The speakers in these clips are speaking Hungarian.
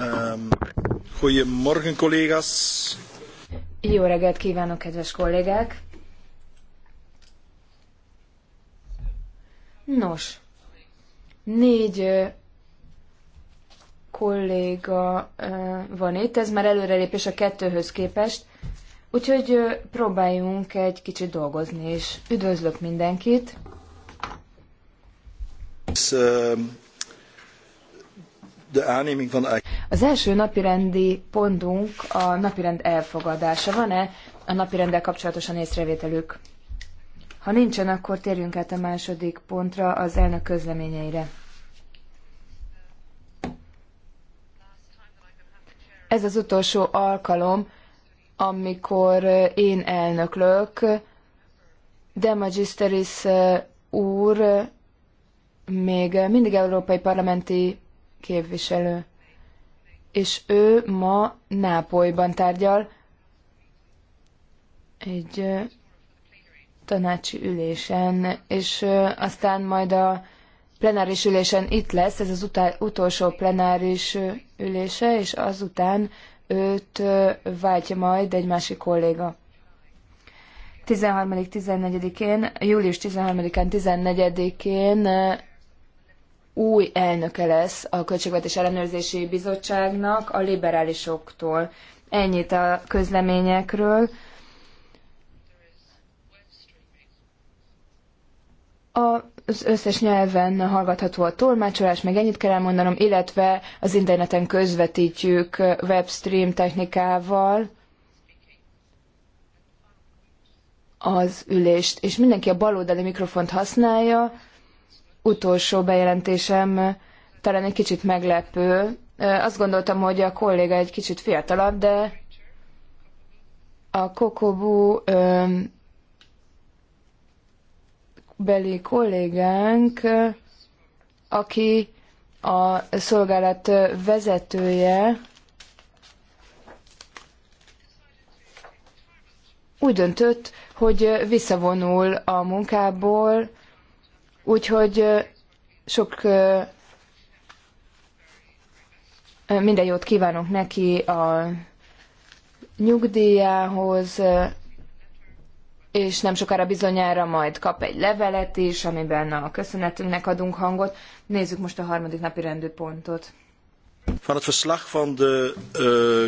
Um, goedemorgen, collega's. Jó reggelt kívánok, kedves kollégák! Nos, négy kolléga van itt, ez már előrelépés a kettőhöz képest, úgyhogy próbáljunk egy kicsit dolgozni, és üdvözlök mindenkit! Ehm, az első napirendi pontunk a napirend elfogadása. Van-e a napirenddel kapcsolatosan észrevételük? Ha nincsen, akkor térjünk át a második pontra, az elnök közleményeire. Ez az utolsó alkalom, amikor én elnöklök, de Magisteris eh, úr eh, még mindig európai parlamenti képviselő. És ő ma Nápolyban tárgyal egy tanácsi ülésen, és aztán majd a plenáris ülésen itt lesz, ez az utá- utolsó plenáris ülése, és azután őt váltja majd egy másik kolléga. 13.-14-én, július 13-án, 14-én új elnöke lesz a Költségvetés Ellenőrzési Bizottságnak a liberálisoktól. Ennyit a közleményekről. Az összes nyelven hallgatható a tolmácsolás, meg ennyit kell elmondanom, illetve az interneten közvetítjük webstream technikával az ülést, és mindenki a baloldali mikrofont használja, utolsó bejelentésem talán egy kicsit meglepő. Azt gondoltam, hogy a kolléga egy kicsit fiatalabb, de a Kokobu beli kollégánk, aki a szolgálat vezetője, úgy döntött, hogy visszavonul a munkából, Úgyhogy sok minden jót kívánok neki a nyugdíjához, és nem sokára bizonyára majd kap egy levelet is, amiben a köszönetünknek adunk hangot. Nézzük most a harmadik napi rendőpontot. Van a verslag van de... Uh...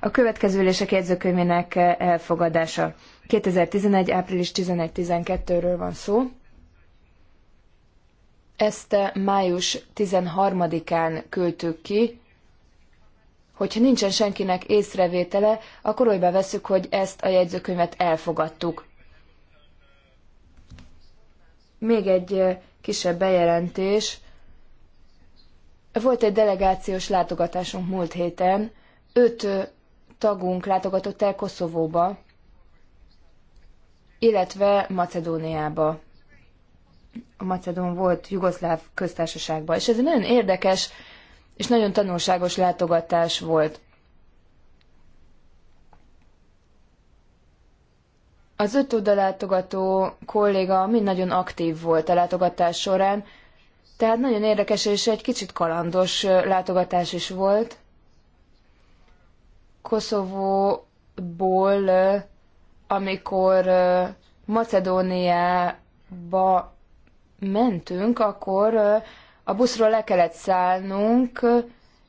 A következő ülések jegyzőkönyvének eh, elfogadása. 2011. április 11-12-ről van szó. Ezt május 13-án küldtük ki. Hogyha nincsen senkinek észrevétele, akkor olyba veszük, hogy ezt a jegyzőkönyvet elfogadtuk. Még egy eh, kisebb bejelentés. Volt egy delegációs látogatásunk múlt héten. Öt eh, tagunk látogatott el Koszovóba, illetve Macedóniába a Macedón volt Jugoszláv köztársaságban. És ez egy nagyon érdekes és nagyon tanulságos látogatás volt. Az öt oda látogató kolléga mind nagyon aktív volt a látogatás során, tehát nagyon érdekes és egy kicsit kalandos látogatás is volt. Koszovóból, amikor Macedóniába mentünk, akkor a buszról le kellett szállnunk,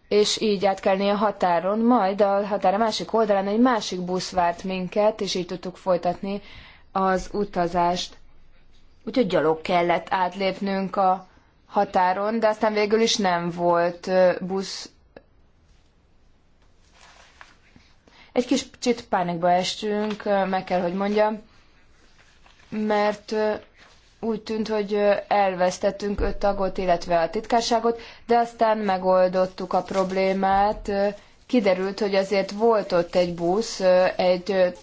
és így át kellene a határon, majd a határ a másik oldalán egy másik busz várt minket, és így tudtuk folytatni az utazást. Úgyhogy gyalog kellett átlépnünk a határon, de aztán végül is nem volt busz. Egy kis kicsit pánikba estünk, meg kell, hogy mondjam, mert úgy tűnt, hogy elvesztettünk öt tagot, illetve a titkárságot, de aztán megoldottuk a problémát. Kiderült, hogy azért volt ott egy busz, egy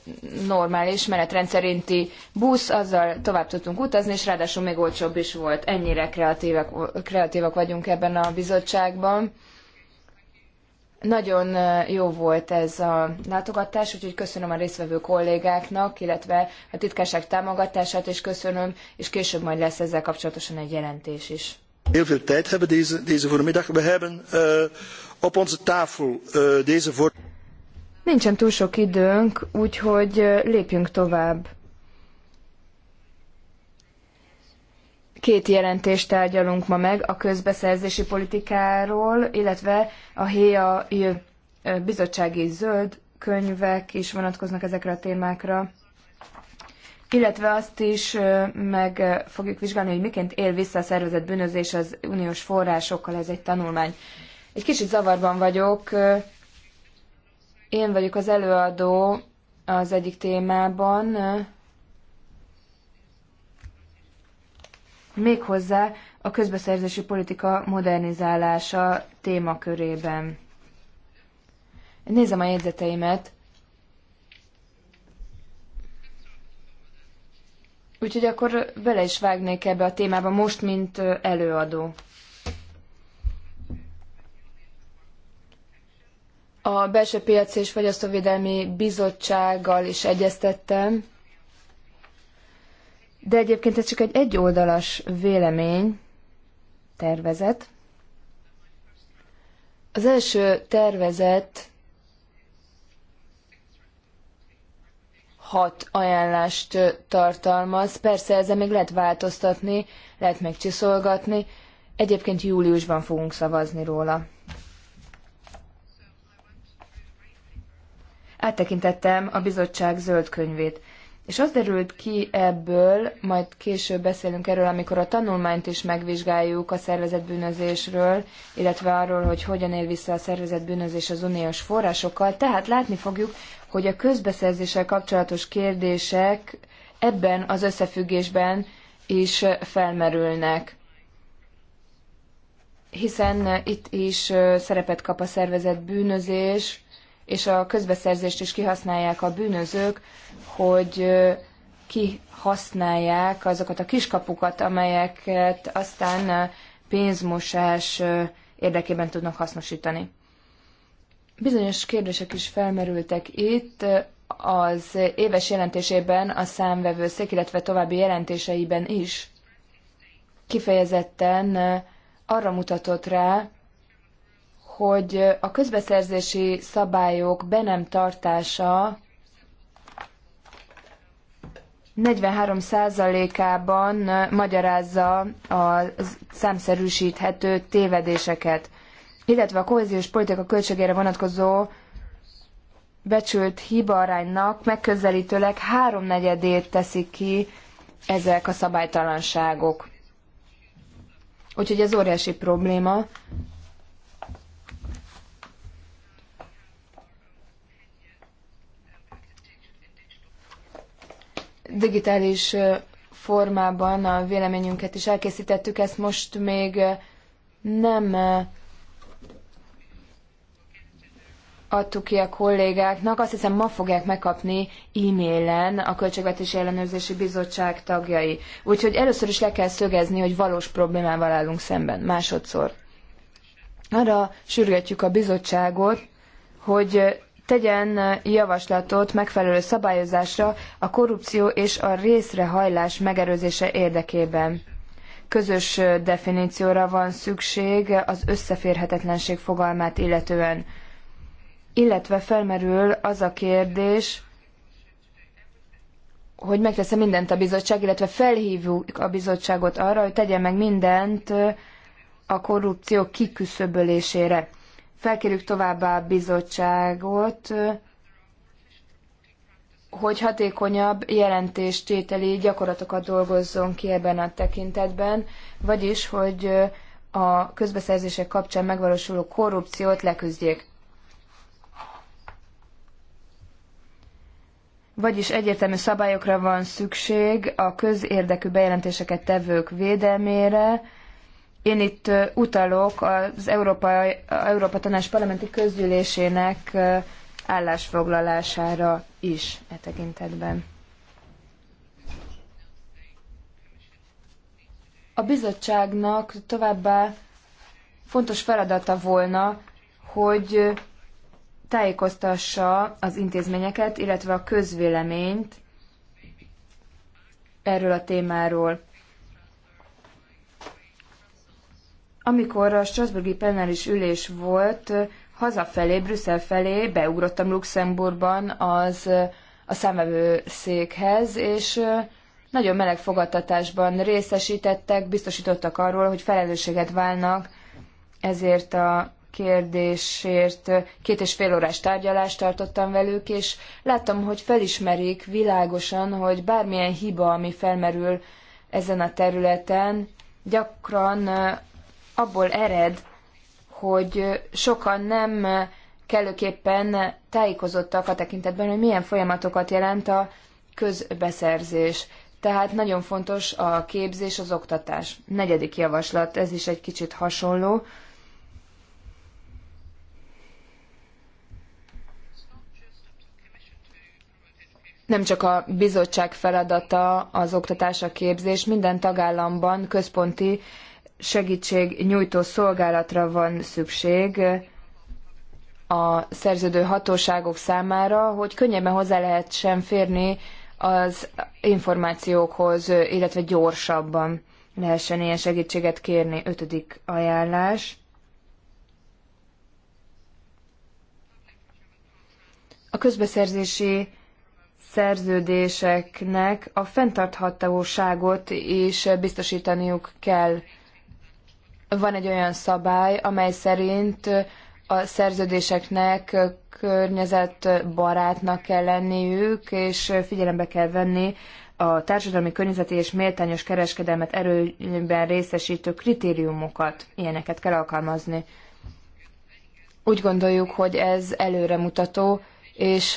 normális menetrendszerinti busz, azzal tovább tudtunk utazni, és ráadásul még olcsóbb is volt. Ennyire kreatívak, kreatívak vagyunk ebben a bizottságban. Nagyon jó volt ez a látogatás, úgyhogy köszönöm a résztvevő kollégáknak, illetve a titkárság támogatását, és köszönöm, és később majd lesz ezzel kapcsolatosan egy jelentés is. Heel veel tijd hebben deze, deze voormiddag. We hebben uh, op onze tafel uh, deze voor... Nincsen túl sok időnk, úgyhogy lépjünk tovább. Két jelentést tárgyalunk ma meg a közbeszerzési politikáról, illetve a HÉA bizottsági zöld könyvek is vonatkoznak ezekre a témákra, illetve azt is meg fogjuk vizsgálni, hogy miként él vissza a szervezett bűnözés az uniós forrásokkal, ez egy tanulmány. Egy kicsit zavarban vagyok, én vagyok az előadó az egyik témában, méghozzá a közbeszerzési politika modernizálása témakörében. Nézem a jegyzeteimet. Úgyhogy akkor bele is vágnék ebbe a témába most, mint előadó. A Belső Piac és Fogyasztóvédelmi Bizottsággal is egyeztettem, de egyébként ez csak egy egyoldalas vélemény, tervezet. Az első tervezet hat ajánlást tartalmaz. Persze ezzel még lehet változtatni, lehet megcsiszolgatni. Egyébként júliusban fogunk szavazni róla. Áttekintettem a bizottság zöld könyvét. És az derült ki ebből, majd később beszélünk erről, amikor a tanulmányt is megvizsgáljuk a szervezetbűnözésről, illetve arról, hogy hogyan él vissza a szervezetbűnözés az uniós forrásokkal. Tehát látni fogjuk, hogy a közbeszerzéssel kapcsolatos kérdések ebben az összefüggésben is felmerülnek. Hiszen itt is szerepet kap a szervezetbűnözés. bűnözés, és a közbeszerzést is kihasználják a bűnözők, hogy kihasználják azokat a kiskapukat, amelyeket aztán pénzmosás érdekében tudnak hasznosítani. Bizonyos kérdések is felmerültek itt. Az éves jelentésében a számvevőszék, illetve további jelentéseiben is kifejezetten arra mutatott rá, hogy a közbeszerzési szabályok be nem tartása 43%-ában magyarázza a számszerűsíthető tévedéseket, illetve a kohéziós politika költségére vonatkozó becsült hibaaránynak megközelítőleg háromnegyedét teszik ki ezek a szabálytalanságok. Úgyhogy ez óriási probléma, digitális formában a véleményünket is elkészítettük, ezt most még nem adtuk ki a kollégáknak, azt hiszem ma fogják megkapni e-mailen a Költségvetési Ellenőrzési Bizottság tagjai. Úgyhogy először is le kell szögezni, hogy valós problémával állunk szemben, másodszor. Arra sürgetjük a bizottságot, hogy tegyen javaslatot megfelelő szabályozásra a korrupció és a részrehajlás megerőzése érdekében. Közös definícióra van szükség az összeférhetetlenség fogalmát illetően. Illetve felmerül az a kérdés, hogy megtesz-e mindent a bizottság, illetve felhívjuk a bizottságot arra, hogy tegyen meg mindent a korrupció kiküszöbölésére. Felkérjük továbbá a bizottságot, hogy hatékonyabb jelentéstételi gyakorlatokat dolgozzon ki ebben a tekintetben, vagyis, hogy a közbeszerzések kapcsán megvalósuló korrupciót leküzdjék. Vagyis egyértelmű szabályokra van szükség a közérdekű bejelentéseket tevők védelmére, én itt utalok az Európa, Európa Tanács Parlamenti Közgyűlésének állásfoglalására is e tekintetben. A bizottságnak továbbá fontos feladata volna, hogy tájékoztassa az intézményeket, illetve a közvéleményt erről a témáról. amikor a Strasburgi plenáris ülés volt, hazafelé, Brüsszel felé beugrottam Luxemburgban az a számvevő székhez, és nagyon meleg fogadtatásban részesítettek, biztosítottak arról, hogy felelősséget válnak ezért a kérdésért. Két és fél órás tárgyalást tartottam velük, és láttam, hogy felismerik világosan, hogy bármilyen hiba, ami felmerül ezen a területen, gyakran abból ered, hogy sokan nem kellőképpen tájékozottak a tekintetben, hogy milyen folyamatokat jelent a közbeszerzés. Tehát nagyon fontos a képzés, az oktatás. Negyedik javaslat, ez is egy kicsit hasonló. Nem csak a bizottság feladata az oktatás, a képzés, minden tagállamban központi nyújtó szolgálatra van szükség a szerződő hatóságok számára, hogy könnyebben hozzá lehet sem férni az információkhoz, illetve gyorsabban lehessen ilyen segítséget kérni. Ötödik ajánlás. A közbeszerzési szerződéseknek a fenntarthatóságot is biztosítaniuk kell van egy olyan szabály, amely szerint a szerződéseknek környezetbarátnak kell lenniük, és figyelembe kell venni a társadalmi környezeti és méltányos kereskedelmet erőben részesítő kritériumokat. Ilyeneket kell alkalmazni. Úgy gondoljuk, hogy ez előremutató, és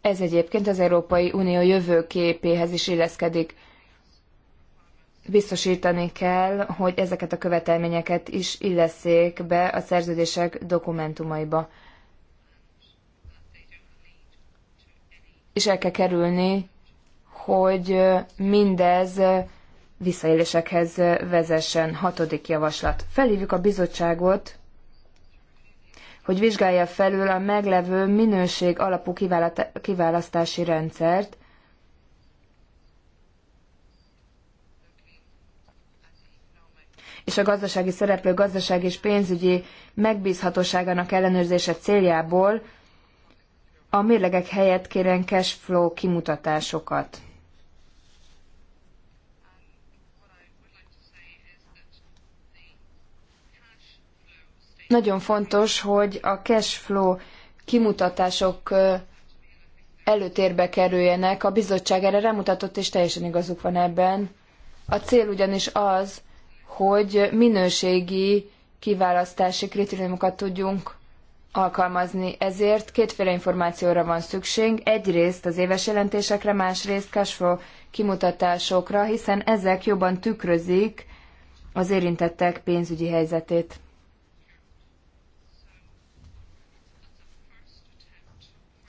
ez egyébként az Európai Unió jövőképéhez is illeszkedik biztosítani kell, hogy ezeket a követelményeket is illeszék be a szerződések dokumentumaiba. És el kell kerülni, hogy mindez visszaélésekhez vezessen. Hatodik javaslat. Felhívjuk a bizottságot, hogy vizsgálja felül a meglevő minőség alapú kiválasztási rendszert, és a gazdasági szereplő gazdasági és pénzügyi megbízhatóságának ellenőrzése céljából a mérlegek helyett kérjen cash flow kimutatásokat. Nagyon fontos, hogy a cash flow kimutatások előtérbe kerüljenek. A bizottság erre remutatott és teljesen igazuk van ebben. A cél ugyanis az, hogy minőségi kiválasztási kritériumokat tudjunk alkalmazni. Ezért kétféle információra van szükség. Egyrészt az éves jelentésekre, másrészt cashflow kimutatásokra, hiszen ezek jobban tükrözik az érintettek pénzügyi helyzetét.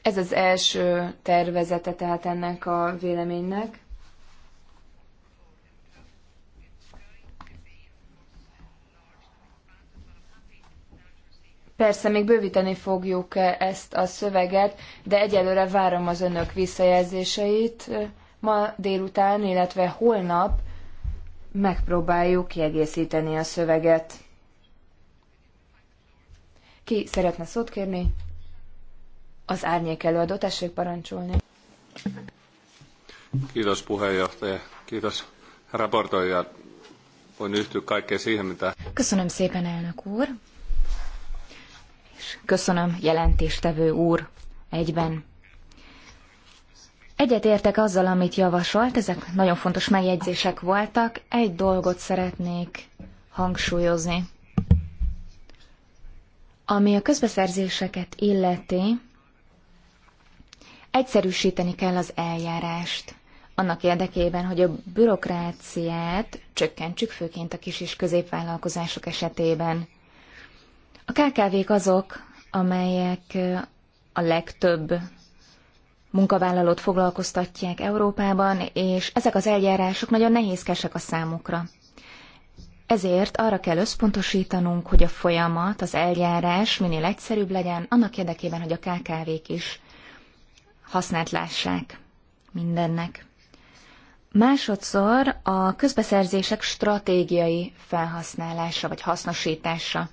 Ez az első tervezete tehát ennek a véleménynek. Persze még bővíteni fogjuk ezt a szöveget, de egyelőre várom az önök visszajelzéseit. Ma délután, illetve holnap megpróbáljuk kiegészíteni a szöveget. Ki szeretne szót kérni? Az árnyék előadó, tessék parancsolni. Kiitos puheenjohtaja, kiitos raportoija. Voin yhtyä kaikkeen siihen, mitä... Köszönöm szépen, elnök úr és köszönöm jelentéstevő úr egyben. Egyetértek azzal, amit javasolt, ezek nagyon fontos megjegyzések voltak. Egy dolgot szeretnék hangsúlyozni. Ami a közbeszerzéseket illeti, egyszerűsíteni kell az eljárást. Annak érdekében, hogy a bürokráciát csökkentsük, főként a kis és középvállalkozások esetében. A KKV-k azok, amelyek a legtöbb munkavállalót foglalkoztatják Európában, és ezek az eljárások nagyon nehézkesek a számukra. Ezért arra kell összpontosítanunk, hogy a folyamat, az eljárás minél egyszerűbb legyen, annak érdekében, hogy a KKV-k is hasznát lássák mindennek. Másodszor a közbeszerzések stratégiai felhasználása vagy hasznosítása.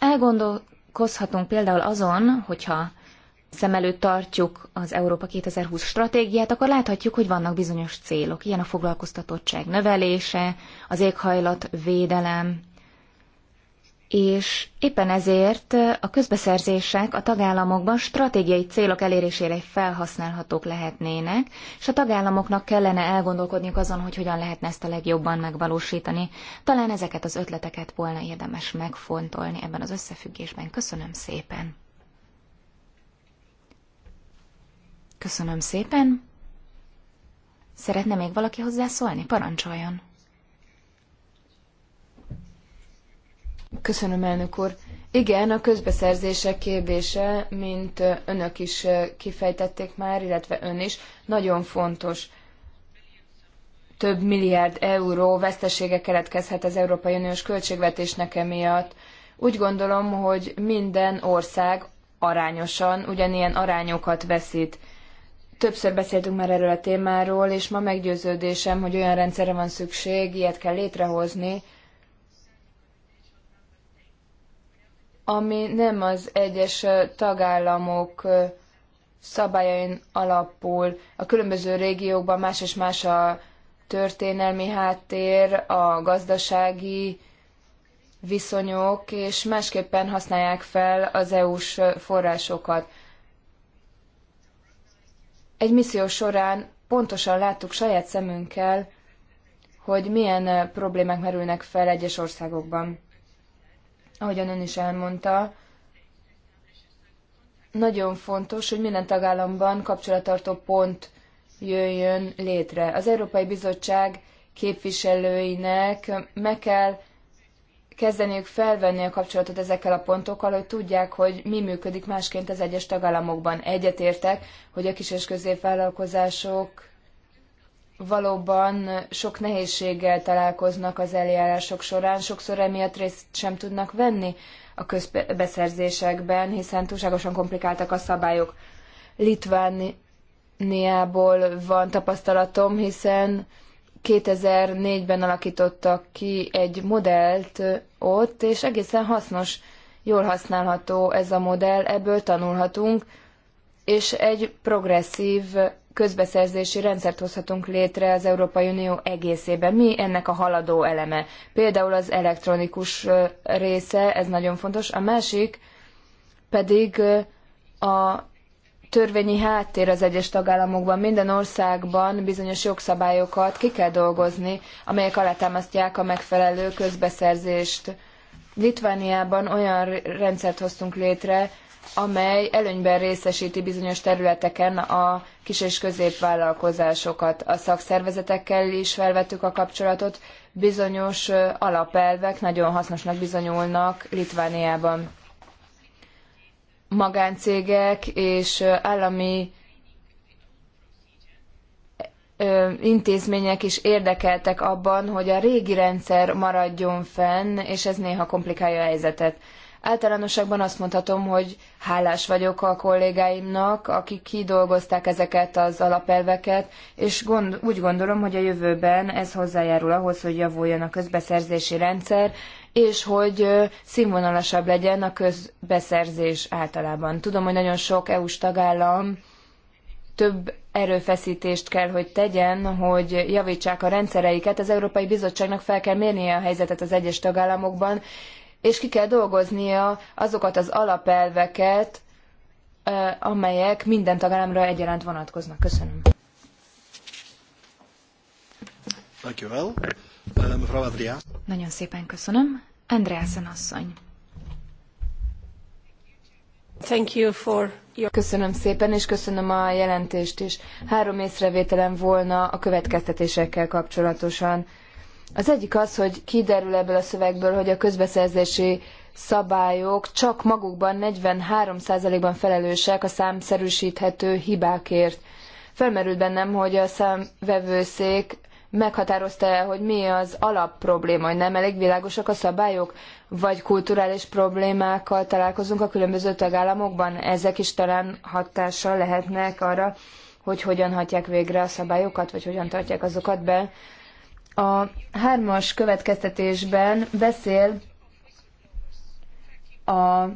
Elgondolkozhatunk például azon, hogyha szem előtt tartjuk az Európa 2020 stratégiát, akkor láthatjuk, hogy vannak bizonyos célok. Ilyen a foglalkoztatottság növelése, az éghajlat védelem, és éppen ezért a közbeszerzések a tagállamokban stratégiai célok elérésére felhasználhatók lehetnének, és a tagállamoknak kellene elgondolkodniuk azon, hogy hogyan lehetne ezt a legjobban megvalósítani. Talán ezeket az ötleteket volna érdemes megfontolni ebben az összefüggésben. Köszönöm szépen! Köszönöm szépen! Szeretne még valaki hozzászólni? Parancsoljon! Köszönöm, elnök úr. Igen, a közbeszerzések kérdése, mint önök is kifejtették már, illetve ön is, nagyon fontos. Több milliárd euró vesztesége keletkezhet az Európai Uniós költségvetésnek emiatt. Úgy gondolom, hogy minden ország arányosan ugyanilyen arányokat veszít. Többször beszéltünk már erről a témáról, és ma meggyőződésem, hogy olyan rendszerre van szükség, ilyet kell létrehozni, ami nem az egyes tagállamok szabályain alapul. A különböző régiókban más és más a történelmi háttér, a gazdasági viszonyok, és másképpen használják fel az EU-s forrásokat. Egy misszió során pontosan láttuk saját szemünkkel, hogy milyen problémák merülnek fel egyes országokban ahogyan ön is elmondta, nagyon fontos, hogy minden tagállamban kapcsolattartó pont jöjjön létre. Az Európai Bizottság képviselőinek meg kell kezdeniük felvenni a kapcsolatot ezekkel a pontokkal, hogy tudják, hogy mi működik másként az egyes tagállamokban. Egyetértek, hogy a kis és középvállalkozások valóban sok nehézséggel találkoznak az eljárások során, sokszor emiatt részt sem tudnak venni a közbeszerzésekben, hiszen túlságosan komplikáltak a szabályok. Litvániából van tapasztalatom, hiszen 2004-ben alakítottak ki egy modellt ott, és egészen hasznos, jól használható ez a modell, ebből tanulhatunk, és egy progresszív közbeszerzési rendszert hozhatunk létre az Európai Unió egészében. Mi ennek a haladó eleme? Például az elektronikus része, ez nagyon fontos. A másik pedig a törvényi háttér az egyes tagállamokban. Minden országban bizonyos jogszabályokat ki kell dolgozni, amelyek alátámasztják a megfelelő közbeszerzést. Litvániában olyan rendszert hoztunk létre, amely előnyben részesíti bizonyos területeken a kis- és középvállalkozásokat. A szakszervezetekkel is felvettük a kapcsolatot, bizonyos alapelvek nagyon hasznosnak bizonyulnak Litvániában. Magáncégek és állami intézmények is érdekeltek abban, hogy a régi rendszer maradjon fenn, és ez néha komplikálja a helyzetet. Általánosságban azt mondhatom, hogy hálás vagyok a kollégáimnak, akik kidolgozták ezeket az alapelveket, és gond, úgy gondolom, hogy a jövőben ez hozzájárul ahhoz, hogy javuljon a közbeszerzési rendszer, és hogy színvonalasabb legyen a közbeszerzés általában. Tudom, hogy nagyon sok EU-s tagállam több erőfeszítést kell, hogy tegyen, hogy javítsák a rendszereiket. Az Európai Bizottságnak fel kell mérnie a helyzetet az egyes tagállamokban, és ki kell dolgoznia azokat az alapelveket, amelyek minden tagállamra egyaránt vonatkoznak. Köszönöm. Um, Nagyon szépen köszönöm. Andreasen asszony. Thank you for your... Köszönöm szépen, és köszönöm a jelentést is. Három észrevételem volna a következtetésekkel kapcsolatosan. Az egyik az, hogy kiderül ebből a szövegből, hogy a közbeszerzési szabályok csak magukban 43%-ban felelősek a számszerűsíthető hibákért. Felmerült bennem, hogy a számvevőszék meghatározta el, hogy mi az alapprobléma, hogy nem elég világosak a szabályok, vagy kulturális problémákkal találkozunk a különböző tagállamokban. Ezek is talán hatással lehetnek arra, hogy hogyan hatják végre a szabályokat, vagy hogyan tartják azokat be. A hármas következtetésben beszél a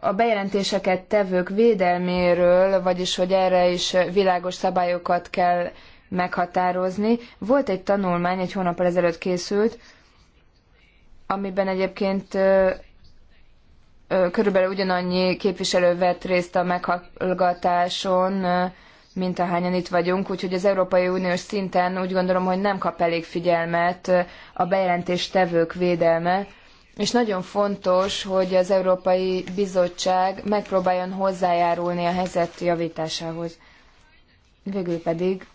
a bejelentéseket tevők védelméről, vagyis hogy erre is világos szabályokat kell meghatározni. Volt egy tanulmány, egy hónap ezelőtt készült, amiben egyébként körülbelül ugyanannyi képviselő vett részt a meghallgatáson, mint ahányan itt vagyunk, úgyhogy az Európai Uniós szinten úgy gondolom, hogy nem kap elég figyelmet a bejelentéstevők védelme, és nagyon fontos, hogy az Európai Bizottság megpróbáljon hozzájárulni a helyzet javításához. Végül pedig,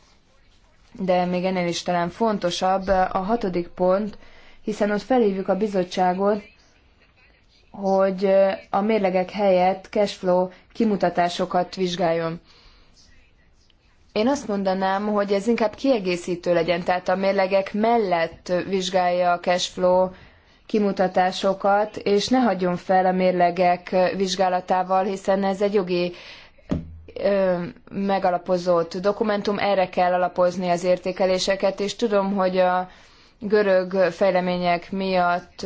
de még ennél is talán fontosabb, a hatodik pont, hiszen ott felhívjuk a bizottságot, hogy a mérlegek helyett cashflow kimutatásokat vizsgáljon. Én azt mondanám, hogy ez inkább kiegészítő legyen, tehát a mérlegek mellett vizsgálja a cashflow kimutatásokat, és ne hagyjon fel a mérlegek vizsgálatával, hiszen ez egy jogi ö, megalapozott dokumentum, erre kell alapozni az értékeléseket, és tudom, hogy a görög fejlemények miatt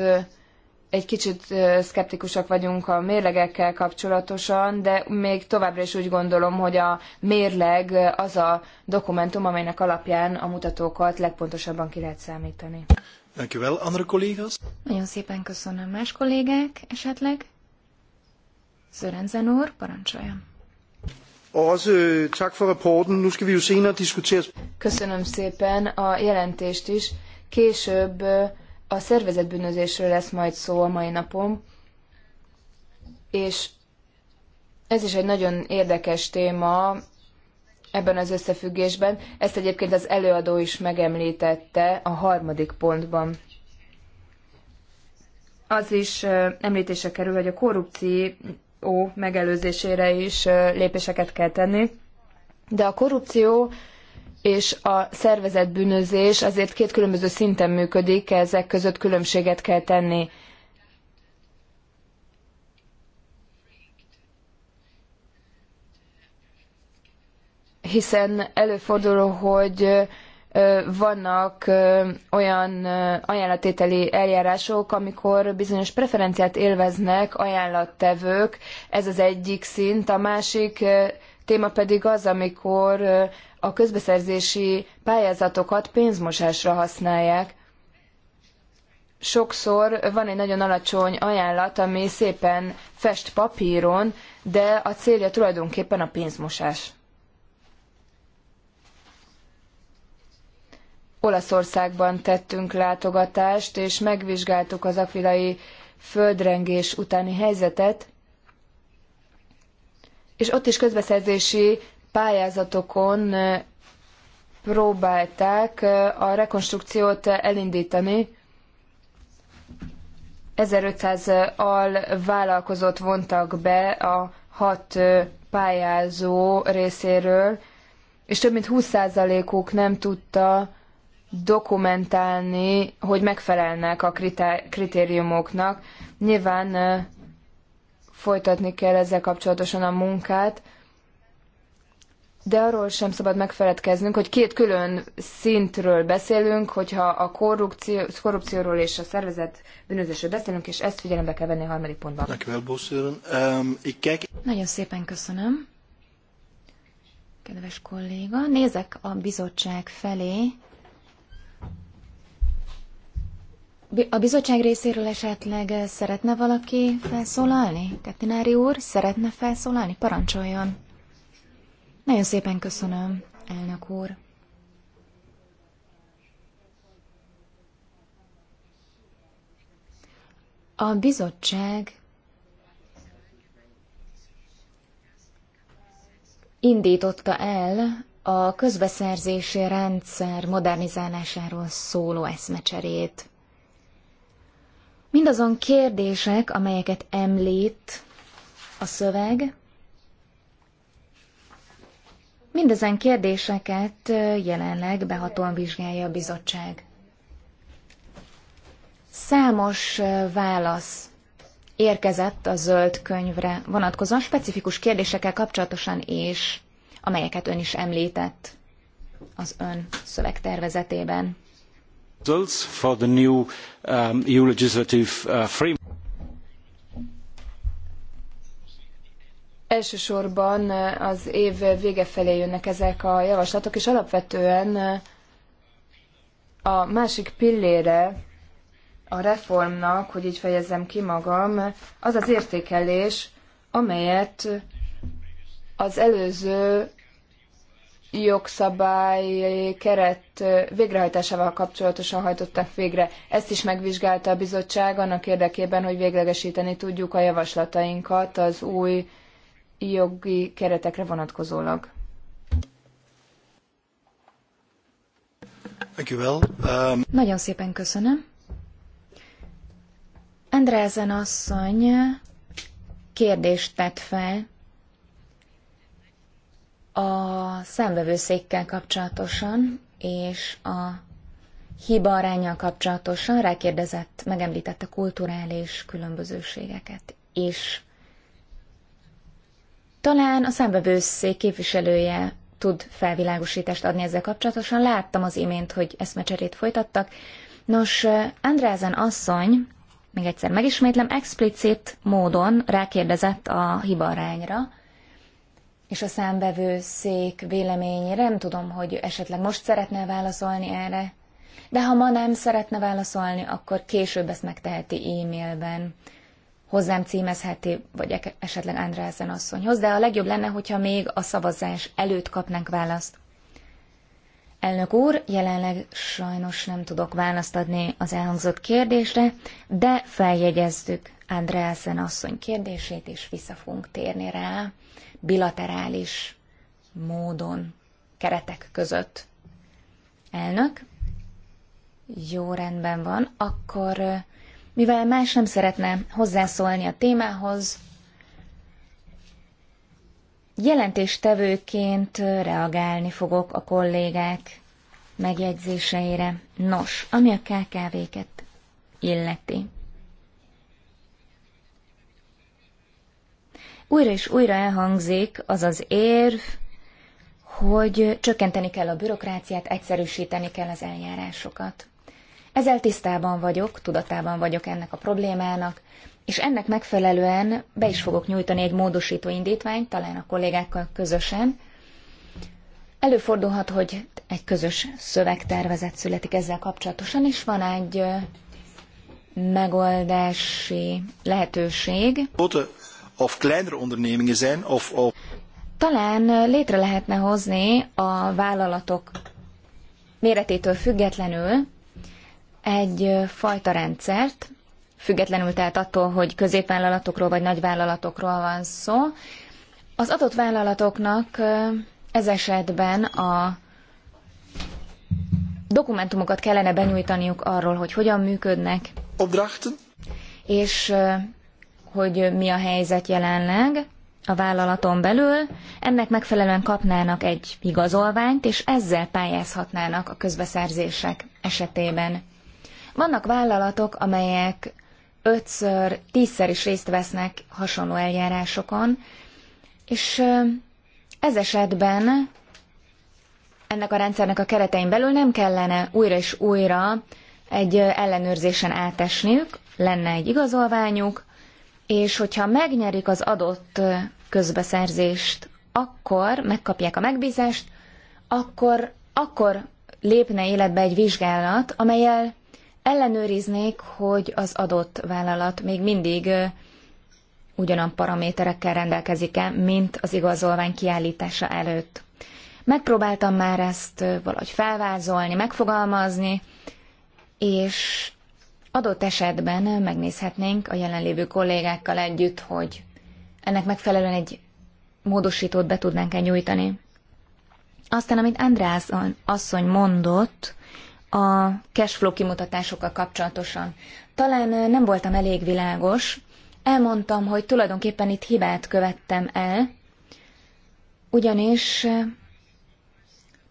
egy kicsit szkeptikusak vagyunk a mérlegekkel kapcsolatosan, de még továbbra is úgy gondolom, hogy a mérleg az a dokumentum, amelynek alapján a mutatókat legpontosabban ki lehet számítani. Dankjewel, andere collega's. Nagyon szépen köszönöm. Más kollégák esetleg? Sörensen úr, parancsoljon. Øh, köszönöm szépen a jelentést is. Később a szervezetbűnözésről lesz majd szó a mai napom, és ez is egy nagyon érdekes téma ebben az összefüggésben. Ezt egyébként az előadó is megemlítette a harmadik pontban. Az is említése kerül, hogy a korrupció megelőzésére is lépéseket kell tenni, de a korrupció és a szervezett bűnözés azért két különböző szinten működik, ezek között különbséget kell tenni. Hiszen előfordul, hogy vannak olyan ajánlatételi eljárások, amikor bizonyos preferenciát élveznek ajánlattevők, ez az egyik szint, a másik téma pedig az, amikor a közbeszerzési pályázatokat pénzmosásra használják. Sokszor van egy nagyon alacsony ajánlat, ami szépen fest papíron, de a célja tulajdonképpen a pénzmosás. Olaszországban tettünk látogatást, és megvizsgáltuk az akvilai földrengés utáni helyzetet, és ott is közbeszerzési pályázatokon próbálták a rekonstrukciót elindítani. 1500 al vállalkozót vontak be a hat pályázó részéről, és több mint 20%-uk nem tudta dokumentálni, hogy megfelelnek a kritériumoknak. Nyilván folytatni kell ezzel kapcsolatosan a munkát, de arról sem szabad megfeledkeznünk, hogy két külön szintről beszélünk, hogyha a korrupció, korrupcióról és a szervezet bűnözésről beszélünk, és ezt figyelembe kell venni a harmadik pontban. Um, Nagyon szépen köszönöm. Kedves kolléga, nézek a bizottság felé. A bizottság részéről esetleg szeretne valaki felszólalni? Katinári úr, szeretne felszólalni? Parancsoljon! Nagyon szépen köszönöm, elnök úr. A bizottság indította el a közbeszerzési rendszer modernizálásáról szóló eszmecserét. Mindazon kérdések, amelyeket említ a szöveg, Mindezen kérdéseket jelenleg behatóan vizsgálja a bizottság. Számos válasz érkezett a zöld könyvre vonatkozóan specifikus kérdésekkel kapcsolatosan és amelyeket ön is említett az ön szövegtervezetében. Elsősorban az év vége felé jönnek ezek a javaslatok, és alapvetően a másik pillére a reformnak, hogy így fejezzem ki magam, az az értékelés, amelyet az előző jogszabály keret végrehajtásával kapcsolatosan hajtottak végre. Ezt is megvizsgálta a bizottság annak érdekében, hogy véglegesíteni tudjuk a javaslatainkat az új jogi keretekre vonatkozólag. Um... Nagyon szépen köszönöm. Andrézen asszony kérdést tett fel a számvevőszékkel kapcsolatosan, és a hiba arányjal kapcsolatosan rákérdezett, megemlítette kulturális különbözőségeket is. Talán a számbevőszék képviselője tud felvilágosítást adni ezzel kapcsolatosan. Láttam az imént, hogy eszmecserét folytattak. Nos, Andrázen asszony, még egyszer megismétlem, explicit módon rákérdezett a hibarányra, és a számbevő szék véleményére. Nem tudom, hogy esetleg most szeretne válaszolni erre, de ha ma nem szeretne válaszolni, akkor később ezt megteheti e-mailben hozzám címezheti, vagy e- esetleg Andrásen asszonyhoz, de a legjobb lenne, hogyha még a szavazás előtt kapnánk választ. Elnök úr, jelenleg sajnos nem tudok választ adni az elhangzott kérdésre, de feljegyeztük Andrázen asszony kérdését, és vissza fogunk térni rá bilaterális módon, keretek között. Elnök, jó rendben van, akkor mivel más nem szeretne hozzászólni a témához, jelentéstevőként reagálni fogok a kollégák megjegyzéseire. Nos, ami a KKV-ket illeti. Újra és újra elhangzik az az érv, hogy csökkenteni kell a bürokráciát, egyszerűsíteni kell az eljárásokat. Ezzel tisztában vagyok, tudatában vagyok ennek a problémának, és ennek megfelelően be is fogok nyújtani egy módosító indítványt, talán a kollégákkal közösen. Előfordulhat, hogy egy közös szövegtervezet születik ezzel kapcsolatosan, és van egy megoldási lehetőség. Of zijn, of, of... Talán létre lehetne hozni a vállalatok méretétől függetlenül egy fajta rendszert, függetlenül tehát attól, hogy középvállalatokról vagy nagyvállalatokról van szó. Az adott vállalatoknak ez esetben a dokumentumokat kellene benyújtaniuk arról, hogy hogyan működnek. Obdrachten. És hogy mi a helyzet jelenleg a vállalaton belül, ennek megfelelően kapnának egy igazolványt, és ezzel pályázhatnának a közbeszerzések esetében. Vannak vállalatok, amelyek ötször, tízszer is részt vesznek hasonló eljárásokon, és ez esetben ennek a rendszernek a keretein belül nem kellene újra és újra egy ellenőrzésen átesniük, lenne egy igazolványuk, és hogyha megnyerik az adott közbeszerzést, akkor megkapják a megbízást, akkor, akkor lépne életbe egy vizsgálat, amelyel ellenőriznék, hogy az adott vállalat még mindig ugyanan paraméterekkel rendelkezik-e, mint az igazolvány kiállítása előtt. Megpróbáltam már ezt valahogy felvázolni, megfogalmazni, és adott esetben megnézhetnénk a jelenlévő kollégákkal együtt, hogy ennek megfelelően egy módosítót be tudnánk-e nyújtani. Aztán, amit András asszony mondott, a cashflow kimutatásokkal kapcsolatosan. Talán nem voltam elég világos, elmondtam, hogy tulajdonképpen itt hibát követtem el, ugyanis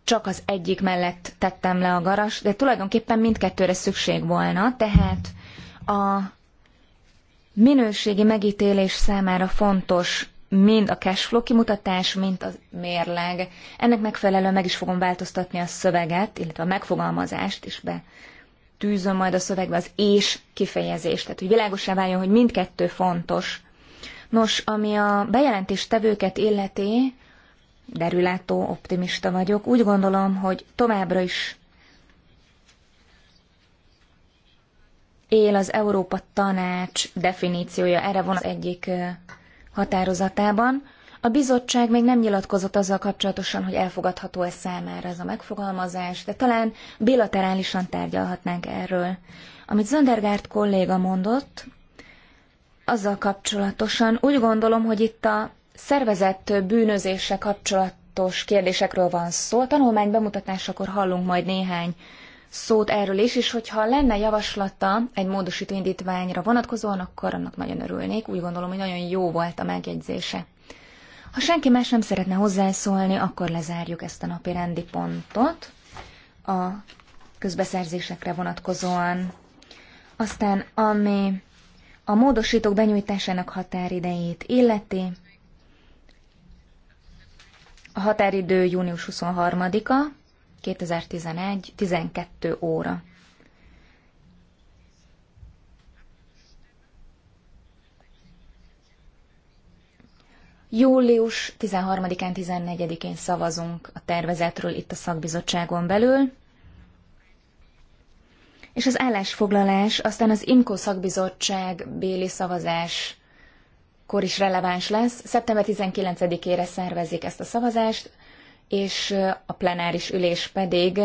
csak az egyik mellett tettem le a garas, de tulajdonképpen mindkettőre szükség volna, tehát a minőségi megítélés számára fontos mind a cashflow kimutatás, mint a mérleg. Ennek megfelelően meg is fogom változtatni a szöveget, illetve a megfogalmazást is be tűzöm majd a szövegbe az és kifejezést, tehát hogy világosá váljon, hogy mindkettő fontos. Nos, ami a bejelentés tevőket illeti, derülátó optimista vagyok, úgy gondolom, hogy továbbra is él az Európa Tanács definíciója, erre van az egyik határozatában. A bizottság még nem nyilatkozott azzal kapcsolatosan, hogy elfogadható-e számára ez a megfogalmazás, de talán bilaterálisan tárgyalhatnánk erről. Amit Zandergárt kolléga mondott, azzal kapcsolatosan úgy gondolom, hogy itt a szervezett bűnözése kapcsolatos kérdésekről van szó. A tanulmány bemutatásakor hallunk majd néhány szót erről is, és hogyha lenne javaslata egy módosító indítványra vonatkozóan, akkor annak nagyon örülnék. Úgy gondolom, hogy nagyon jó volt a megjegyzése. Ha senki más nem szeretne hozzászólni, akkor lezárjuk ezt a napi rendi pontot a közbeszerzésekre vonatkozóan. Aztán, ami a módosítók benyújtásának határidejét illeti, a határidő június 23-a, 2011, 12 óra. Július 13-án, 14-én szavazunk a tervezetről itt a szakbizottságon belül, és az állásfoglalás aztán az IMKO szakbizottság béli szavazás kor is releváns lesz. Szeptember 19-ére szervezik ezt a szavazást, és a plenáris ülés pedig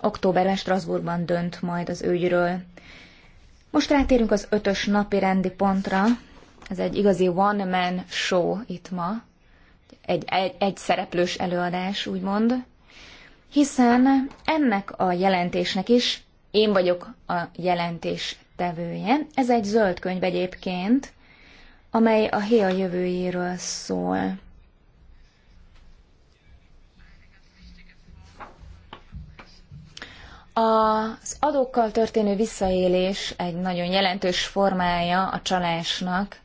októberben Strasbourgban dönt majd az ügyről. Most rátérünk az ötös napi rendi pontra. Ez egy igazi one-man show itt ma. Egy, egy, egy szereplős előadás, úgymond. Hiszen ennek a jelentésnek is én vagyok a jelentés tevője. Ez egy zöld könyv egyébként, amely a héja jövőjéről szól. Az adókkal történő visszaélés egy nagyon jelentős formája a csalásnak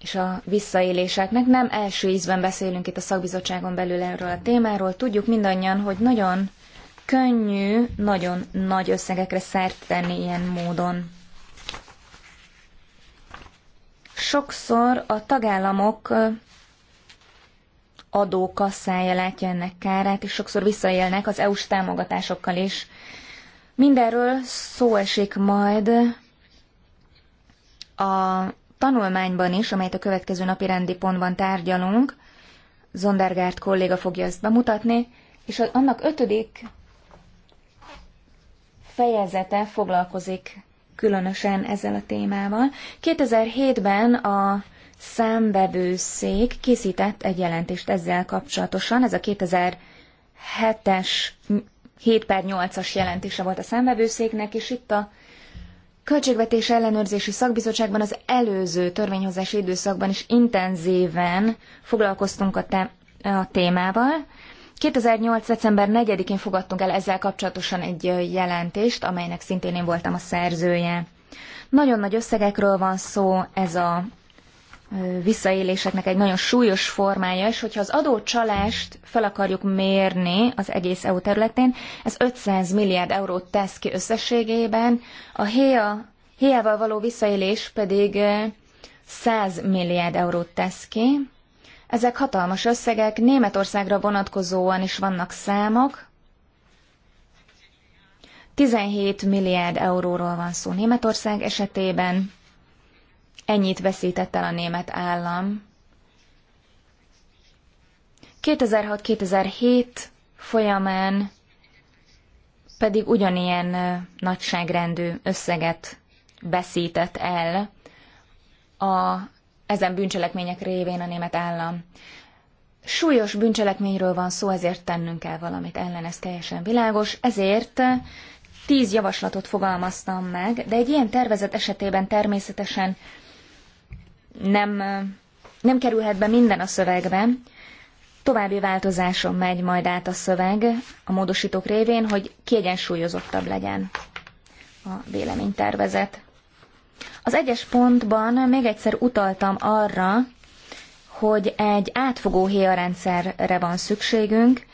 és a visszaéléseknek. Nem első ízben beszélünk itt a szakbizottságon belül erről a témáról. Tudjuk mindannyian, hogy nagyon könnyű, nagyon nagy összegekre szert tenni ilyen módon. Sokszor a tagállamok adókasszája látja ennek kárát, és sokszor visszaélnek az EU-s támogatásokkal is. Mindenről szó esik majd a tanulmányban is, amelyet a következő napi rendi pontban tárgyalunk. Zondergárt kolléga fogja ezt bemutatni, és annak ötödik fejezete foglalkozik különösen ezzel a témával. 2007-ben a számbevőszék készített egy jelentést ezzel kapcsolatosan. Ez a 2007-es 7 per 8-as jelentése volt a számbevőszéknek, és itt a Költségvetés ellenőrzési szakbizottságban az előző törvényhozási időszakban is intenzíven foglalkoztunk a, te- a témával. 2008. december 4-én fogadtunk el ezzel kapcsolatosan egy jelentést, amelynek szintén én voltam a szerzője. Nagyon nagy összegekről van szó, ez a visszaéléseknek egy nagyon súlyos formája, és hogyha az adócsalást fel akarjuk mérni az egész EU területén, ez 500 milliárd eurót tesz ki összességében, a héja, e héjával e való visszaélés pedig 100 milliárd eurót tesz ki. Ezek hatalmas összegek, Németországra vonatkozóan is vannak számok. 17 milliárd euróról van szó Németország esetében, Ennyit veszített el a német állam. 2006-2007 folyamán pedig ugyanilyen nagyságrendű összeget veszített el a, ezen bűncselekmények révén a német állam. Súlyos bűncselekményről van szó, ezért tennünk kell valamit ellen, ez teljesen világos. Ezért tíz javaslatot fogalmaztam meg, de egy ilyen tervezet esetében természetesen nem, nem kerülhet be minden a szövegbe. További változáson megy majd át a szöveg a módosítók révén, hogy kiegyensúlyozottabb legyen a véleménytervezet. Az egyes pontban még egyszer utaltam arra, hogy egy átfogó héjarendszerre van szükségünk,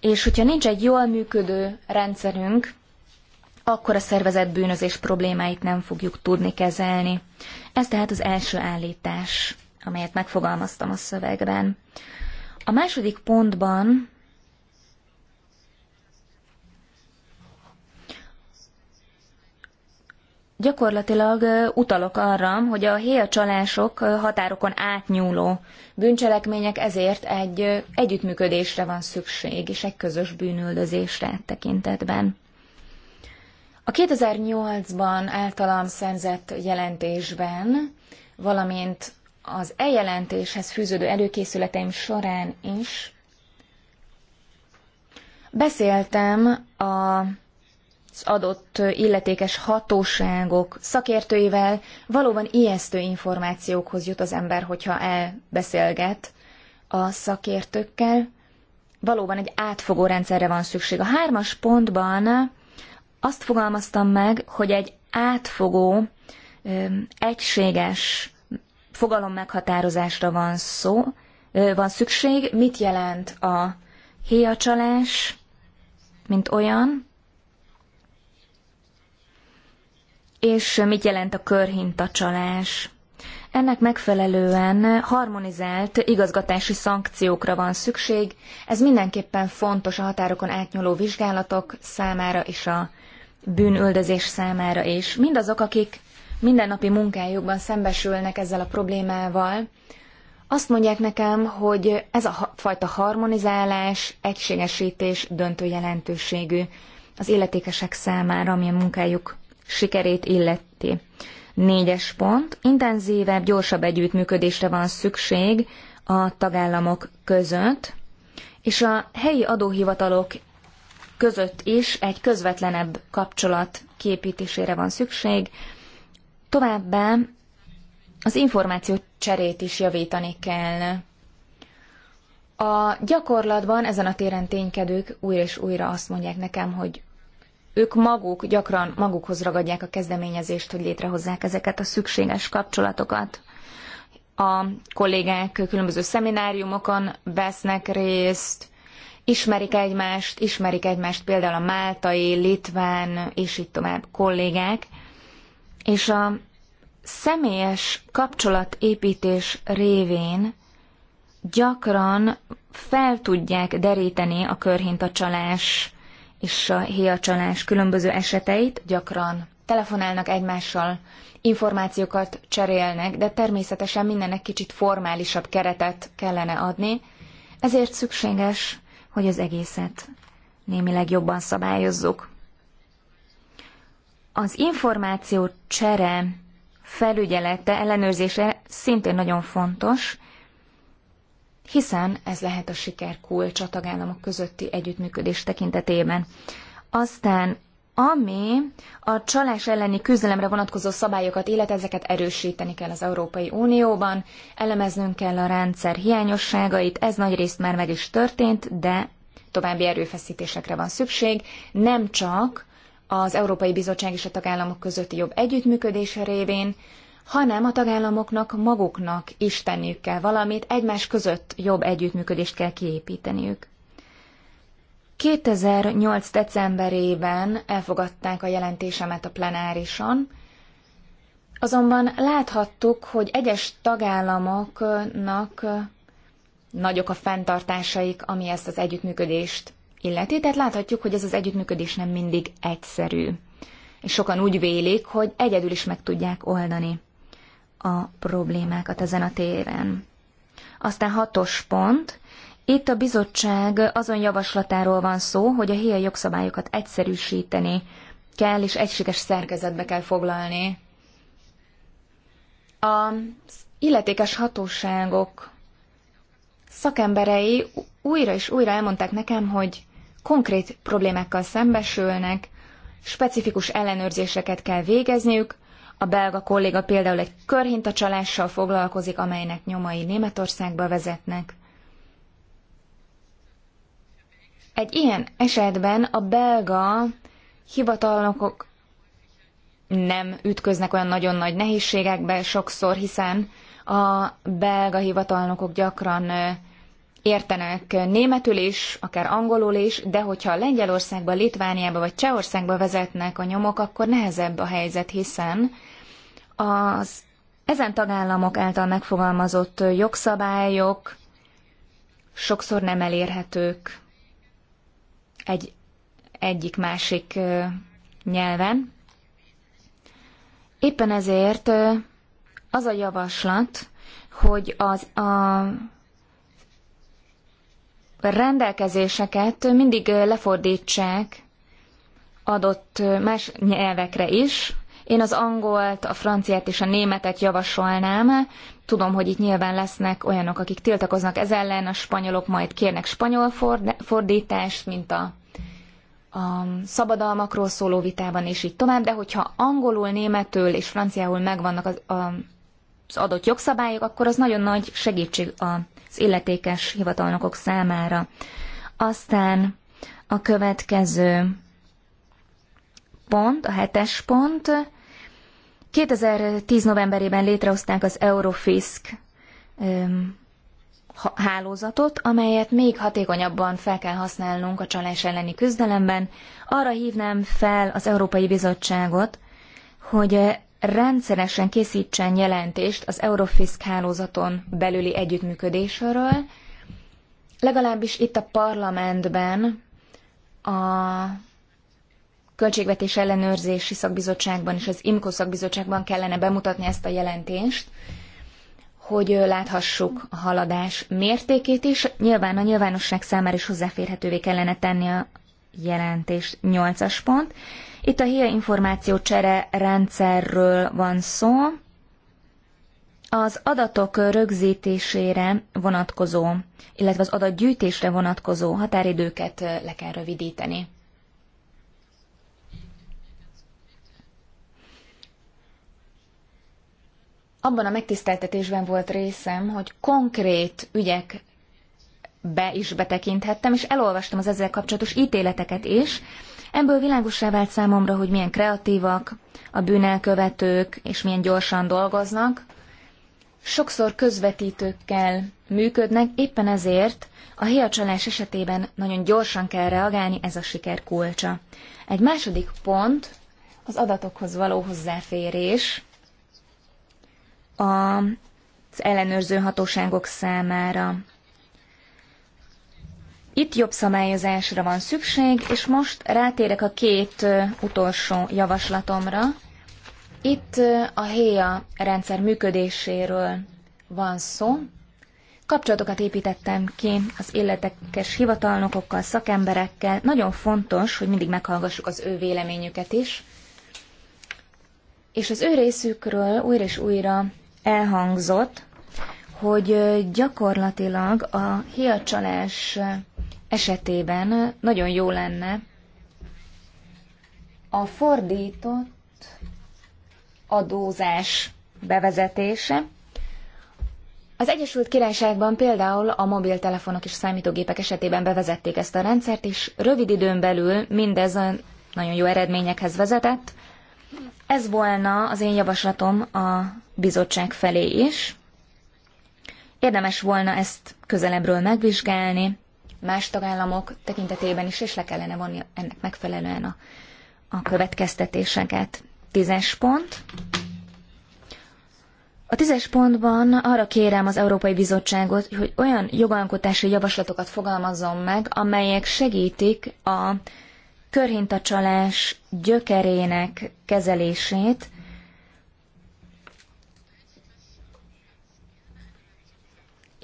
és hogyha nincs egy jól működő rendszerünk, akkor a szervezett bűnözés problémáit nem fogjuk tudni kezelni. Ez tehát az első állítás, amelyet megfogalmaztam a szövegben. A második pontban gyakorlatilag utalok arra, hogy a héjacsalások határokon átnyúló bűncselekmények ezért egy együttműködésre van szükség, és egy közös bűnüldözésre tekintetben. A 2008-ban általam szerzett jelentésben, valamint az eljelentéshez fűződő előkészületeim során is beszéltem a az adott illetékes hatóságok szakértőivel valóban ijesztő információkhoz jut az ember, hogyha elbeszélget a szakértőkkel. Valóban egy átfogó rendszerre van szükség. A hármas pontban azt fogalmaztam meg, hogy egy átfogó, egységes fogalom meghatározásra van szó, van szükség. Mit jelent a héjacsalás, mint olyan, és mit jelent a körhintacsalás. Ennek megfelelően harmonizált igazgatási szankciókra van szükség. Ez mindenképpen fontos a határokon átnyúló vizsgálatok számára és a bűnöldözés számára is. Mindazok, akik mindennapi munkájukban szembesülnek ezzel a problémával, azt mondják nekem, hogy ez a fajta harmonizálás, egységesítés döntő jelentőségű az illetékesek számára, ami a munkájuk sikerét illeti. Négyes pont, intenzívebb, gyorsabb együttműködésre van szükség a tagállamok között, és a helyi adóhivatalok között is egy közvetlenebb kapcsolat képítésére van szükség. Továbbá az információ cserét is javítani kell. A gyakorlatban ezen a téren ténykedők újra és újra azt mondják nekem, hogy ők maguk gyakran magukhoz ragadják a kezdeményezést, hogy létrehozzák ezeket a szükséges kapcsolatokat. A kollégák különböző szemináriumokon vesznek részt, ismerik egymást, ismerik egymást például a máltai, litván és így tovább kollégák, és a személyes kapcsolatépítés révén gyakran fel tudják deríteni a körhintacsalás és a héjacsalás különböző eseteit, gyakran telefonálnak egymással, információkat cserélnek, de természetesen mindennek kicsit formálisabb keretet kellene adni, ezért szükséges hogy az egészet némileg jobban szabályozzuk. Az információ csere felügyelete, ellenőrzése szintén nagyon fontos, hiszen ez lehet a siker kulcs a tagállamok közötti együttműködés tekintetében. Aztán ami a csalás elleni küzdelemre vonatkozó szabályokat, illetve ezeket erősíteni kell az Európai Unióban, elemeznünk kell a rendszer hiányosságait, ez nagyrészt már meg is történt, de további erőfeszítésekre van szükség, nem csak az Európai Bizottság és a tagállamok közötti jobb együttműködése révén, hanem a tagállamoknak maguknak is tenniük kell valamit, egymás között jobb együttműködést kell kiépíteniük. 2008. decemberében elfogadták a jelentésemet a plenárison, azonban láthattuk, hogy egyes tagállamoknak nagyok a fenntartásaik, ami ezt az együttműködést illeti, tehát láthatjuk, hogy ez az együttműködés nem mindig egyszerű. És sokan úgy vélik, hogy egyedül is meg tudják oldani a problémákat ezen a téren. Aztán hatos pont – itt a bizottság azon javaslatáról van szó, hogy a HIA jogszabályokat egyszerűsíteni kell, és egységes szerkezetbe kell foglalni. Az illetékes hatóságok szakemberei újra és újra elmondták nekem, hogy konkrét problémákkal szembesülnek, specifikus ellenőrzéseket kell végezniük, a belga kolléga például egy körhintacsalással foglalkozik, amelynek nyomai Németországba vezetnek. Egy ilyen esetben a belga hivatalnokok nem ütköznek olyan nagyon nagy nehézségekbe sokszor, hiszen a belga hivatalnokok gyakran értenek németül is, akár angolul is, de hogyha Lengyelországba, Litvániába vagy Csehországba vezetnek a nyomok, akkor nehezebb a helyzet, hiszen az ezen tagállamok által megfogalmazott jogszabályok sokszor nem elérhetők egy, egyik-másik nyelven. Éppen ezért az a javaslat, hogy az a rendelkezéseket mindig lefordítsák adott más nyelvekre is, én az angolt, a franciát és a németet javasolnám. Tudom, hogy itt nyilván lesznek olyanok, akik tiltakoznak ez ellen, a spanyolok majd kérnek spanyol fordítást, mint a a szabadalmakról szóló vitában, és így tovább, de hogyha angolul, németül és franciául megvannak az, az adott jogszabályok, akkor az nagyon nagy segítség az illetékes hivatalnokok számára. Aztán a következő pont, a hetes pont, 2010 novemberében létrehozták az Eurofisk hálózatot, amelyet még hatékonyabban fel kell használnunk a csalás elleni küzdelemben. Arra hívnám fel az Európai Bizottságot, hogy rendszeresen készítsen jelentést az Eurofisk hálózaton belüli együttműködésről, legalábbis itt a parlamentben a Költségvetés ellenőrzési szakbizottságban és az IMKO szakbizottságban kellene bemutatni ezt a jelentést, hogy láthassuk a haladás mértékét is. Nyilván a nyilvánosság számára is hozzáférhetővé kellene tenni a jelentés 8-as pont. Itt a HIA információ csere rendszerről van szó. Az adatok rögzítésére vonatkozó, illetve az adatgyűjtésre vonatkozó határidőket le kell rövidíteni. abban a megtiszteltetésben volt részem, hogy konkrét ügyek be is betekinthettem, és elolvastam az ezzel kapcsolatos ítéleteket is. Ebből világosá vált számomra, hogy milyen kreatívak a bűnelkövetők, és milyen gyorsan dolgoznak. Sokszor közvetítőkkel működnek, éppen ezért a héjacsalás esetében nagyon gyorsan kell reagálni, ez a siker kulcsa. Egy második pont az adatokhoz való hozzáférés az ellenőrző hatóságok számára. Itt jobb szabályozásra van szükség, és most rátérek a két utolsó javaslatomra. Itt a HÉA e rendszer működéséről van szó. Kapcsolatokat építettem ki az illetékes hivatalnokokkal, szakemberekkel. Nagyon fontos, hogy mindig meghallgassuk az ő véleményüket is. És az ő részükről újra és újra elhangzott, hogy gyakorlatilag a hiacsalás esetében nagyon jó lenne a fordított adózás bevezetése. Az Egyesült Királyságban például a mobiltelefonok és számítógépek esetében bevezették ezt a rendszert, és rövid időn belül mindez a nagyon jó eredményekhez vezetett. Ez volna az én javaslatom a bizottság felé is. Érdemes volna ezt közelebbről megvizsgálni, más tagállamok tekintetében is, és le kellene vonni ennek megfelelően a, a következtetéseket. Tízes pont. A tízes pontban arra kérem az Európai Bizottságot, hogy olyan jogalkotási javaslatokat fogalmazzon meg, amelyek segítik a körhintacsalás gyökerének kezelését,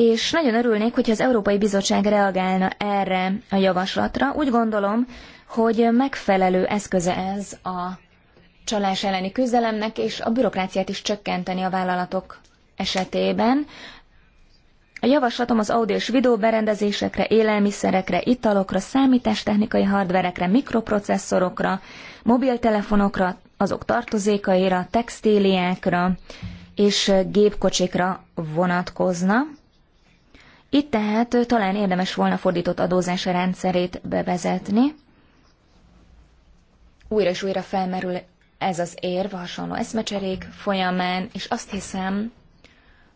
és nagyon örülnék, hogyha az Európai Bizottság reagálna erre a javaslatra. Úgy gondolom, hogy megfelelő eszköze ez a csalás elleni küzdelemnek, és a bürokráciát is csökkenteni a vállalatok esetében. A javaslatom az audio és videó berendezésekre, élelmiszerekre, italokra, számítástechnikai hardverekre, mikroprocesszorokra, mobiltelefonokra, azok tartozékaira, textíliákra és gépkocsikra vonatkozna. Itt tehát talán érdemes volna fordított adózása rendszerét bevezetni. Újra és újra felmerül ez az érv hasonló eszmecserék folyamán, és azt hiszem,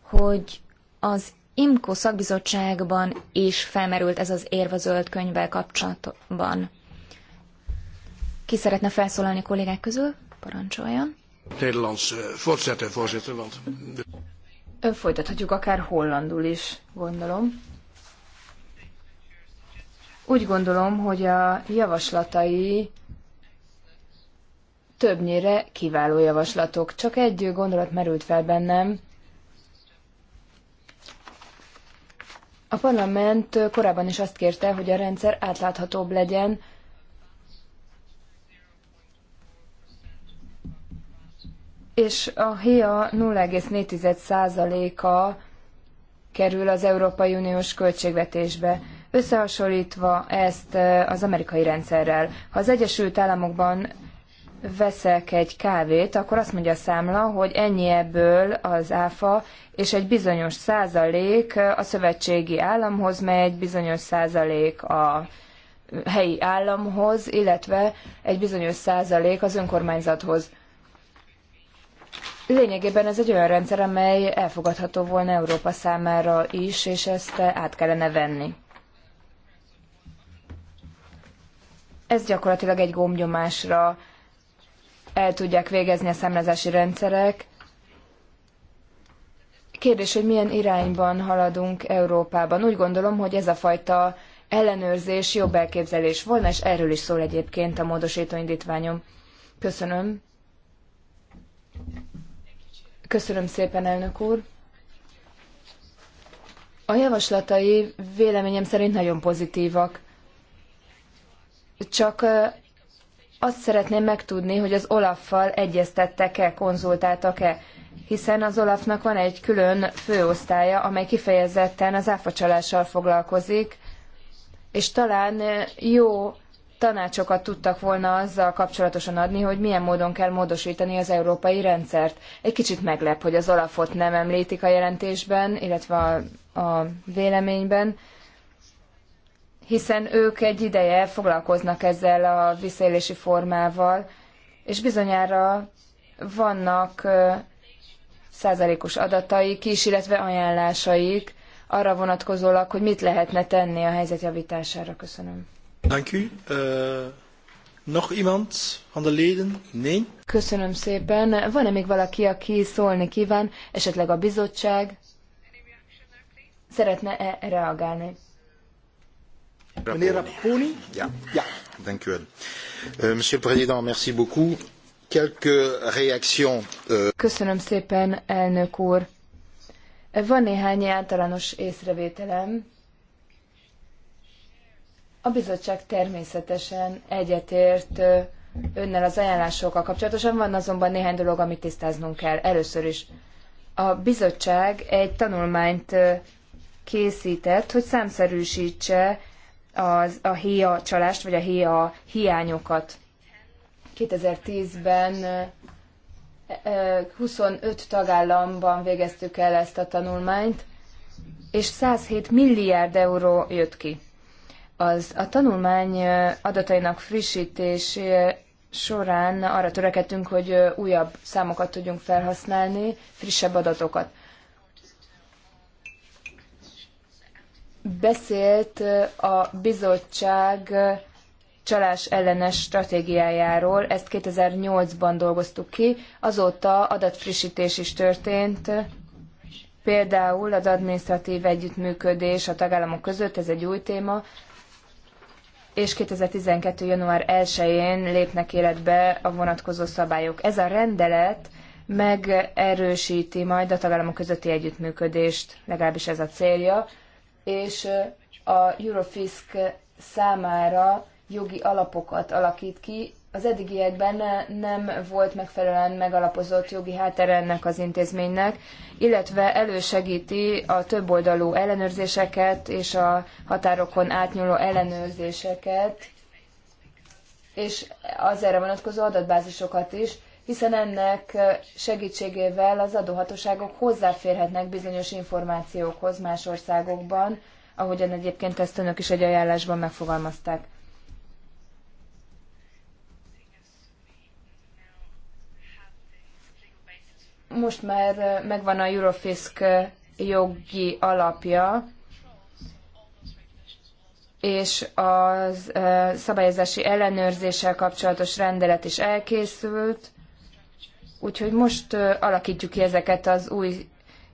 hogy az IMKO szakbizottságban is felmerült ez az érv a zöld könyvvel kapcsolatban. Ki szeretne felszólalni a kollégák közül? Parancsoljon. Nederlands eh, voorzitter, voorzitter, want... Folytathatjuk akár hollandul is, gondolom. Úgy gondolom, hogy a javaslatai többnyire kiváló javaslatok. Csak egy gondolat merült fel bennem. A parlament korábban is azt kérte, hogy a rendszer átláthatóbb legyen, és a HIA 0,4%-a kerül az Európai Uniós költségvetésbe, összehasonlítva ezt az amerikai rendszerrel. Ha az Egyesült Államokban veszek egy kávét, akkor azt mondja a számla, hogy ennyi ebből az áfa, és egy bizonyos százalék a szövetségi államhoz megy, bizonyos százalék a helyi államhoz, illetve egy bizonyos százalék az önkormányzathoz. Lényegében ez egy olyan rendszer, amely elfogadható volna Európa számára is, és ezt át kellene venni. Ez gyakorlatilag egy gombnyomásra el tudják végezni a számlázási rendszerek. Kérdés, hogy milyen irányban haladunk Európában. Úgy gondolom, hogy ez a fajta ellenőrzés jobb elképzelés volna, és erről is szól egyébként a módosító indítványom. Köszönöm. Köszönöm szépen, elnök úr. A javaslatai véleményem szerint nagyon pozitívak. Csak azt szeretném megtudni, hogy az Olaffal egyeztettek-e, konzultáltak-e, hiszen az Olafnak van egy külön főosztálya, amely kifejezetten az áfacsalással foglalkozik, és talán jó tanácsokat tudtak volna azzal kapcsolatosan adni, hogy milyen módon kell módosítani az európai rendszert. Egy kicsit meglep, hogy az Olafot nem említik a jelentésben, illetve a, a véleményben, hiszen ők egy ideje foglalkoznak ezzel a visszaélési formával, és bizonyára vannak százalékos adataik is, illetve ajánlásaik arra vonatkozólag, hogy mit lehetne tenni a helyzet javítására. Köszönöm. Dank u. Uh, nog iemand van de leden? Nee? Köszönöm szépen. Van-e még valaki, aki szólni kíván? Esetleg a bizottság? Szeretne-e reagálni? Meneer Raponi? Ja. ja. Dank u wel. Uh, monsieur le Président, merci beaucoup. Quelques réactions. Uh... Köszönöm szépen, elnök úr. Van néhány általános észrevételem a bizottság természetesen egyetért önnel az ajánlásokkal kapcsolatosan, van azonban néhány dolog, amit tisztáznunk kell. Először is a bizottság egy tanulmányt készített, hogy számszerűsítse az, a hia csalást, vagy a hia hiányokat. 2010-ben 25 tagállamban végeztük el ezt a tanulmányt, és 107 milliárd euró jött ki. Az a tanulmány adatainak frissítésé során arra törekedtünk, hogy újabb számokat tudjunk felhasználni, frissebb adatokat. Beszélt a bizottság csalás ellenes stratégiájáról, ezt 2008-ban dolgoztuk ki, azóta adatfrissítés is történt, például az adminisztratív együttműködés a tagállamok között, ez egy új téma, és 2012. január 1-én lépnek életbe a vonatkozó szabályok. Ez a rendelet megerősíti majd a tagállamok közötti együttműködést, legalábbis ez a célja, és a Eurofisk számára jogi alapokat alakít ki, az eddigiekben nem volt megfelelően megalapozott jogi háttere ennek az intézménynek, illetve elősegíti a többoldalú ellenőrzéseket és a határokon átnyúló ellenőrzéseket, és az erre vonatkozó adatbázisokat is, hiszen ennek segítségével az adóhatóságok hozzáférhetnek bizonyos információkhoz más országokban, ahogyan egyébként ezt önök is egy ajánlásban megfogalmazták. Most már eh, megvan a Eurofisk eh, jogi alapja, és a eh, szabályozási ellenőrzéssel kapcsolatos rendelet is elkészült, úgyhogy most alakítjuk ki ezeket az új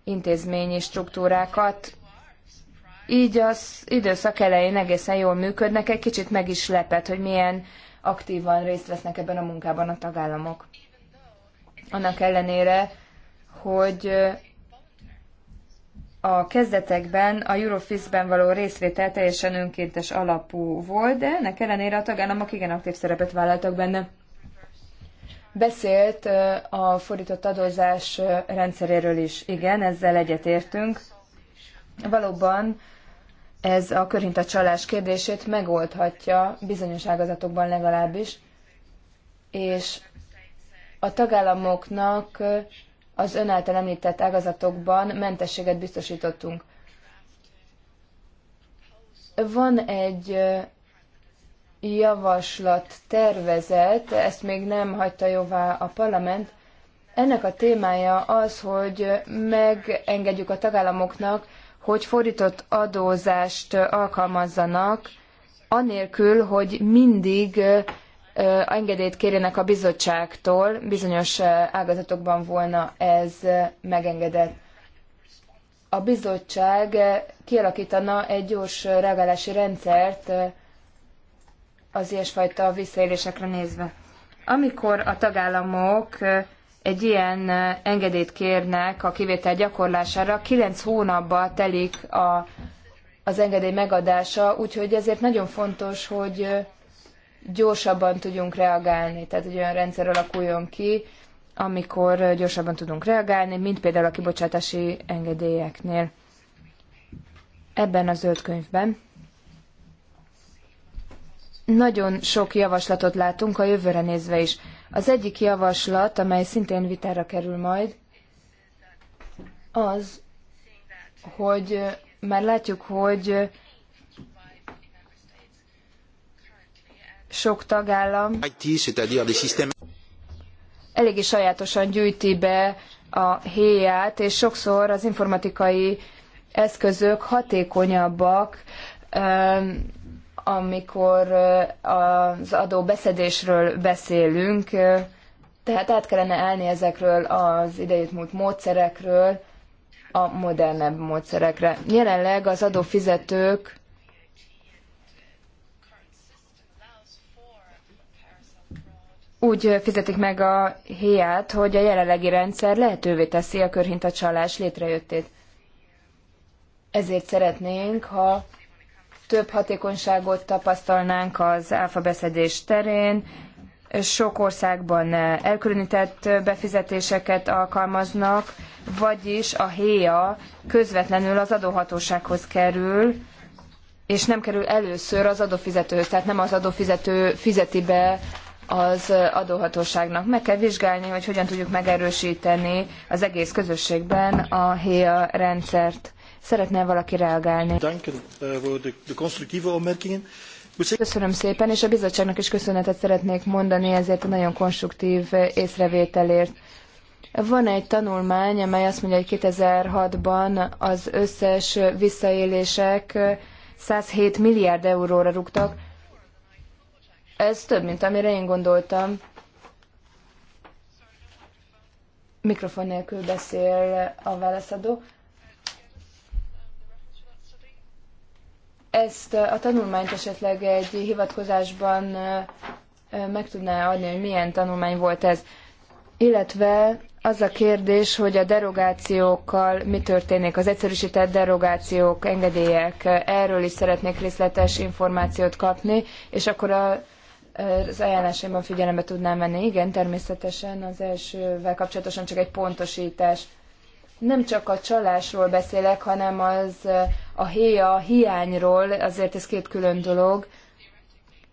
intézményi struktúrákat. Így az időszak elején egészen jól működnek, egy kicsit meg is lepett, hogy milyen aktívan részt vesznek ebben a munkában a tagállamok. Annak ellenére, hogy a kezdetekben a Eurofizben való részvétel teljesen önkéntes alapú volt, de ennek ellenére a tagállamok igen aktív szerepet vállaltak benne. Beszélt a fordított adózás rendszeréről is. Igen, ezzel egyetértünk. Valóban ez a körhinta csalás kérdését megoldhatja bizonyos ágazatokban legalábbis, és a tagállamoknak az ön által említett ágazatokban mentességet biztosítottunk. Van egy javaslat tervezet, ezt még nem hagyta jóvá a parlament. Ennek a témája az, hogy megengedjük a tagállamoknak, hogy fordított adózást alkalmazzanak, anélkül, hogy mindig engedélyt kérjenek a bizottságtól, bizonyos ágazatokban volna ez megengedett. A bizottság kialakítana egy gyors reagálási rendszert az ilyesfajta visszaélésekre nézve. Amikor a tagállamok egy ilyen engedélyt kérnek a kivétel gyakorlására, kilenc hónapba telik a, az engedély megadása, úgyhogy ezért nagyon fontos, hogy gyorsabban tudjunk reagálni, tehát egy olyan rendszer alakuljon ki, amikor gyorsabban tudunk reagálni, mint például a kibocsátási engedélyeknél. Ebben a zöld könyvben nagyon sok javaslatot látunk a jövőre nézve is. Az egyik javaslat, amely szintén vitára kerül majd, az, hogy már látjuk, hogy sok tagállam eléggé sajátosan gyűjti be a héját, és sokszor az informatikai eszközök hatékonyabbak, amikor az adó beszedésről beszélünk, tehát át kellene állni ezekről az idejét múlt módszerekről a modernebb módszerekre. Jelenleg az adófizetők úgy fizetik meg a héját, hogy a jelenlegi rendszer lehetővé teszi a körhinta csalás létrejöttét. Ezért szeretnénk, ha több hatékonyságot tapasztalnánk az álfabeszedés terén, sok országban elkülönített befizetéseket alkalmaznak, vagyis a héja közvetlenül az adóhatósághoz kerül, és nem kerül először az adófizetőhöz, tehát nem az adófizető fizeti be az adóhatóságnak. Meg kell vizsgálni, hogy hogyan tudjuk megerősíteni az egész közösségben a HÉA e rendszert. Szeretne valaki reagálni? Eh, Köszönöm szépen, és a bizottságnak is köszönetet szeretnék mondani ezért a nagyon konstruktív eh, észrevételért. Van egy tanulmány, amely azt mondja, hogy 2006-ban az összes visszaélések 107 eh, milliárd euróra rúgtak, ez több, mint amire én gondoltam. Mikrofon nélkül beszél a válaszadó. Ezt a tanulmányt esetleg egy hivatkozásban meg tudná adni, hogy milyen tanulmány volt ez. Illetve az a kérdés, hogy a derogációkkal mi történik, az egyszerűsített derogációk, engedélyek, erről is szeretnék részletes információt kapni, és akkor a az ajánlásaimban figyelembe tudnám venni. Igen, természetesen az elsővel kapcsolatosan csak egy pontosítás. Nem csak a csalásról beszélek, hanem az a héja a hiányról, azért ez két külön dolog.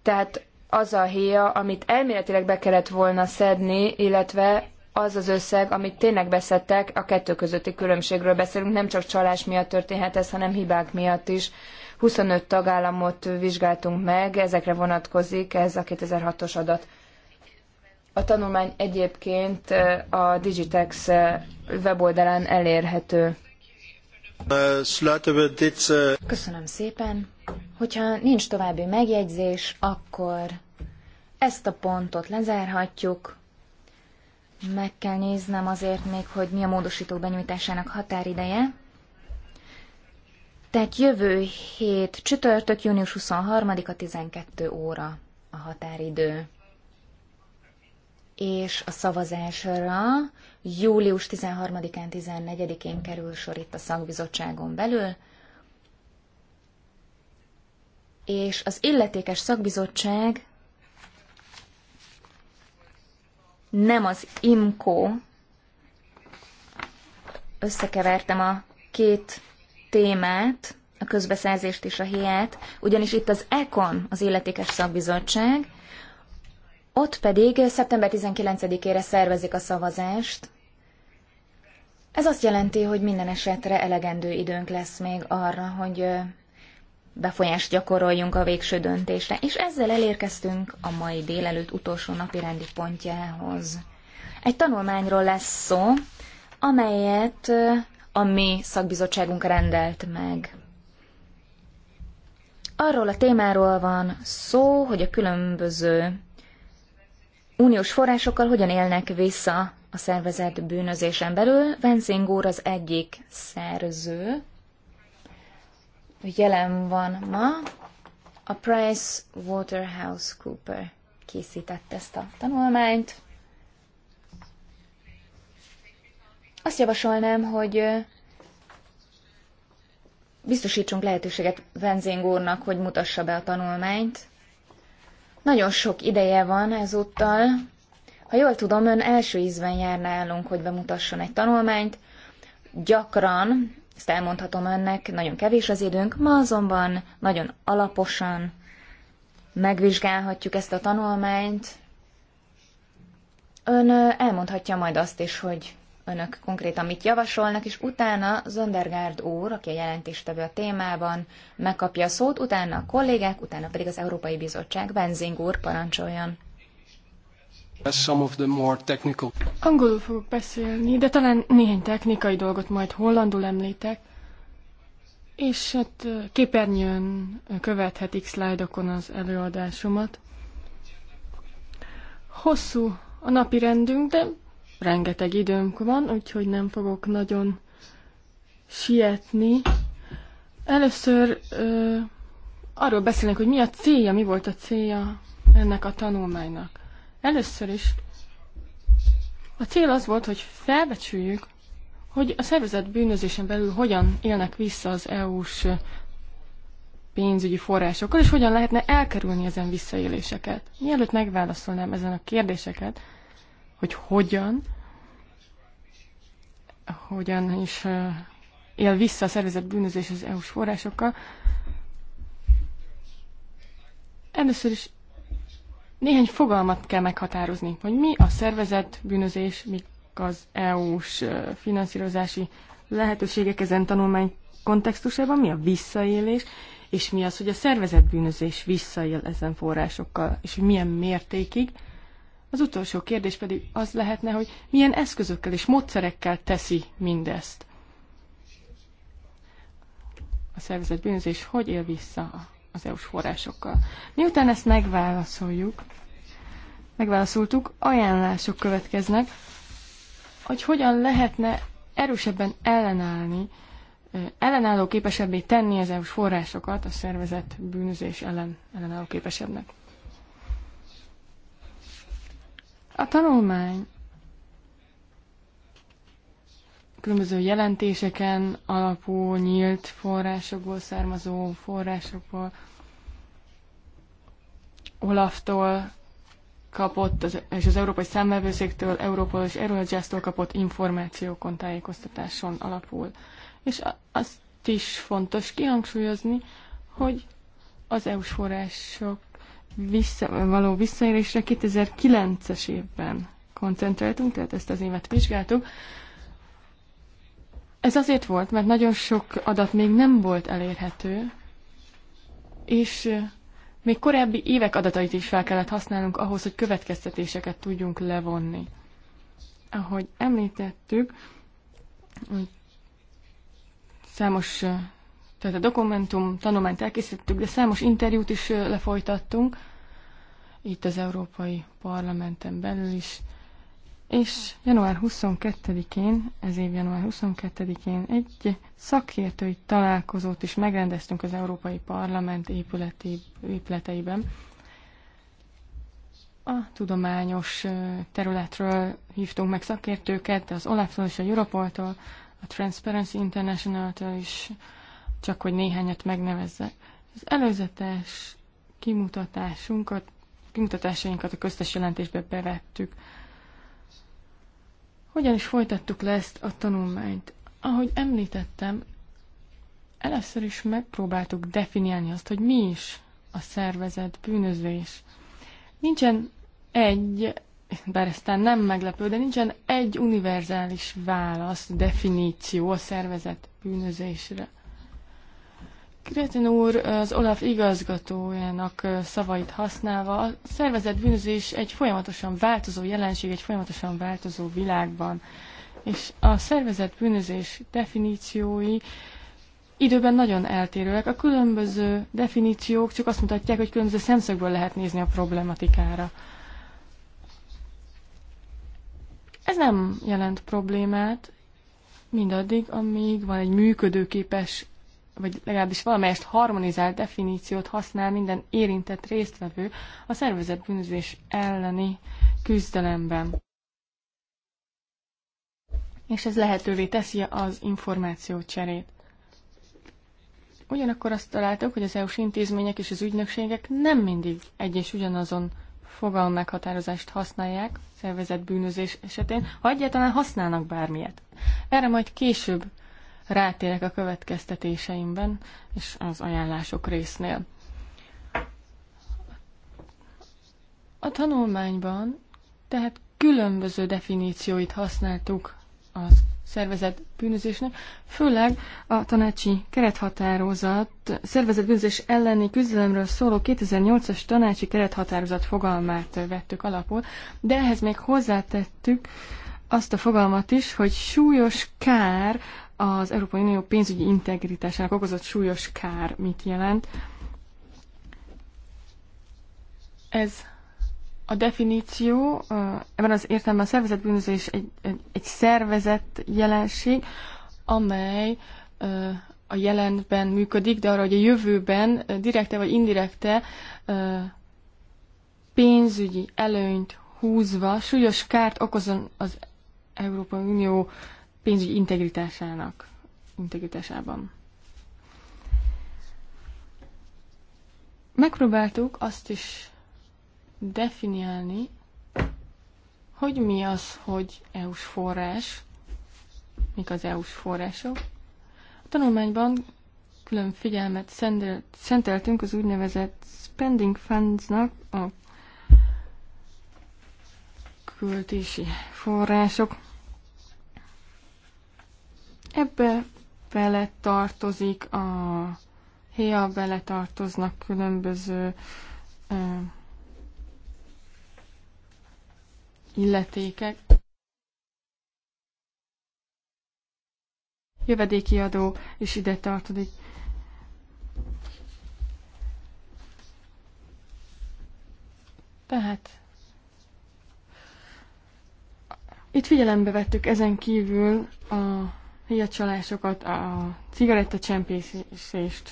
Tehát az a héja, amit elméletileg be kellett volna szedni, illetve az az összeg, amit tényleg beszedtek, a kettő közötti különbségről beszélünk, nem csak csalás miatt történhet ez, hanem hibák miatt is. 25 tagállamot vizsgáltunk meg, ezekre vonatkozik ez a 2006-os adat. A tanulmány egyébként a Digitex weboldalán elérhető. Köszönöm szépen. Hogyha nincs további megjegyzés, akkor ezt a pontot lezárhatjuk. Meg kell néznem azért még, hogy mi a módosítók benyújtásának határideje. Tehát jövő hét csütörtök, június 23-a 12 óra a határidő. És a szavazásra július 13-án, 14-én kerül sor itt a szakbizottságon belül, és az illetékes szakbizottság nem az IMCO összekevertem a két témát, a közbeszerzést és a hiát, ugyanis itt az ECON, az illetékes szakbizottság, ott pedig szeptember 19-ére szervezik a szavazást. Ez azt jelenti, hogy minden esetre elegendő időnk lesz még arra, hogy befolyást gyakoroljunk a végső döntésre. És ezzel elérkeztünk a mai délelőtt utolsó napi rendi pontjához. Egy tanulmányról lesz szó, amelyet a mi szakbizottságunk rendelt meg. Arról a témáról van szó, hogy a különböző uniós forrásokkal hogyan élnek vissza a szervezet bűnözésen belül. Vencing úr az egyik szerző, jelen van ma. A Price Waterhouse Cooper készített ezt a tanulmányt. Azt javasolnám, hogy biztosítsunk lehetőséget Venzing úrnak, hogy mutassa be a tanulmányt. Nagyon sok ideje van ezúttal. Ha jól tudom, ön első ízben jár nálunk, hogy bemutasson egy tanulmányt. Gyakran, ezt elmondhatom önnek, nagyon kevés az időnk, ma azonban nagyon alaposan megvizsgálhatjuk ezt a tanulmányt. Ön elmondhatja majd azt is, hogy önök konkrétan mit javasolnak, és utána Zondergárd úr, aki a jelentéstevő a témában, megkapja a szót, utána a kollégák, utána pedig az Európai Bizottság. Benzing úr, parancsoljon! Some of the more technical... Angolul fogok beszélni, de talán néhány technikai dolgot majd hollandul említek. És hát képernyőn követhetik szlájdokon az előadásomat. Hosszú a napi rendünk, de rengeteg időnk van, úgyhogy nem fogok nagyon sietni. Először ö, arról beszélnek, hogy mi a célja, mi volt a célja ennek a tanulmánynak. Először is a cél az volt, hogy felbecsüljük, hogy a szervezet bűnözésen belül hogyan élnek vissza az EU-s pénzügyi forrásokkal, és hogyan lehetne elkerülni ezen visszaéléseket. Mielőtt megválaszolnám ezen a kérdéseket, hogy hogyan, hogyan is él vissza a szervezet bűnözés az EU-s forrásokkal. Először is néhány fogalmat kell meghatározni, hogy mi a szervezet bűnözés, mik az EU-s finanszírozási lehetőségek ezen tanulmány kontextusában, mi a visszaélés, és mi az, hogy a szervezet bűnözés visszaél ezen forrásokkal, és hogy milyen mértékig. Az utolsó kérdés pedig az lehetne, hogy milyen eszközökkel és módszerekkel teszi mindezt. A szervezet bűnözés hogy él vissza az EU-s forrásokkal. Miután ezt megválaszoljuk, megválaszoltuk, ajánlások következnek, hogy hogyan lehetne erősebben ellenállni, ellenálló képesebbé tenni az EU-s forrásokat a szervezet bűnözés ellen ellenálló képesebbnek. A tanulmány különböző jelentéseken alapú, nyílt forrásokból származó forrásokból, Olaftól kapott, és az Európai Számmelvőszéktől, Európol és Eurojust-tól kapott információkon, tájékoztatáson alapul. És azt is fontos kihangsúlyozni, hogy az EU-s források vissza, való visszaélésre 2009-es évben koncentráltunk, tehát ezt az évet vizsgáltuk. Ez azért volt, mert nagyon sok adat még nem volt elérhető, és még korábbi évek adatait is fel kellett használnunk ahhoz, hogy következtetéseket tudjunk levonni. Ahogy említettük, számos tehát a dokumentum tanulmányt elkészítettük, de számos interjút is lefolytattunk, itt az Európai Parlamenten belül is. És január 22-én, ez év január 22-én egy szakértői találkozót is megrendeztünk az Európai Parlament épületi, épületeiben. A tudományos területről hívtunk meg szakértőket, az Olaftól és a Europol-tól, a Transparency International-től is csak hogy néhányat megnevezzek. Az előzetes kimutatásunkat, kimutatásainkat a köztes jelentésbe bevettük. Hogyan is folytattuk le ezt a tanulmányt? Ahogy említettem, először is megpróbáltuk definiálni azt, hogy mi is a szervezet bűnözés. Nincsen egy, bár eztán nem meglepő, de nincsen egy univerzális válasz, definíció a szervezet bűnözésre. Kretin úr az Olaf igazgatójának szavait használva, a szervezett bűnözés egy folyamatosan változó jelenség, egy folyamatosan változó világban. És a szervezett bűnözés definíciói időben nagyon eltérőek. A különböző definíciók csak azt mutatják, hogy különböző szemszögből lehet nézni a problematikára. Ez nem jelent problémát, mindaddig, amíg van egy működőképes vagy legalábbis valamelyest harmonizált definíciót használ minden érintett résztvevő a szervezett bűnözés elleni küzdelemben. És ez lehetővé teszi az információcserét. Ugyanakkor azt találtuk, hogy az EU-s intézmények és az ügynökségek nem mindig egy és ugyanazon fogalom meghatározást használják szervezett bűnözés esetén, ha egyáltalán használnak bármilyet. Erre majd később rátérek a következtetéseimben és az ajánlások résznél. A tanulmányban tehát különböző definícióit használtuk a szervezet bűnözésnek, főleg a tanácsi kerethatározat, szervezetbűnözés bűnözés elleni küzdelemről szóló 2008-as tanácsi kerethatározat fogalmát vettük alapul, de ehhez még hozzátettük azt a fogalmat is, hogy súlyos kár az Európai Unió pénzügyi integritásának okozott súlyos kár mit jelent. Ez a definíció, ebben az értelemben a szervezetbűnözés egy, egy, egy szervezett jelenség, amely a jelenben működik, de arra, hogy a jövőben direkte vagy indirekte pénzügyi előnyt húzva súlyos kárt okozon az Európai Unió pénzügy integritásának, integritásában. Megpróbáltuk azt is definiálni, hogy mi az, hogy EU-s forrás, mik az EU-s források. A tanulmányban külön figyelmet szenteltünk az úgynevezett spending fundsnak, a költési források Ebbe bele tartozik a héja, bele tartoznak különböző ö, illetékek. Jövedéki adó is ide tartozik. Tehát itt figyelembe vettük ezen kívül a hogy a csalásokat, a cigarettacsempészést,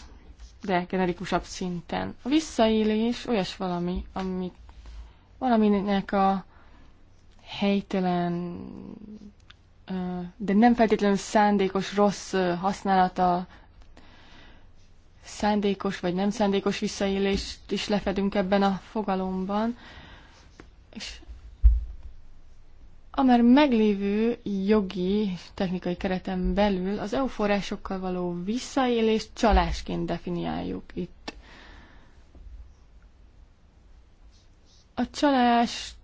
de generikusabb szinten. A visszaélés olyas valami, amit valaminek a helytelen, de nem feltétlenül szándékos rossz használata, szándékos vagy nem szándékos visszaélést is lefedünk ebben a fogalomban, és a már meglévő jogi technikai kereten belül az EU forrásokkal való visszaélést csalásként definiáljuk itt. A csalást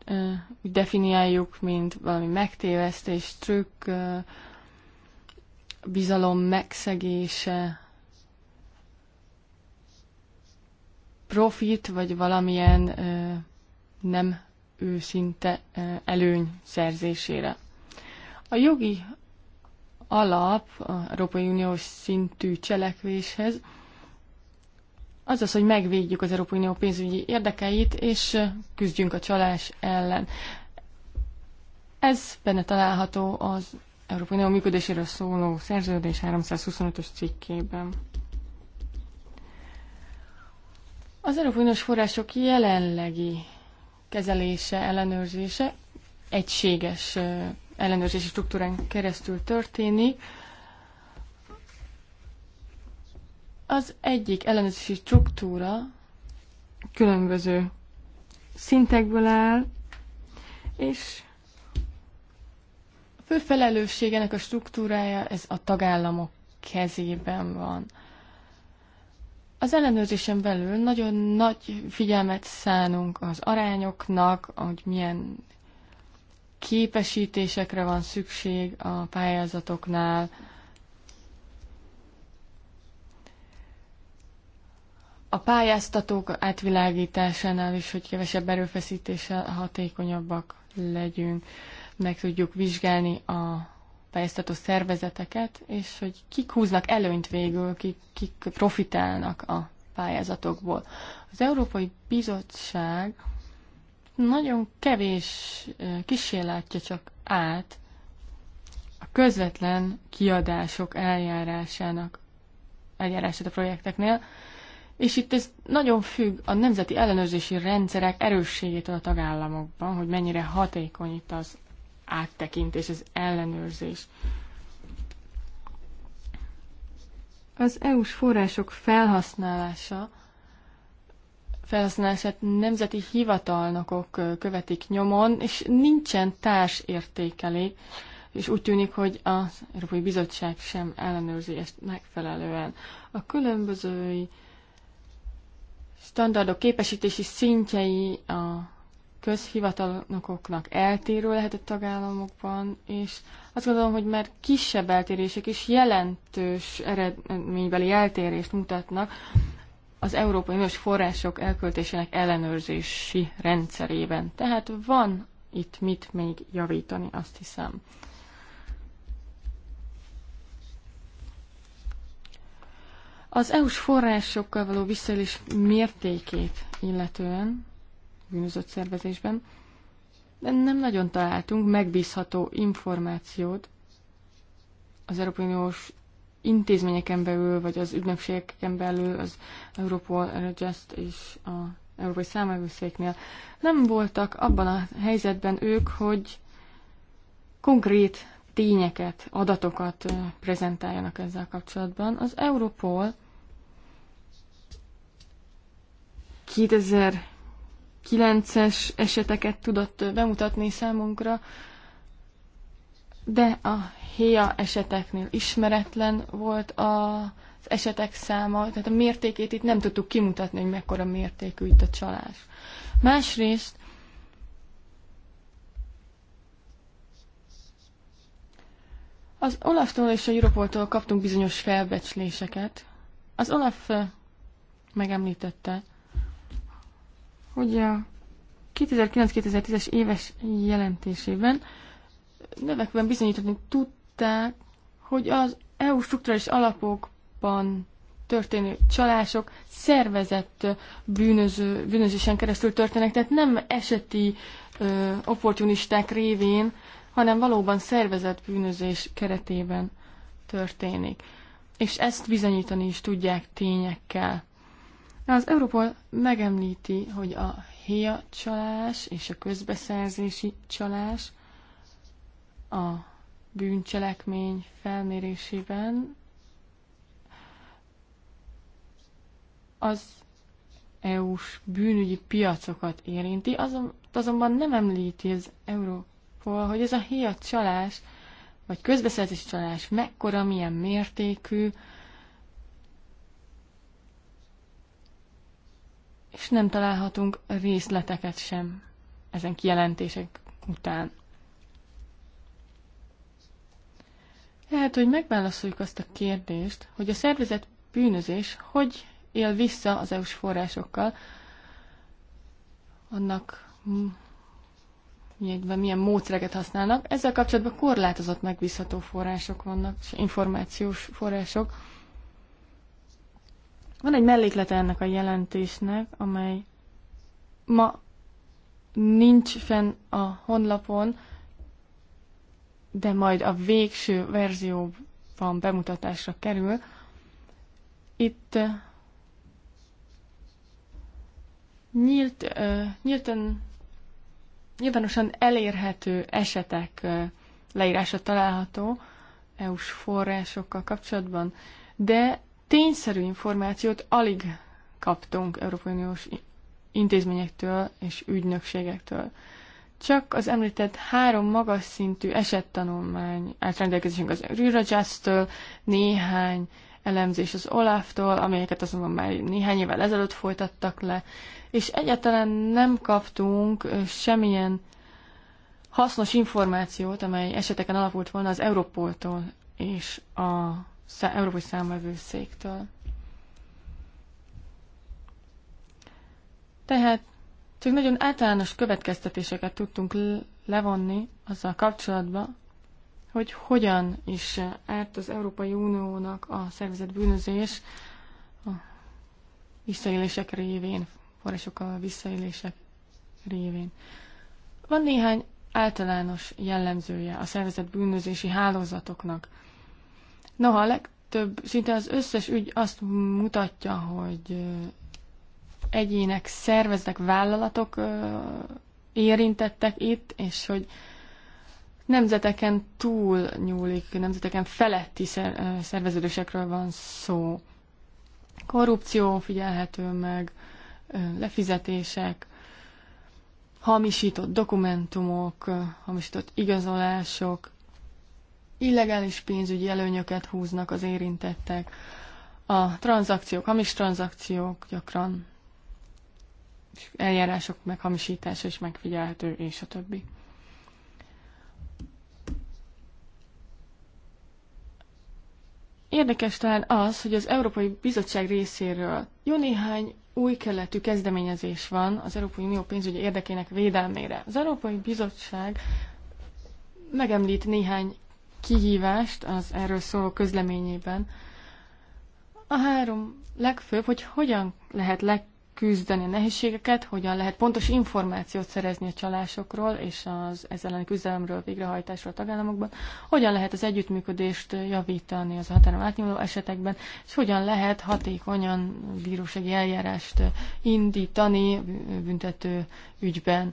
úgy definiáljuk, mint valami megtévesztés, trükk, bizalom megszegése, profit, vagy valamilyen nem őszinte előny szerzésére. A jogi alap a Európai Uniós szintű cselekvéshez az az, hogy megvédjük az Európai Unió pénzügyi érdekeit, és küzdjünk a csalás ellen. Ez benne található az Európai Unió működéséről szóló szerződés 325-ös cikkében. Az Európai Uniós források jelenlegi kezelése, ellenőrzése egységes ellenőrzési struktúrán keresztül történik. Az egyik ellenőrzési struktúra különböző szintekből áll, és a fő felelősség ennek a struktúrája ez a tagállamok kezében van. Az ellenőrzésen belül nagyon nagy figyelmet szánunk az arányoknak, hogy milyen képesítésekre van szükség a pályázatoknál, a pályáztatók átvilágításánál is, hogy kevesebb erőfeszítéssel hatékonyabbak legyünk, meg tudjuk vizsgálni a pályáztató szervezeteket, és hogy kik húznak előnyt végül, kik, kik profitálnak a pályázatokból. Az Európai Bizottság nagyon kevés kísérletje csak át a közvetlen kiadások eljárásának, eljárását a projekteknél, és itt ez nagyon függ a nemzeti ellenőrzési rendszerek erősségétől a tagállamokban, hogy mennyire hatékony itt az áttekintés, az ellenőrzés. Az EU-s források felhasználása felhasználását nemzeti hivatalnokok követik nyomon, és nincsen társ értékelé, és úgy tűnik, hogy az Európai Bizottság sem ellenőrzi ezt megfelelően. A különböző standardok képesítési szintjei a közhivatalnokoknak eltérő lehet a tagállamokban, és azt gondolom, hogy már kisebb eltérések is jelentős eredménybeli eltérést mutatnak az Európai Uniós források elköltésének ellenőrzési rendszerében. Tehát van itt mit még javítani, azt hiszem. Az EU-s forrásokkal való visszaélés mértékét illetően bűnözött szervezésben, de nem nagyon találtunk megbízható információt az Európai Uniós intézményeken belül, vagy az ügynökségeken belül, az Europol, Eurojust és a Európai Számövőszéknél nem voltak abban a helyzetben ők, hogy konkrét tényeket, adatokat prezentáljanak ezzel kapcsolatban. Az Europol 2000 9-es eseteket tudott bemutatni számunkra, de a héja eseteknél ismeretlen volt az esetek száma, tehát a mértékét itt nem tudtuk kimutatni, hogy mekkora mértékű itt a csalás. Másrészt az Olaftól és a Europoltól kaptunk bizonyos felbecsléseket. Az Olaf megemlítette, hogy a 2009-2010-es éves jelentésében növekben bizonyítani tudták, hogy az EU struktúrális alapokban történő csalások szervezett bűnöző, bűnözésen keresztül történnek, tehát nem eseti ö, opportunisták révén, hanem valóban szervezett bűnözés keretében történik. És ezt bizonyítani is tudják tényekkel. Az Europol megemlíti, hogy a héja csalás és a közbeszerzési csalás a bűncselekmény felmérésében az EU-s bűnügyi piacokat érinti, azon, azonban nem említi az Európol, hogy ez a héja csalás, vagy közbeszerzési csalás mekkora, milyen mértékű, és nem találhatunk részleteket sem ezen kijelentések után. Lehet, hogy megválaszoljuk azt a kérdést, hogy a szervezet bűnözés hogy él vissza az EU-s forrásokkal, annak milyen módszereket használnak. Ezzel kapcsolatban korlátozott megbízható források vannak, és információs források. Van egy melléklete ennek a jelentésnek, amely ma nincs fenn a honlapon, de majd a végső verzióban bemutatásra kerül. Itt nyílt, nyíltan, nyilvánosan elérhető esetek leírása található EU-s forrásokkal kapcsolatban, de tényszerű információt alig kaptunk Európai Uniós intézményektől és ügynökségektől. Csak az említett három magas szintű esettanulmány állt rendelkezésünk az Eurojust-től, néhány elemzés az Olaf-tól, amelyeket azonban már néhány évvel ezelőtt folytattak le, és egyáltalán nem kaptunk semmilyen hasznos információt, amely eseteken alapult volna az Európoltól és a Európai Számvevőszéktől. Tehát csak nagyon általános következtetéseket tudtunk levonni azzal kapcsolatban, hogy hogyan is árt az Európai Uniónak a szervezett bűnözés a visszaélések révén, a visszaélések révén. Van néhány általános jellemzője a szervezett bűnözési hálózatoknak. Noha a legtöbb, szinte az összes ügy azt mutatja, hogy egyének, szerveznek, vállalatok érintettek itt, és hogy nemzeteken túl nyúlik, nemzeteken feletti szerveződésekről van szó. Korrupció figyelhető meg, lefizetések, hamisított dokumentumok, hamisított igazolások, illegális pénzügyi előnyöket húznak az érintettek. A tranzakciók, hamis tranzakciók gyakran eljárások meghamisítása is megfigyelhető, és a többi. Érdekes talán az, hogy az Európai Bizottság részéről jó néhány új keletű kezdeményezés van az Európai Unió pénzügyi érdekének védelmére. Az Európai Bizottság megemlít néhány kihívást az erről szóló közleményében. A három legfőbb, hogy hogyan lehet leküzdeni a nehézségeket, hogyan lehet pontos információt szerezni a csalásokról és az ezzel elleni küzdelemről, végrehajtásról a tagállamokban, hogyan lehet az együttműködést javítani az határon átnyúló esetekben, és hogyan lehet hatékonyan bírósági eljárást indítani büntető ügyben.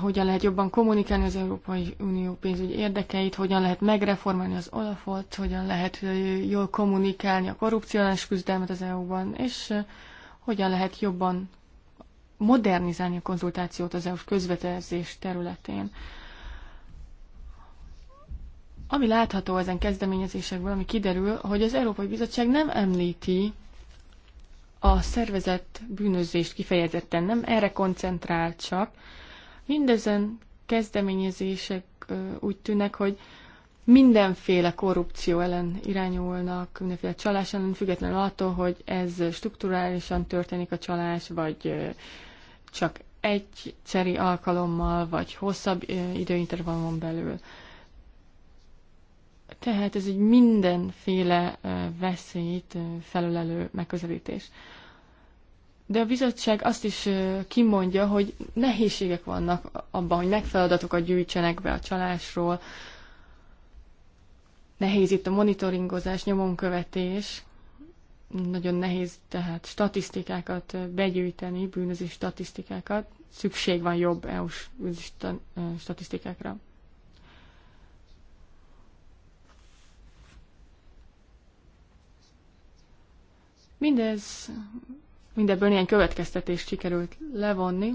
hogyan lehet jobban kommunikálni az Európai Unió pénzügyi érdekeit, hogyan lehet megreformálni az Olafot, hogyan lehet jól kommunikálni a korrupciós küzdelmet az EU-ban, és hogyan lehet jobban modernizálni a konzultációt az EU-s területén. Ami látható ezen kezdeményezésekből, ami kiderül, hogy az Európai Bizottság nem említi a szervezett bűnözést kifejezetten, nem erre koncentrál csak, Mindezen kezdeményezések úgy tűnnek, hogy mindenféle korrupció ellen irányulnak, mindenféle csalás ellen, függetlenül attól, hogy ez strukturálisan történik a csalás, vagy csak egy cseri alkalommal, vagy hosszabb időintervallumon belül. Tehát ez egy mindenféle veszélyt felülelő megközelítés de a bizottság azt is kimondja, hogy nehézségek vannak abban, hogy megfeladatokat gyűjtsenek be a csalásról. Nehéz itt a monitoringozás, nyomonkövetés. Nagyon nehéz tehát statisztikákat begyűjteni, bűnözés statisztikákat. Szükség van jobb EU-s statisztikákra. Mindez mindebből ilyen következtetést sikerült levonni.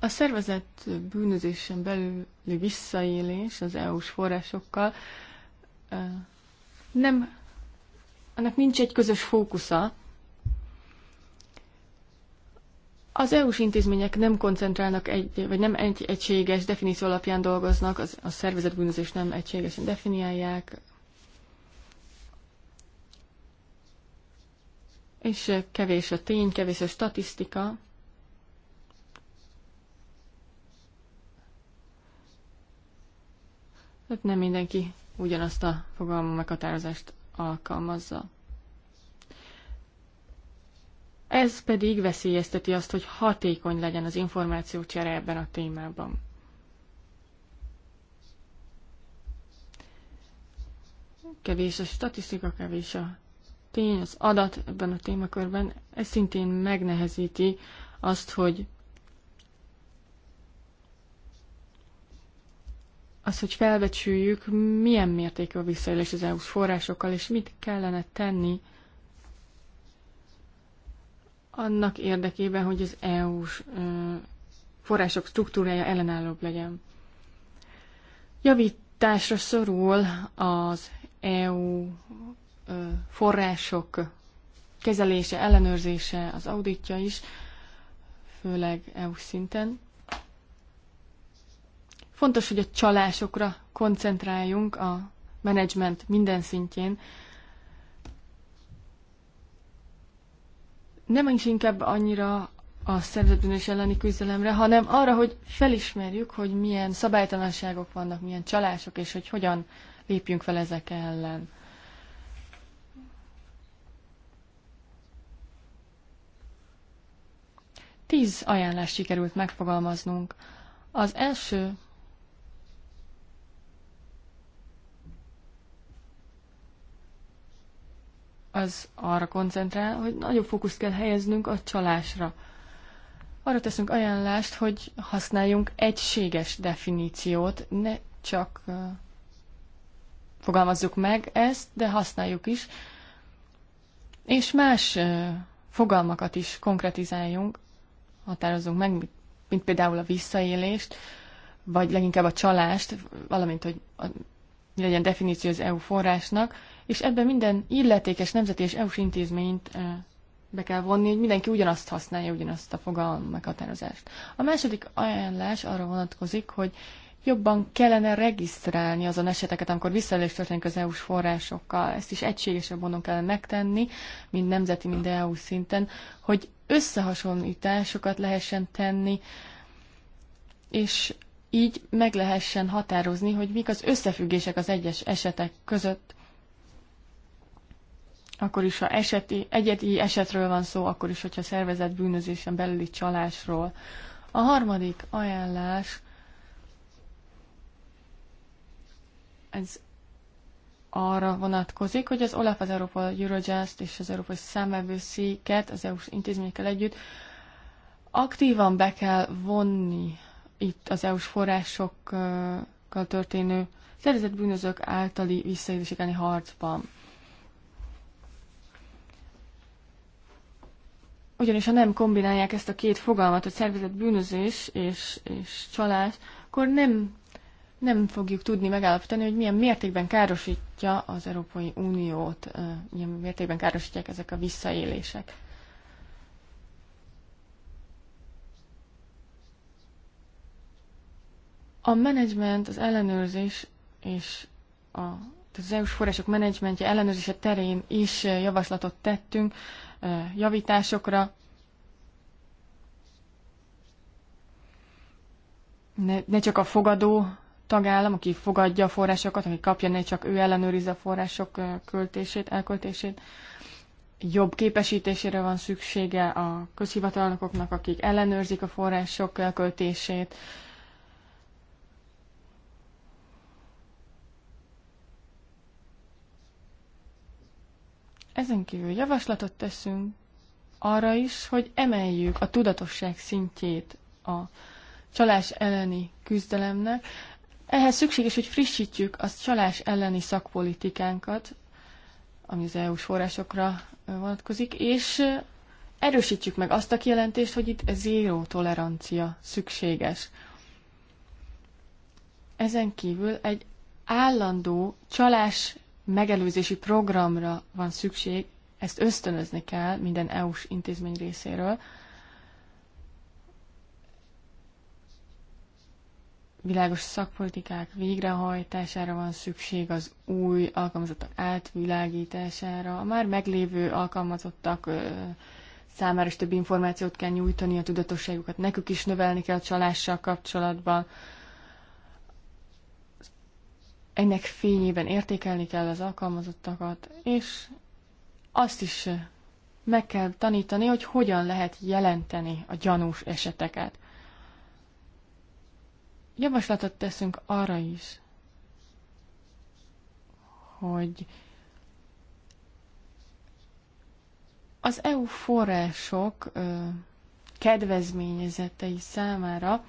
A szervezet bűnözésen belüli visszaélés az EU-s forrásokkal nem, annak nincs egy közös fókusza. Az EU-s intézmények nem koncentrálnak egy, vagy nem egy egységes definíció alapján dolgoznak, az, a szervezet bűnözés nem egységesen definiálják, és kevés a tény, kevés a statisztika. Tehát nem mindenki ugyanazt a fogalma meghatározást alkalmazza. Ez pedig veszélyezteti azt, hogy hatékony legyen az csere ebben a témában. Kevés a statisztika, kevés a tény, az adat ebben a témakörben, ez szintén megnehezíti azt, hogy az, hogy felbecsüljük, milyen mértékű a visszaélés az EU-s forrásokkal, és mit kellene tenni annak érdekében, hogy az EU-s források struktúrája ellenállóbb legyen. Javításra szorul az EU források kezelése, ellenőrzése, az auditja is, főleg EU szinten. Fontos, hogy a csalásokra koncentráljunk a menedzsment minden szintjén. Nem is inkább annyira a szervezetbűnös elleni küzdelemre, hanem arra, hogy felismerjük, hogy milyen szabálytalanságok vannak, milyen csalások, és hogy hogyan lépjünk fel ezek ellen. Tíz ajánlást sikerült megfogalmaznunk. Az első az arra koncentrál, hogy nagyobb fókuszt kell helyeznünk a csalásra. Arra teszünk ajánlást, hogy használjunk egységes definíciót, ne csak uh, fogalmazzuk meg ezt, de használjuk is, és más uh, fogalmakat is konkretizáljunk, határozunk meg, mint például a visszaélést, vagy leginkább a csalást, valamint, hogy a, mi legyen definíció az EU forrásnak, és ebben minden illetékes nemzeti és EU-s intézményt be kell vonni, hogy mindenki ugyanazt használja, ugyanazt a fogalmat, meghatározást. A második ajánlás arra vonatkozik, hogy jobban kellene regisztrálni azon eseteket, amikor visszaélés történik az EU-s forrásokkal. Ezt is egységesebb módon kellene megtenni, mind nemzeti, mind EU szinten, hogy összehasonlításokat lehessen tenni, és így meg lehessen határozni, hogy mik az összefüggések az egyes esetek között. Akkor is, ha eseti, egyedi esetről van szó, akkor is, hogyha szervezett bűnözésen belüli csalásról. A harmadik ajánlás, ez arra vonatkozik, hogy az OLAF, az Európa Eurojust és az Európai Számvevőszéket az EU-s intézményekkel együtt aktívan be kell vonni itt az EU-s forrásokkal történő szervezett bűnözők általi visszaélések harcban. Ugyanis ha nem kombinálják ezt a két fogalmat, hogy szervezett bűnözés és, és csalás, akkor nem nem fogjuk tudni megállapítani, hogy milyen mértékben károsítja az Európai Uniót, milyen mértékben károsítják ezek a visszaélések. A menedzsment, az ellenőrzés és a, az EU-s források menedzsmentje ellenőrzése terén is javaslatot tettünk javításokra. Ne, ne csak a fogadó tagállam, aki fogadja a forrásokat, aki kapja, ne csak ő ellenőrizze a források költését, elköltését. Jobb képesítésére van szüksége a közhivatalnokoknak, akik ellenőrzik a források elköltését. Ezen kívül javaslatot teszünk arra is, hogy emeljük a tudatosság szintjét a csalás elleni küzdelemnek. Ehhez szükséges, hogy frissítjük a csalás elleni szakpolitikánkat, ami az EU-s forrásokra vonatkozik, és erősítjük meg azt a kijelentést, hogy itt zéró tolerancia szükséges. Ezen kívül egy állandó csalás megelőzési programra van szükség, ezt ösztönözni kell minden EU-s intézmény részéről, világos szakpolitikák végrehajtására van szükség, az új alkalmazottak átvilágítására, a már meglévő alkalmazottak számára is több információt kell nyújtani, a tudatosságukat nekük is növelni kell a csalással kapcsolatban. Ennek fényében értékelni kell az alkalmazottakat, és azt is meg kell tanítani, hogy hogyan lehet jelenteni a gyanús eseteket javaslatot teszünk arra is, hogy az EU források kedvezményezetei számára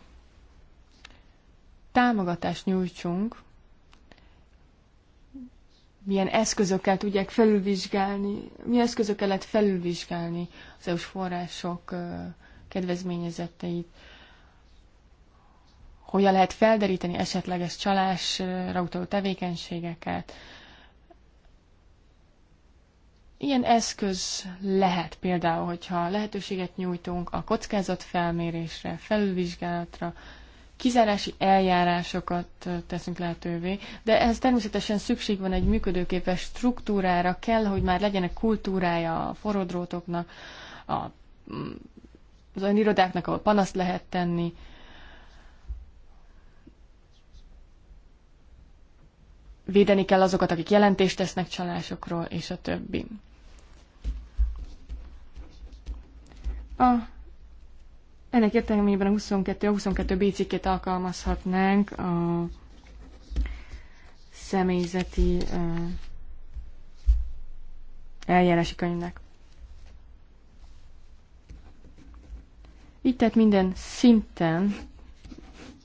támogatást nyújtsunk, milyen eszközökkel tudják felülvizsgálni, milyen eszközökkel lehet felülvizsgálni az EU-s források kedvezményezetteit hogyan lehet felderíteni esetleges csalásra utaló tevékenységeket. Ilyen eszköz lehet például, hogyha lehetőséget nyújtunk a felmérésre, felülvizsgálatra, kizárási eljárásokat teszünk lehetővé, de ez természetesen szükség van egy működőképes struktúrára, kell, hogy már legyenek kultúrája a forrodrótoknak, a, mm, az olyan irodáknak, ahol panaszt lehet tenni, védeni kell azokat, akik jelentést tesznek csalásokról, és a többi. A, ennek értelmében a 22, a 22 B cikkét alkalmazhatnánk a személyzeti uh, eljárási könyvnek. Itt tehát minden szinten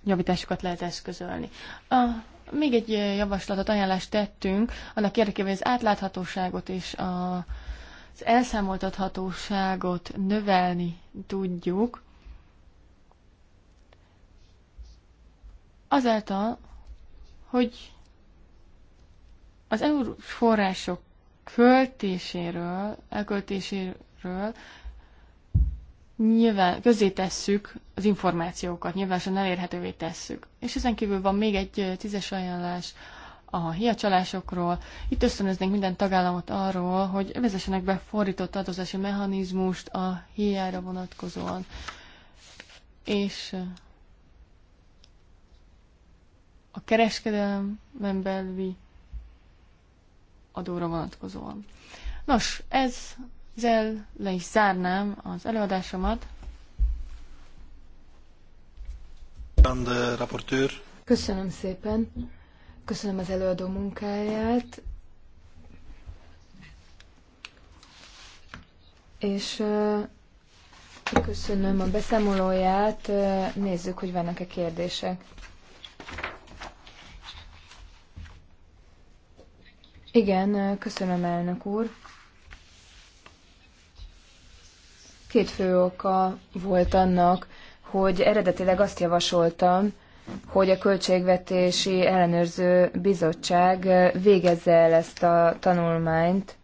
javításokat lehet eszközölni. A még egy javaslatot, ajánlást tettünk, annak érdekében, hogy az átláthatóságot és a, az elszámoltathatóságot növelni tudjuk, azáltal, hogy az EU források költéséről, elköltéséről nyilván közé tesszük az információkat, nyilvánosan elérhetővé tesszük. És ezen kívül van még egy tízes ajánlás a hiacsalásokról. Itt ösztönöznénk minden tagállamot arról, hogy vezessenek be fordított adózási mechanizmust a hiára vonatkozóan. És a kereskedelmen belüli adóra vonatkozóan. Nos, ez ezzel le is zárnám az előadásomat. Uh, köszönöm szépen. Köszönöm az előadó munkáját. És uh, köszönöm a beszámolóját. Uh, nézzük, hogy vannak-e kérdések. Igen, köszönöm elnök úr. Két fő oka volt annak, hogy eredetileg azt javasoltam, hogy a Költségvetési Ellenőrző Bizottság végezze el ezt a tanulmányt,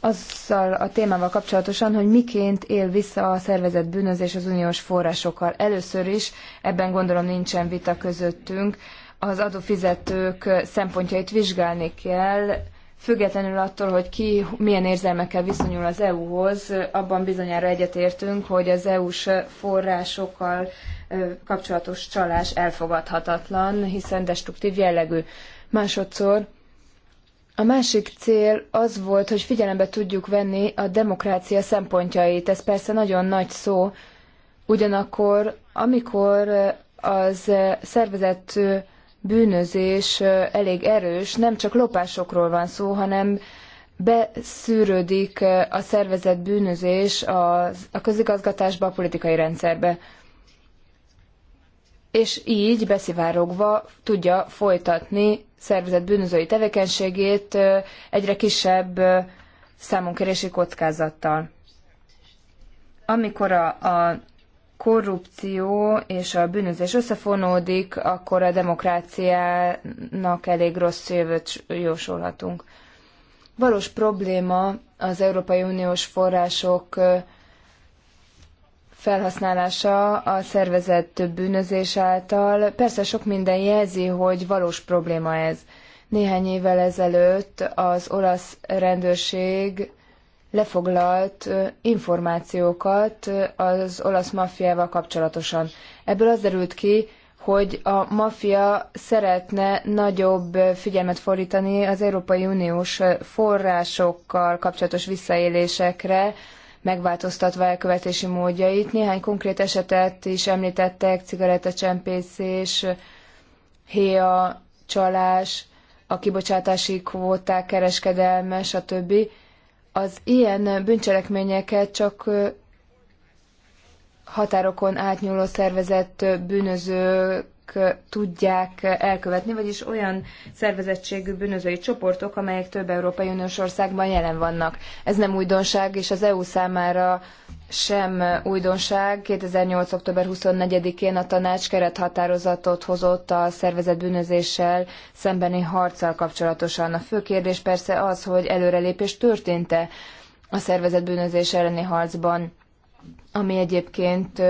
azzal a témával kapcsolatosan, hogy miként él vissza a szervezett bűnözés az uniós forrásokkal. Először is, ebben gondolom nincsen vita közöttünk, az adófizetők szempontjait vizsgálni kell, Függetlenül attól, hogy ki milyen érzelmekkel viszonyul az EU-hoz, abban bizonyára egyetértünk, hogy az EU-s forrásokkal kapcsolatos csalás elfogadhatatlan, hiszen destruktív jellegű. Másodszor a másik cél az volt, hogy figyelembe tudjuk venni a demokrácia szempontjait. Ez persze nagyon nagy szó, ugyanakkor amikor az szervezett bűnözés elég erős, nem csak lopásokról van szó, hanem beszűrődik a szervezett bűnözés a, a közigazgatásba, a politikai rendszerbe. És így beszivárogva tudja folytatni szervezett bűnözői tevékenységét egyre kisebb számonkérési kockázattal. Amikor a, a korrupció és a bűnözés összefonódik, akkor a demokráciának elég rossz jövőt jósolhatunk. Valós probléma az Európai Uniós források felhasználása a szervezett bűnözés által. Persze sok minden jelzi, hogy valós probléma ez. Néhány évvel ezelőtt az olasz rendőrség lefoglalt információkat az olasz maffiával kapcsolatosan. Ebből az derült ki, hogy a maffia szeretne nagyobb figyelmet fordítani az Európai Uniós forrásokkal kapcsolatos visszaélésekre, megváltoztatva elkövetési módjait. Néhány konkrét esetet is említettek, cigarettacsempészés, héja, csalás, a kibocsátási kvóták kereskedelme, stb. Az ilyen bűncselekményeket csak határokon átnyúló szervezett bűnözők tudják elkövetni, vagyis olyan szervezettségű bűnözői csoportok, amelyek több Európai Uniós országban jelen vannak. Ez nem újdonság, és az EU számára sem újdonság. 2008. október 24-én a tanács kerethatározatot hozott a szervezett bűnözéssel szembeni harccal kapcsolatosan. A fő kérdés persze az, hogy előrelépés történt-e a szervezett bűnözés elleni harcban, ami egyébként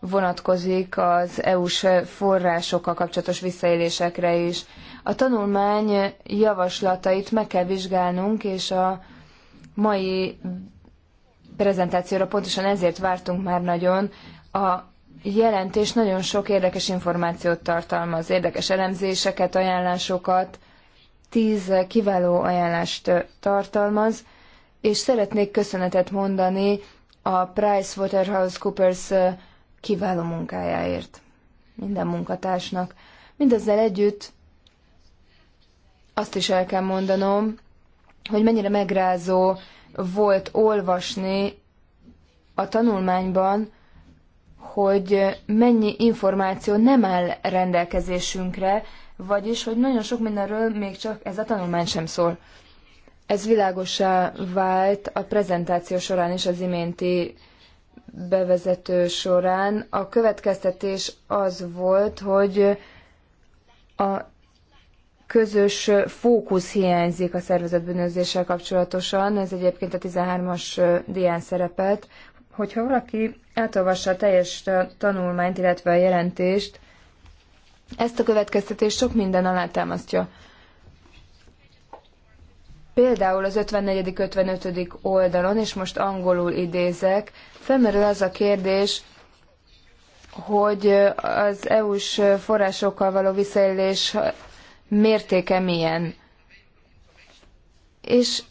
vonatkozik az EU-s forrásokkal kapcsolatos visszaélésekre is. A tanulmány javaslatait meg kell vizsgálnunk, és a mai prezentációra, pontosan ezért vártunk már nagyon. A jelentés nagyon sok érdekes információt tartalmaz, érdekes elemzéseket, ajánlásokat, tíz kiváló ajánlást tartalmaz, és szeretnék köszönetet mondani a Price Waterhouse Coopers kiváló munkájáért minden munkatársnak. Mindezzel együtt azt is el kell mondanom, hogy mennyire megrázó volt olvasni a tanulmányban, hogy mennyi információ nem áll rendelkezésünkre, vagyis, hogy nagyon sok mindenről még csak ez a tanulmány sem szól. Ez világosá vált a prezentáció során is az iménti bevezető során. A következtetés az volt, hogy a közös fókusz hiányzik a szervezetbűnözéssel kapcsolatosan, ez egyébként a 13-as dián szerepelt. Hogyha valaki átolvassa a teljes tanulmányt, illetve a jelentést, ezt a következtetést sok minden alátámasztja. Például az 54. 55. oldalon, és most angolul idézek, felmerül az a kérdés, hogy az EU-s forrásokkal való visszaélés mértéke milyen. És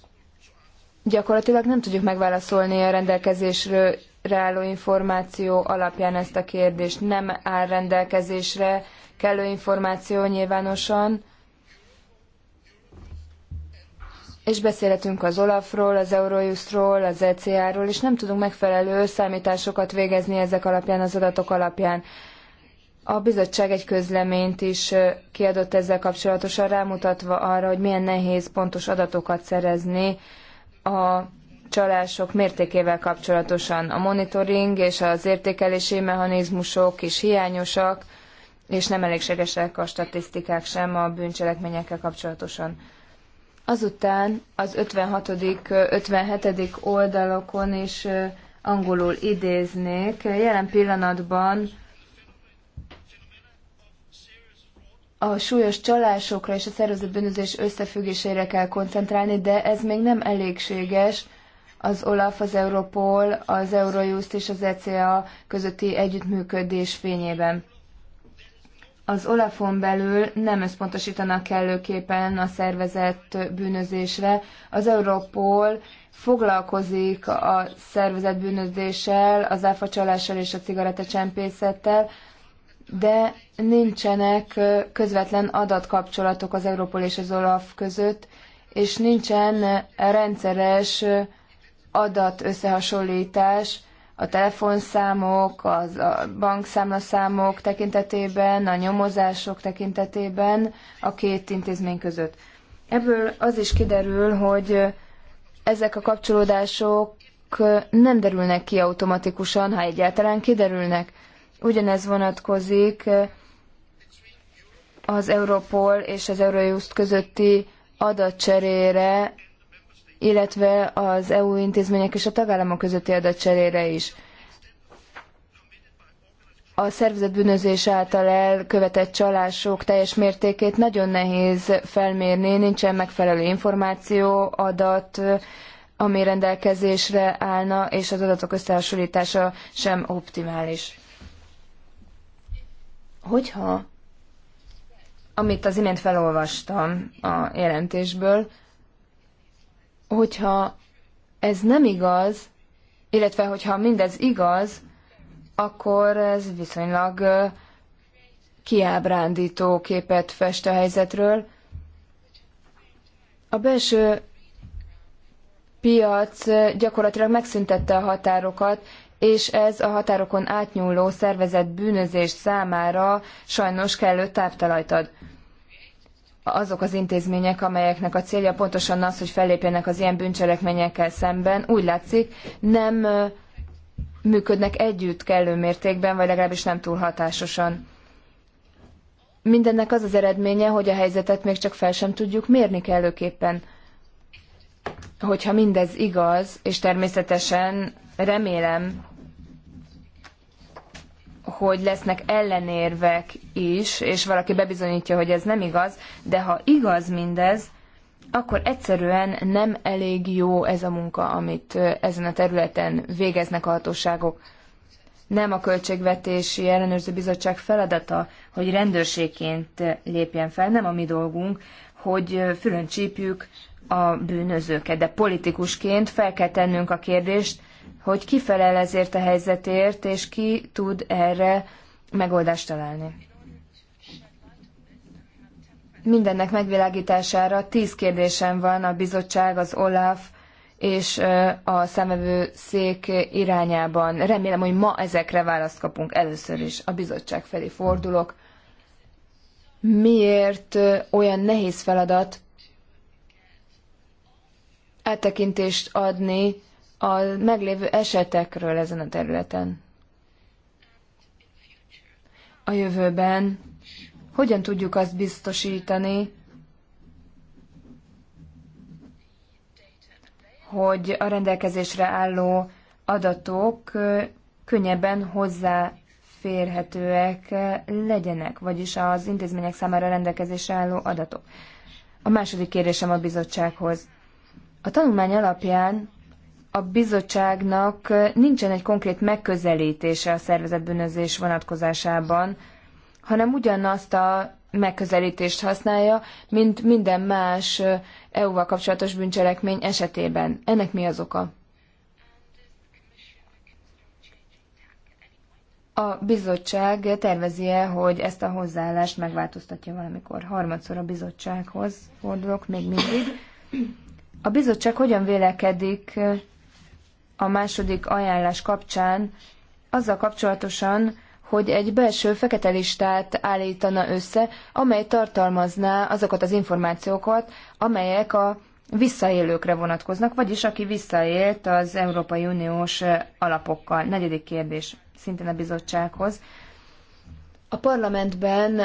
gyakorlatilag nem tudjuk megválaszolni a rendelkezésről álló információ alapján ezt a kérdést. Nem áll rendelkezésre kellő információ nyilvánosan, és beszélhetünk az Olafról, az Eurojustról, az ECA-ról, és nem tudunk megfelelő számításokat végezni ezek alapján, az adatok alapján. A bizottság egy közleményt is kiadott ezzel kapcsolatosan, rámutatva arra, hogy milyen nehéz pontos adatokat szerezni a csalások mértékével kapcsolatosan. A monitoring és az értékelési mechanizmusok is hiányosak, és nem elégségesek a statisztikák sem a bűncselekményekkel kapcsolatosan. Azután az 56. 57. oldalokon is angolul idéznék. Jelen pillanatban a súlyos csalásokra és a szervezett bűnözés összefüggésére kell koncentrálni, de ez még nem elégséges. Az OLAF, az Europol, az Eurojust és az ECA közötti együttműködés fényében. Az Olafon belül nem összpontosítanak kellőképpen a szervezett bűnözésre. Az Europol foglalkozik a szervezett bűnözéssel, az áfacsalással és a cigarettacsempészettel, de nincsenek közvetlen adatkapcsolatok az Európol és az OLAF között, és nincsen rendszeres adatösszehasonlítás a telefonszámok, az a bankszámlaszámok tekintetében, a nyomozások tekintetében a két intézmény között. Ebből az is kiderül, hogy ezek a kapcsolódások nem derülnek ki automatikusan, ha egyáltalán kiderülnek. Ugyanez vonatkozik eh, az Europol és az Eurojust közötti adatcserére, illetve az EU intézmények és a tagállamok közötti adatcserére is. A szervezet bűnözés által elkövetett csalások teljes mértékét nagyon nehéz felmérni, nincsen megfelelő információ, adat, eh, ami rendelkezésre állna, és az adatok összehasonlítása sem optimális. Hogyha, amit az imént felolvastam a jelentésből, hogyha ez nem igaz, illetve hogyha mindez igaz, akkor ez viszonylag kiábrándító képet fest a helyzetről. A belső piac gyakorlatilag megszüntette a határokat, és ez a határokon átnyúló szervezett bűnözés számára sajnos kellő táptalajt ad. Azok az intézmények, amelyeknek a célja pontosan az, hogy fellépjenek az ilyen bűncselekményekkel szemben, úgy látszik, nem működnek együtt kellő mértékben, vagy legalábbis nem túl hatásosan. Mindennek az az eredménye, hogy a helyzetet még csak fel sem tudjuk mérni kellőképpen. Hogyha mindez igaz, és természetesen remélem, hogy lesznek ellenérvek is, és valaki bebizonyítja, hogy ez nem igaz, de ha igaz mindez, akkor egyszerűen nem elég jó ez a munka, amit ezen a területen végeznek a hatóságok. Nem a Költségvetési Ellenőrző Bizottság feladata, hogy rendőrségként lépjen fel, nem a mi dolgunk, hogy fülön csípjük a bűnözőket, de politikusként fel kell tennünk a kérdést, hogy ki felel ezért a helyzetért, és ki tud erre megoldást találni. Mindennek megvilágítására tíz kérdésem van a bizottság, az OLAF és a szemevő szék irányában. Remélem, hogy ma ezekre választ kapunk először is. A bizottság felé fordulok. Miért olyan nehéz feladat áttekintést adni a meglévő esetekről ezen a területen. A jövőben hogyan tudjuk azt biztosítani, hogy a rendelkezésre álló adatok könnyebben hozzáférhetőek legyenek, vagyis az intézmények számára rendelkezésre álló adatok. A második kérésem a bizottsághoz. A tanulmány alapján a bizottságnak nincsen egy konkrét megközelítése a szervezetbűnözés vonatkozásában, hanem ugyanazt a megközelítést használja, mint minden más EU-val kapcsolatos bűncselekmény esetében. Ennek mi az oka? A bizottság tervezi-e, hogy ezt a hozzáállást megváltoztatja valamikor? Harmadszor a bizottsághoz fordulok még mindig. A bizottság hogyan vélekedik a második ajánlás kapcsán azzal kapcsolatosan, hogy egy belső fekete listát állítana össze, amely tartalmazná azokat az információkat, amelyek a visszaélőkre vonatkoznak, vagyis aki visszaélt az Európai Uniós alapokkal. Negyedik kérdés, szintén a bizottsághoz. A parlamentben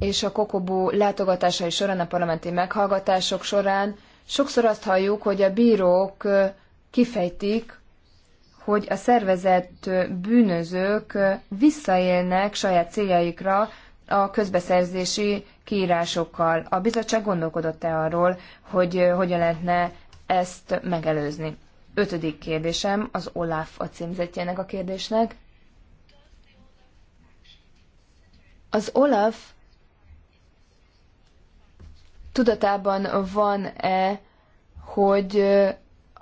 és a Kokobó látogatásai során, a parlamenti meghallgatások során sokszor azt halljuk, hogy a bírók kifejtik, hogy a szervezett bűnözők visszaélnek saját céljaikra a közbeszerzési kiírásokkal. A bizottság gondolkodott-e arról, hogy hogyan lehetne ezt megelőzni? Ötödik kérdésem az Olaf a címzetjének a kérdésnek. Az Olaf tudatában van-e, hogy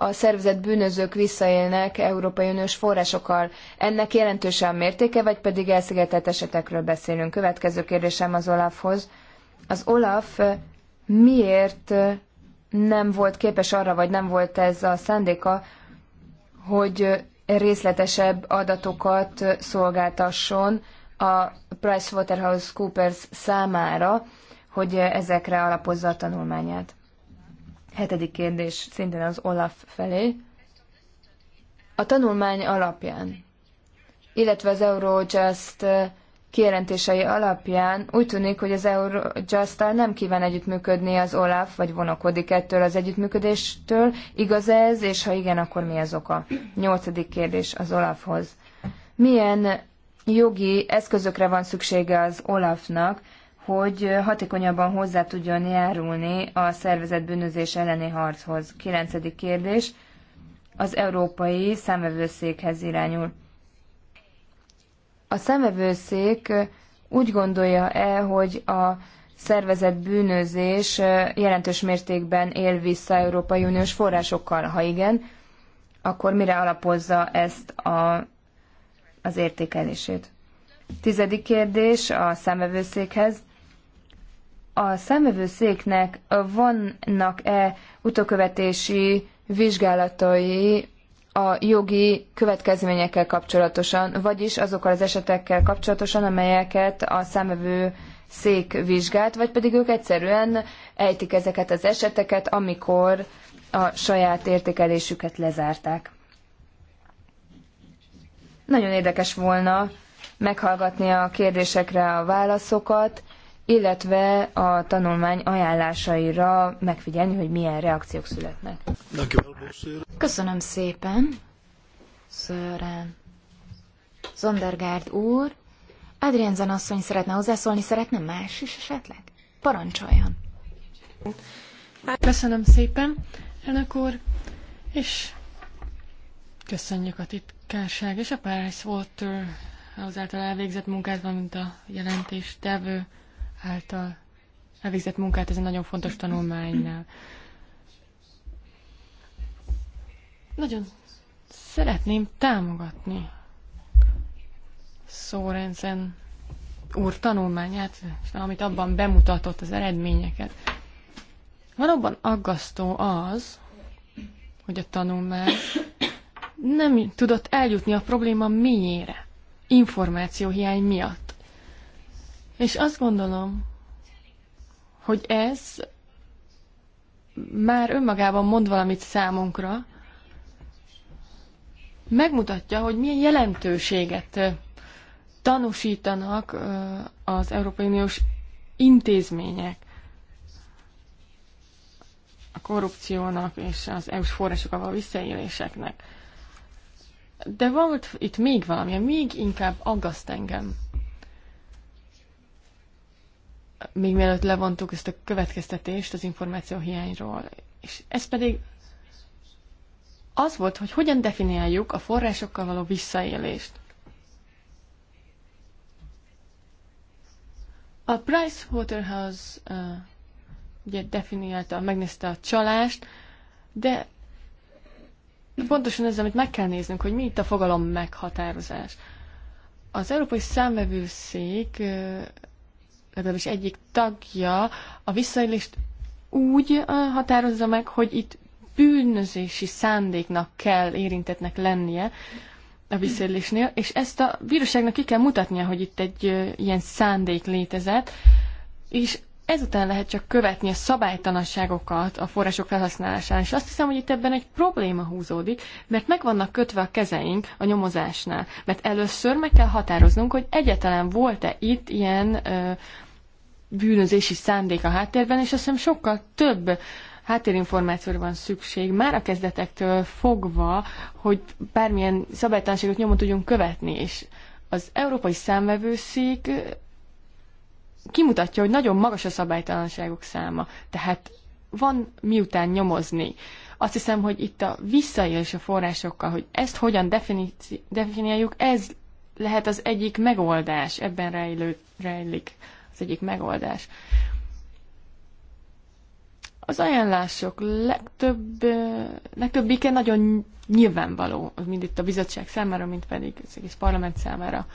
a szervezett bűnözők visszaélnek Európai Uniós forrásokkal. Ennek jelentőse a mértéke, vagy pedig elszigetelt esetekről beszélünk? Következő kérdésem az Olafhoz. Az Olaf miért nem volt képes arra, vagy nem volt ez a szándéka, hogy részletesebb adatokat szolgáltasson a PricewaterhouseCoopers számára, hogy ezekre alapozza a tanulmányát? Hetedik kérdés szintén az Olaf felé. A tanulmány alapján, illetve az Eurojust eh, kijelentései alapján úgy tűnik, hogy az eurojust nem kíván együttműködni az Olaf, vagy vonakodik ettől az együttműködéstől. Igaz ez, és ha igen, akkor mi az oka? Nyolcadik kérdés az Olafhoz. Milyen jogi eszközökre van szüksége az Olafnak, hogy hatékonyabban hozzá tudjon járulni a szervezet bűnözés elleni harchoz. Kilencedik kérdés az európai számvevőszékhez irányul. A számvevőszék úgy gondolja-e, hogy a szervezett bűnözés jelentős mértékben él vissza Európai Uniós forrásokkal? Ha igen, akkor mire alapozza ezt a, az értékelését? Tizedik kérdés a számvevőszékhez a számövőszéknek vannak-e utókövetési vizsgálatai a jogi következményekkel kapcsolatosan, vagyis azokkal az esetekkel kapcsolatosan, amelyeket a számövő szék vizsgált, vagy pedig ők egyszerűen ejtik ezeket az eseteket, amikor a saját értékelésüket lezárták. Nagyon érdekes volna meghallgatni a kérdésekre a válaszokat, illetve a tanulmány ajánlásaira megfigyelni, hogy milyen reakciók születnek. Köszönöm szépen, Szören. Zondergárd úr, Adrien Zanasszony szeretne hozzászólni, szeretne más is esetleg? Parancsoljon. Köszönöm szépen, elnök úr, és köszönjük a titkárság és a Paris Water az által elvégzett munkát, valamint a jelentéstevő által elvégzett munkát ezen nagyon fontos tanulmánynál. Nagyon szeretném támogatni Szórenzen úr tanulmányát, amit abban bemutatott az eredményeket. Valóban aggasztó az, hogy a tanulmány nem tudott eljutni a probléma mélyére, információhiány miatt. És azt gondolom, hogy ez már önmagában mond valamit számunkra, megmutatja, hogy milyen jelentőséget tanúsítanak az Európai Uniós intézmények a korrupciónak és az EU-s forrásokkal való visszaéléseknek. De volt itt még valami, még inkább aggaszt engem még mielőtt levontuk ezt a következtetést az információ hiányról. És ez pedig az volt, hogy hogyan definiáljuk a forrásokkal való visszaélést. A Price Waterhouse uh, ugye definiálta, megnézte a csalást, de pontosan ez, amit meg kell néznünk, hogy mi itt a fogalom meghatározás. Az Európai Számvevőszék uh, legalábbis egyik tagja a visszaélést úgy határozza meg, hogy itt bűnözési szándéknak kell érintetnek lennie a visszaélésnél, és ezt a bíróságnak ki kell mutatnia, hogy itt egy ilyen szándék létezett, és ezután lehet csak követni a szabálytalanságokat a források felhasználásán. És azt hiszem, hogy itt ebben egy probléma húzódik, mert meg vannak kötve a kezeink a nyomozásnál. Mert először meg kell határoznunk, hogy egyetlen volt-e itt ilyen ö, bűnözési szándék a háttérben, és azt hiszem sokkal több háttérinformációra van szükség, már a kezdetektől fogva, hogy bármilyen szabálytalanságot nyomon tudjunk követni, és az Európai Számvevőszék kimutatja, hogy nagyon magas a szabálytalanságok száma. Tehát van miután nyomozni. Azt hiszem, hogy itt a visszaélés a forrásokkal, hogy ezt hogyan definiáljuk, ez lehet az egyik megoldás, ebben rejlő, rejlik az egyik megoldás. Az ajánlások legtöbb, legtöbbike nagyon nyilvánvaló, mind itt a bizottság számára, mint pedig az egész parlament számára. Uh,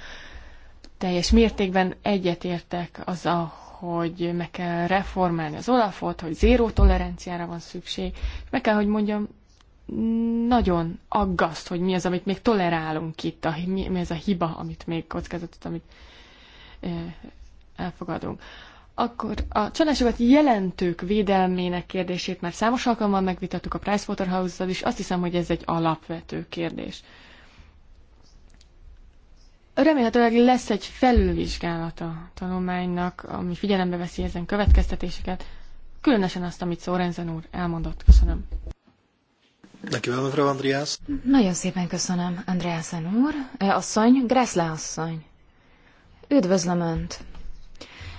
teljes mértékben egyetértek azzal, hogy meg kell reformálni az Olafot, hogy zéró toleranciára van szükség, és meg kell, hogy mondjam, nagyon aggaszt, hogy mi az, amit még tolerálunk itt, a, mi, mi ez a hiba, amit még kockázatot, amit elfogadunk. Akkor a csalásokat jelentők védelmének kérdését már számos alkalommal megvitattuk a Pricewaterhouse-zal is, azt hiszem, hogy ez egy alapvető kérdés. Remélhetőleg lesz egy felülvizsgálata a tanulmánynak, ami figyelembe veszi ezen következtetéseket, különösen azt, amit Szórenzen úr elmondott. Köszönöm. Nagyon szépen köszönöm, Andreasen úr. Eh, asszony, Gressle asszony. Üdvözlöm Önt!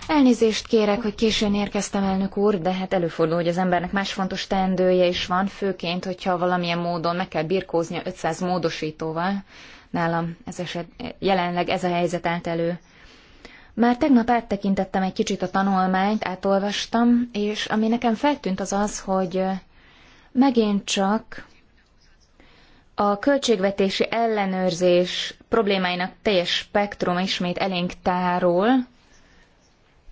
Elnézést kérek, hogy későn érkeztem, elnök úr, de hát előfordul, hogy az embernek más fontos teendője is van, főként, hogyha valamilyen módon meg kell birkóznia 500 módosítóval. Nálam ez eset, jelenleg ez a helyzet állt elő. Már tegnap áttekintettem egy kicsit a tanulmányt, átolvastam, és ami nekem feltűnt az az, hogy megint csak a költségvetési ellenőrzés problémáinak teljes spektrum ismét elénk tárul,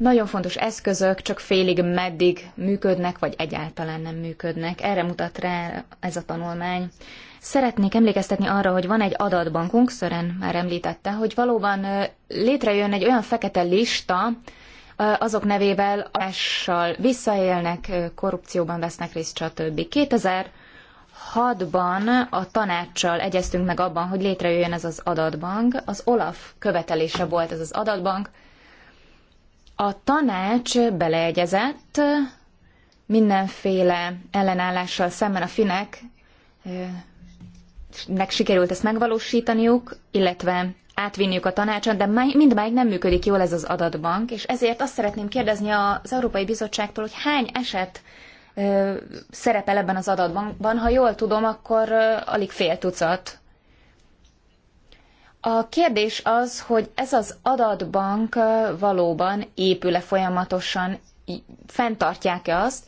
nagyon fontos eszközök csak félig meddig működnek, vagy egyáltalán nem működnek. Erre mutat rá ez a tanulmány. Szeretnék emlékeztetni arra, hogy van egy adatbankunk, Szören már említette, hogy valóban létrejön egy olyan fekete lista, azok nevével alással visszaélnek, korrupcióban vesznek részt, stb. 2006-ban a tanácssal egyeztünk meg abban, hogy létrejöjjön ez az adatbank. Az OLAF követelése volt ez az adatbank, a tanács beleegyezett mindenféle ellenállással szemben a finek meg sikerült ezt megvalósítaniuk, illetve átvinniük a tanácsot, de mindmáig nem működik jól ez az adatbank, és ezért azt szeretném kérdezni az Európai Bizottságtól, hogy hány eset szerepel ebben az adatban. Ha jól tudom, akkor alig fél tucat. A kérdés az, hogy ez az adatbank valóban épül-e folyamatosan, fenntartják-e azt,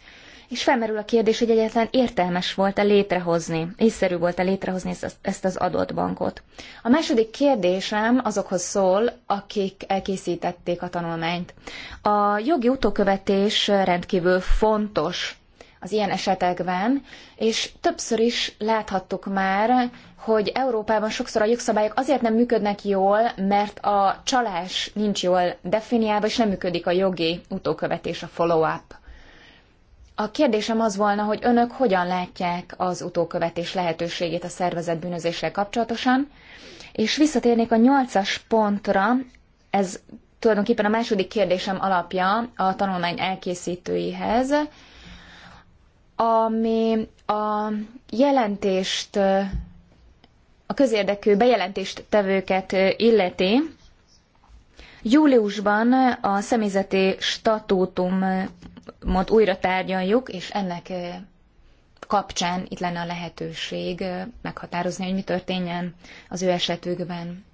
és felmerül a kérdés, hogy egyetlen értelmes volt-e létrehozni, észszerű volt-e létrehozni ezt az adott bankot. A második kérdésem azokhoz szól, akik elkészítették a tanulmányt. A jogi utókövetés rendkívül fontos az ilyen esetekben, és többször is láthattuk már hogy Európában sokszor a jogszabályok azért nem működnek jól, mert a csalás nincs jól definiálva, és nem működik a jogi utókövetés, a follow-up. A kérdésem az volna, hogy önök hogyan látják az utókövetés lehetőségét a szervezett bűnözéssel kapcsolatosan, és visszatérnék a nyolcas pontra, ez tulajdonképpen a második kérdésem alapja a tanulmány elkészítőihez, ami a jelentést a közérdekű bejelentést tevőket illeti, júliusban a személyzeti statútumot újra tárgyaljuk, és ennek kapcsán itt lenne a lehetőség meghatározni, hogy mi történjen az ő esetükben.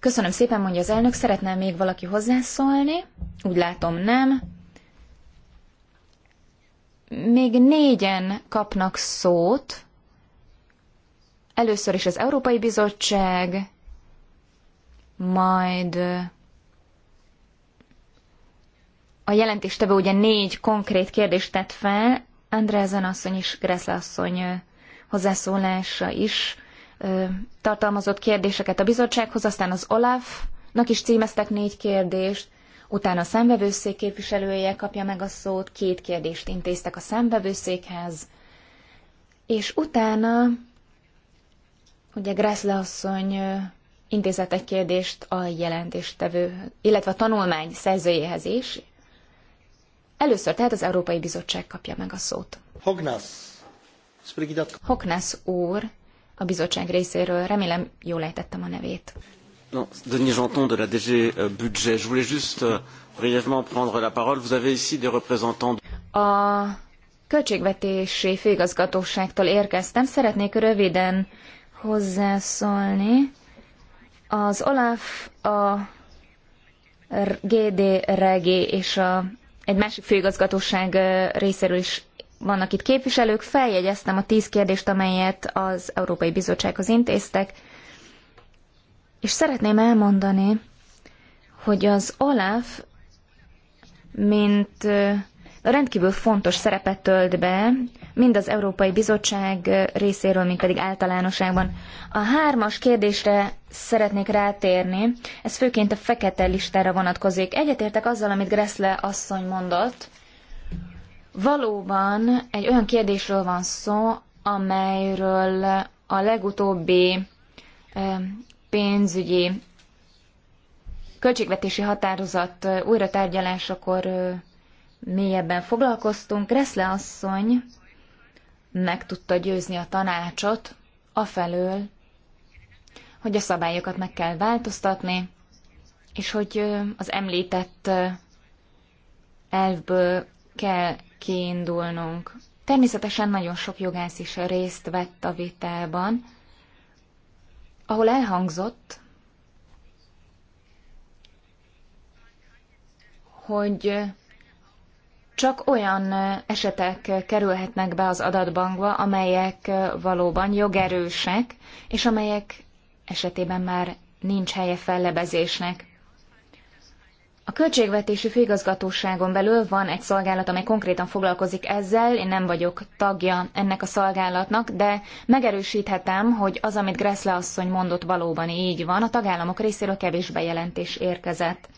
Köszönöm szépen, mondja az elnök. Szeretne még valaki hozzászólni? Úgy látom, nem. Még négyen kapnak szót. Először is az Európai Bizottság, majd a jelentéstevő ugye négy konkrét kérdést tett fel, Andrézen asszony és Greszle asszony hozzászólása is tartalmazott kérdéseket a bizottsághoz, aztán az OLAF-nak is címeztek négy kérdést, utána a számvevőszék képviselője kapja meg a szót, két kérdést intéztek a számvevőszékhez, és utána Ugye Grászle asszony intézett egy kérdést a jelentéstevő, illetve a tanulmány szerzőjéhez is. Először tehát az Európai Bizottság kapja meg a szót. Hognász. Hognász úr a bizottság részéről. Remélem jól ejtettem a nevét. Non, Denis Janton de la DG euh, Budget. Je voulais juste euh, brièvement prendre la parole. Vous avez ici des représentants. A költségvetési főigazgatóságtól érkeztem. Szeretnék röviden hozzászólni. Az Olaf, a GD Regé és a, egy másik főigazgatóság részéről is vannak itt képviselők. Feljegyeztem a tíz kérdést, amelyet az Európai Bizottsághoz intéztek, és szeretném elmondani, hogy az Olaf, mint rendkívül fontos szerepet tölt be, mind az Európai Bizottság részéről, mind pedig általánosságban. A hármas kérdésre szeretnék rátérni, ez főként a fekete listára vonatkozik. Egyetértek azzal, amit Gressle asszony mondott. Valóban egy olyan kérdésről van szó, amelyről a legutóbbi pénzügyi költségvetési határozat újratárgyalásakor mélyebben foglalkoztunk. Reszle asszony meg tudta győzni a tanácsot afelől, hogy a szabályokat meg kell változtatni, és hogy az említett elvből kell kiindulnunk. Természetesen nagyon sok jogász is részt vett a vitában, ahol elhangzott, hogy csak olyan esetek kerülhetnek be az adatbankba, amelyek valóban jogerősek, és amelyek esetében már nincs helye fellebezésnek. A Költségvetési Főigazgatóságon belül van egy szolgálat, amely konkrétan foglalkozik ezzel, én nem vagyok tagja ennek a szolgálatnak, de megerősíthetem, hogy az, amit Gressle asszony mondott, valóban így van, a tagállamok részéről kevés bejelentés érkezett.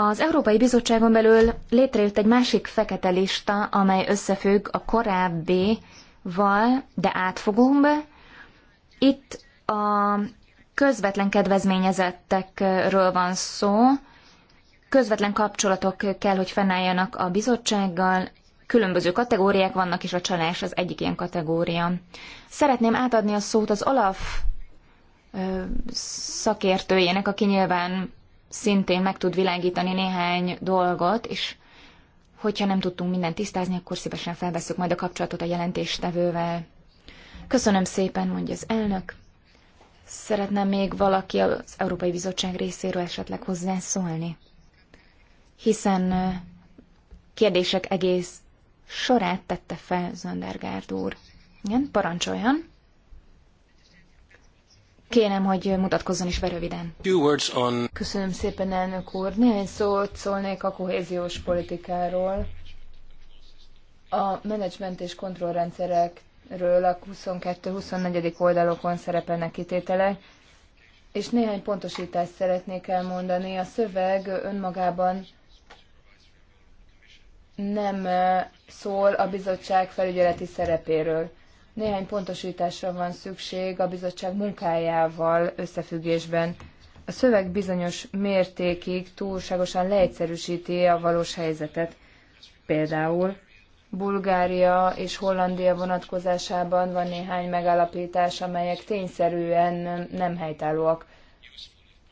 Az Európai Bizottságon belül létrejött egy másik fekete lista, amely összefügg a korábbival, de átfogóbb. Itt a közvetlen kedvezményezettekről van szó. Közvetlen kapcsolatok kell, hogy fennálljanak a bizottsággal. Különböző kategóriák vannak, és a csalás az egyik ilyen kategória. Szeretném átadni a szót az Olaf szakértőjének, aki nyilván szintén meg tud világítani néhány dolgot, és hogyha nem tudtunk mindent tisztázni, akkor szívesen felveszünk majd a kapcsolatot a jelentéstevővel. Köszönöm szépen, mondja az elnök. Szeretne még valaki az Európai Bizottság részéről esetleg hozzászólni? Hiszen kérdések egész sorát tette fel Zöndergárd úr. Igen, parancsoljon. Kérem, hogy mutatkozzon is be röviden. Köszönöm szépen, elnök úr. Néhány szót szólnék a kohéziós politikáról. A menedzsment és kontrollrendszerekről a 22-24. oldalokon szerepelnek kitételek, és néhány pontosítást szeretnék elmondani. A szöveg önmagában nem eh, szól a bizottság felügyeleti szerepéről. Néhány pontosításra van szükség a bizottság munkájával összefüggésben. A szöveg bizonyos mértékig túlságosan leegyszerűsíti a valós helyzetet. Például Bulgária és Hollandia vonatkozásában van néhány megállapítás, amelyek tényszerűen nem helytállóak.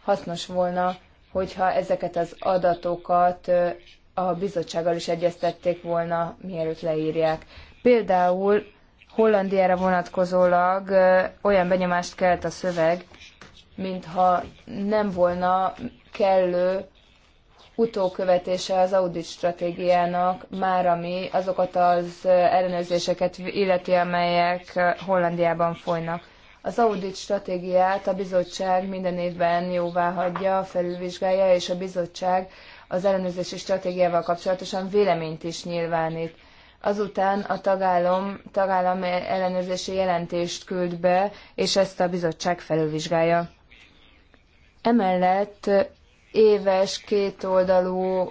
Hasznos volna, hogyha ezeket az adatokat a bizottsággal is egyeztették volna, mielőtt leírják. Például Hollandiára vonatkozólag olyan benyomást kelt a szöveg, mintha nem volna kellő utókövetése az audit stratégiának, már ami azokat az ellenőrzéseket illeti, amelyek Hollandiában folynak. Az audit stratégiát a bizottság minden évben jóvá hagyja, felülvizsgálja, és a bizottság az ellenőrzési stratégiával kapcsolatosan véleményt is nyilvánít. Azután a tagállam, tagállam ellenőrzési jelentést küld be, és ezt a bizottság felülvizsgálja. Emellett éves kétoldalú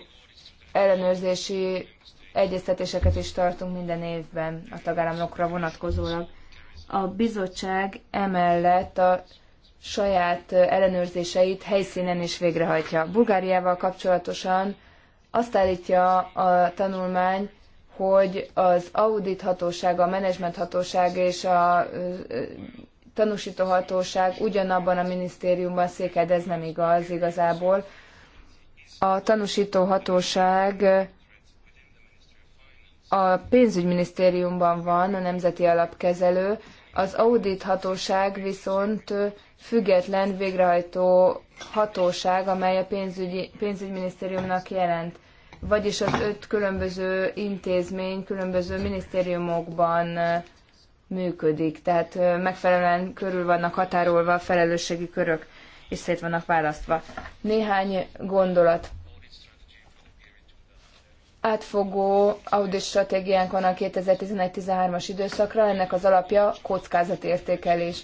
ellenőrzési egyeztetéseket is tartunk minden évben a tagállamokra vonatkozólag. A bizottság emellett a saját ellenőrzéseit helyszínen is végrehajtja. Bulgáriával kapcsolatosan azt állítja a tanulmány, hogy az audit hatóság, a hatóság és a tanúsító hatóság ugyanabban a minisztériumban székel, de ez nem igaz igazából. A tanúsító hatóság a pénzügyminisztériumban van, a nemzeti alapkezelő, az audit hatóság viszont független végrehajtó hatóság, amely a pénzügyi, pénzügyminisztériumnak jelent vagyis az öt különböző intézmény különböző minisztériumokban működik, tehát megfelelően körül vannak határolva a felelősségi körök, és szét vannak választva. Néhány gondolat. Átfogó audit stratégiánk van a 2011-13-as időszakra, ennek az alapja kockázatértékelés.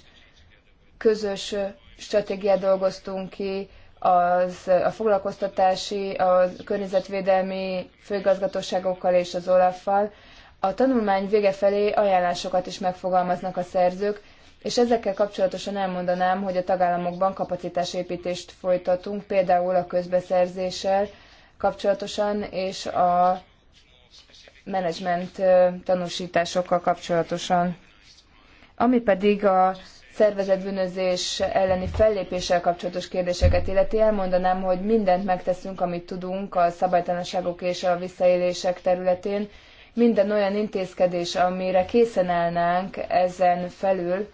Közös stratégiát dolgoztunk ki az, a foglalkoztatási, a környezetvédelmi főigazgatóságokkal és az OLAF-fal. A tanulmány vége felé ajánlásokat is megfogalmaznak a szerzők, és ezekkel kapcsolatosan elmondanám, hogy a tagállamokban kapacitásépítést folytatunk, például a közbeszerzéssel kapcsolatosan, és a menedzsment tanúsításokkal kapcsolatosan. Ami pedig a szervezetbűnözés elleni fellépéssel kapcsolatos kérdéseket illeti, elmondanám, hogy mindent megteszünk, amit tudunk a szabálytalanságok és a visszaélések területén. Minden olyan intézkedés, amire készen állnánk ezen felül,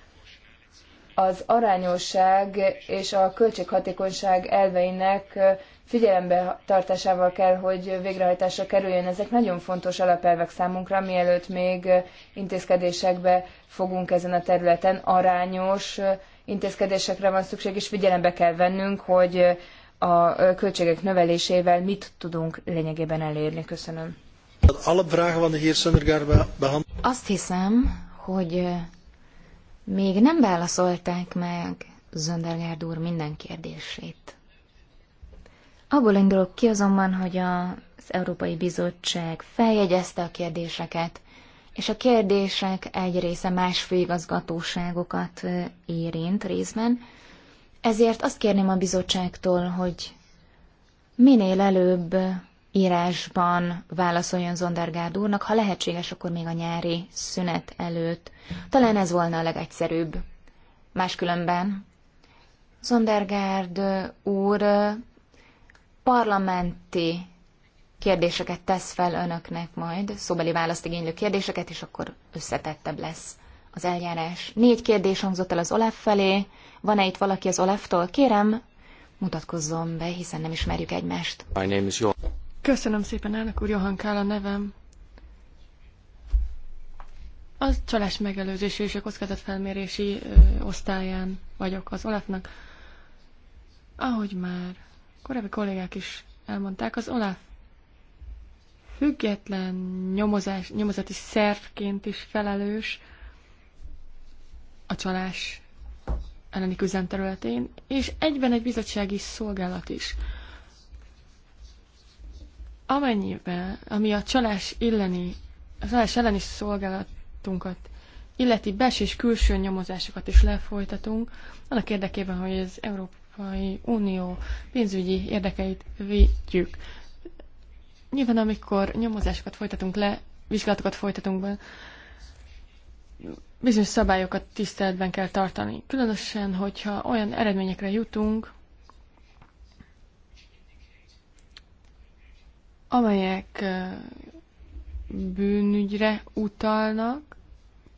az arányosság és a költséghatékonyság elveinek figyelembe tartásával kell, hogy végrehajtásra kerüljön. Ezek nagyon fontos alapelvek számunkra, mielőtt még intézkedésekbe fogunk ezen a területen. Arányos intézkedésekre van szükség, és figyelembe kell vennünk, hogy a költségek növelésével mit tudunk lényegében elérni. Köszönöm. Azt hiszem, hogy még nem válaszolták meg Zöndergárd úr minden kérdését. Abból indulok ki azonban, hogy az Európai Bizottság feljegyezte a kérdéseket, és a kérdések egy része más főigazgatóságokat érint részben, ezért azt kérném a bizottságtól, hogy minél előbb írásban válaszoljon Zondergárd úrnak, ha lehetséges, akkor még a nyári szünet előtt. Talán ez volna a legegyszerűbb. Máskülönben Zondergárd úr parlamenti kérdéseket tesz fel önöknek majd, szóbeli választ igénylő kérdéseket, és akkor összetettebb lesz az eljárás. Négy kérdés hangzott el az Olaf felé. Van-e itt valaki az Olaftól? Kérem, mutatkozzon be, hiszen nem ismerjük egymást. My name is Köszönöm szépen, elnök úr, Johan Kál a nevem. A csalás megelőzési és a felmérési ö, osztályán vagyok az Olafnak. Ahogy már korábbi kollégák is elmondták, az Olaf független nyomozás, nyomozati szervként is felelős a csalás elleni küzdelem területén, és egyben egy bizottsági szolgálat is. Amennyiben, ami a csalás elleni, a csalás elleni szolgálatunkat illeti belső és külső nyomozásokat is lefolytatunk, annak érdekében, hogy az Európa Európai Unió pénzügyi érdekeit védjük. Nyilván, amikor nyomozásokat folytatunk le, vizsgálatokat folytatunk be, bizonyos szabályokat tiszteletben kell tartani. Különösen, hogyha olyan eredményekre jutunk, amelyek bűnügyre utalnak,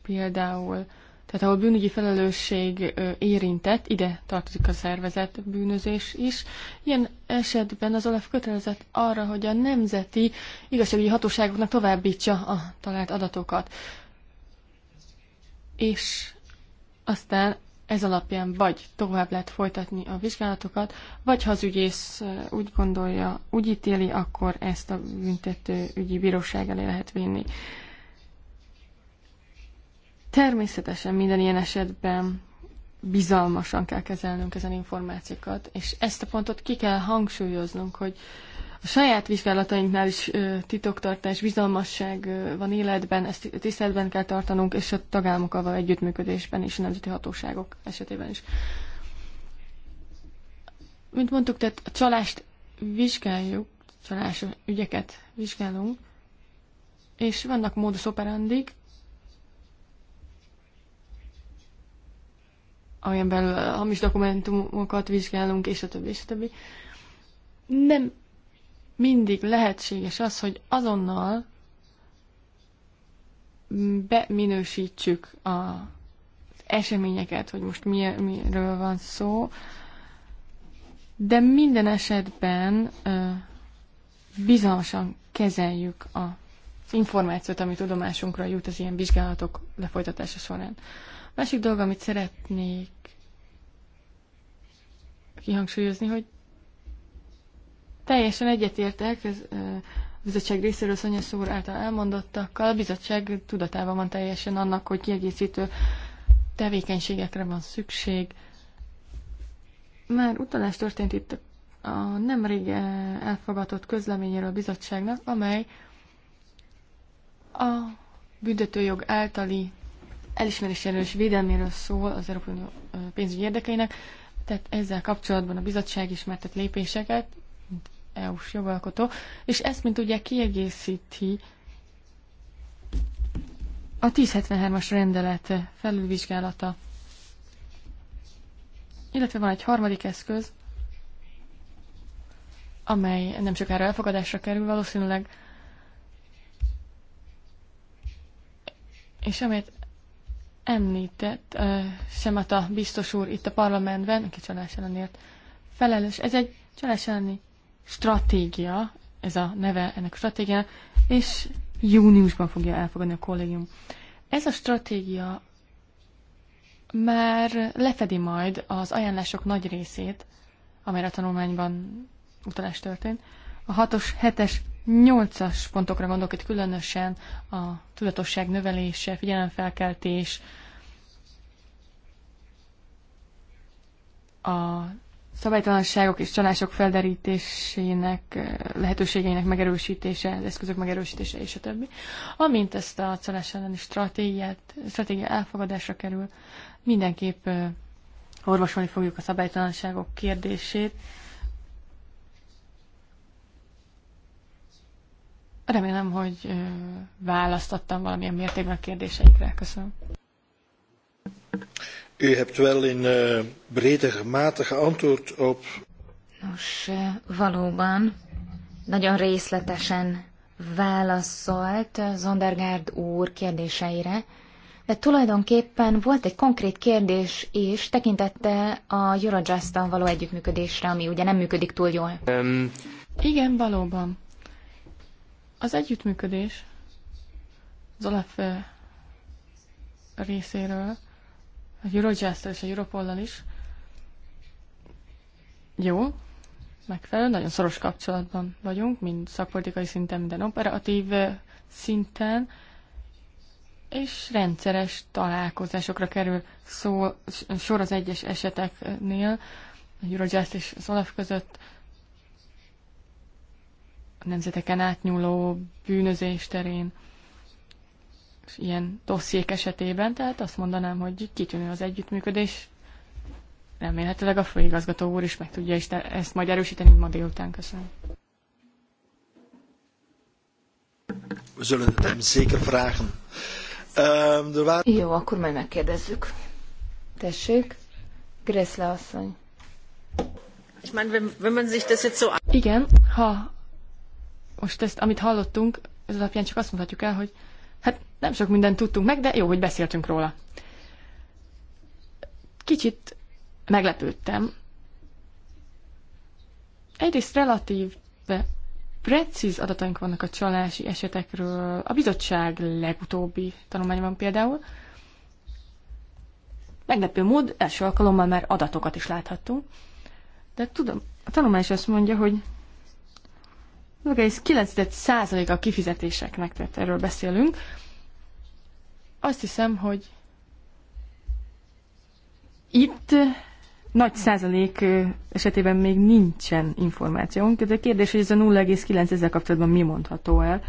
például tehát ahol bűnügyi felelősség érintett, ide tartozik a szervezet bűnözés is. Ilyen esetben az OLAF kötelezett arra, hogy a nemzeti igazságügyi hatóságoknak továbbítsa a talált adatokat. És aztán ez alapján vagy tovább lehet folytatni a vizsgálatokat, vagy ha az ügyész úgy gondolja, úgy ítéli, akkor ezt a büntető ügyi bíróság elé lehet vinni. Természetesen minden ilyen esetben bizalmasan kell kezelnünk ezen információkat, és ezt a pontot ki kell hangsúlyoznunk, hogy a saját vizsgálatainknál is titoktartás, bizalmasság van életben, ezt tiszteletben kell tartanunk, és a tagállamokkal való együttműködésben is a nemzeti hatóságok esetében is. Mint mondtuk, tehát a csalást vizsgáljuk, csalás ügyeket vizsgálunk, és vannak módus operandik, amilyen belül a hamis dokumentumokat vizsgálunk, és a többi, és a többi. Nem mindig lehetséges az, hogy azonnal beminősítsük az eseményeket, hogy most mi, miről van szó, de minden esetben ö, bizonyosan kezeljük a információt, ami tudomásunkra jut az ilyen vizsgálatok lefolytatása során. Másik dolog, amit szeretnék kihangsúlyozni, hogy teljesen egyetértek ez, a bizottság részéről Szonya Szór által elmondottakkal. A bizottság tudatában van teljesen annak, hogy kiegészítő tevékenységekre van szükség. Már utalás történt itt a nemrég elfogadott közleményéről a bizottságnak, amely a büntetőjog általi elismerés jelölés védelméről szól az Európai Unió pénzügyi érdekeinek, tehát ezzel kapcsolatban a bizottság ismertet lépéseket, mint EU-s jogalkotó, és ezt, mint ugye kiegészíti a 1073-as rendelet felülvizsgálata. Illetve van egy harmadik eszköz, amely nem sokára elfogadásra kerül valószínűleg, és amelyet említett uh, Semata biztos úr itt a parlamentben, aki csalás ellenért felelős. Ez egy csalás elleni stratégia, ez a neve ennek a stratégiának, és júniusban fogja elfogadni a kollégium. Ez a stratégia már lefedi majd az ajánlások nagy részét, amelyre a tanulmányban utalás történt. A 6-os, 7-es nyolcas pontokra gondolok itt különösen, a tudatosság növelése, figyelemfelkeltés, a szabálytalanságok és csalások felderítésének, eh, lehetőségeinek megerősítése, az eszközök megerősítése és a többi. Amint ezt a csalás elleni stratégiát, stratégia elfogadásra kerül, mindenképp eh, orvosolni fogjuk a szabálytalanságok kérdését, Remélem, hogy választottam valamilyen mértékben a kérdéseikre. Köszönöm. U hebt wel in uh, mate geantwoord op. Nos, eh, valóban nagyon részletesen válaszolt Zondergaard úr kérdéseire, de tulajdonképpen volt egy konkrét kérdés is tekintette a Eurojust-tal való együttműködésre, ami ugye nem működik túl jól. Um. Igen, valóban. Az együttműködés az Olaf részéről, a eurojust és a Europollal is jó, megfelelő, nagyon szoros kapcsolatban vagyunk, mind szakpolitikai szinten, minden operatív szinten, és rendszeres találkozásokra kerül szó, sor az egyes eseteknél, a Eurojust és az Olaf között a nemzeteken átnyúló bűnözés terén, és ilyen dossziék esetében, tehát azt mondanám, hogy kitűnő az együttműködés. Remélhetőleg a főigazgató úr is meg tudja is ezt majd erősíteni ma délután. Köszönöm. Ehm, er Jó, akkor majd megkérdezzük. Tessék, Gressle asszony. Igen, ha most ezt, amit hallottunk, ez alapján csak azt mondhatjuk el, hogy hát nem sok mindent tudtunk meg, de jó, hogy beszéltünk róla. Kicsit meglepődtem. Egyrészt relatív precíz adataink vannak a csalási esetekről. A bizottság legutóbbi tanulmányban például. Meglepő mód, első alkalommal már adatokat is láthattunk. De tudom, a tanulmány is azt mondja, hogy 0,9% a kifizetéseknek, tehát erről beszélünk. Azt hiszem, hogy itt nagy százalék esetében még nincsen információnk, tehát a kérdés, hogy ez a 0,9 ezzel kapcsolatban mi mondható el,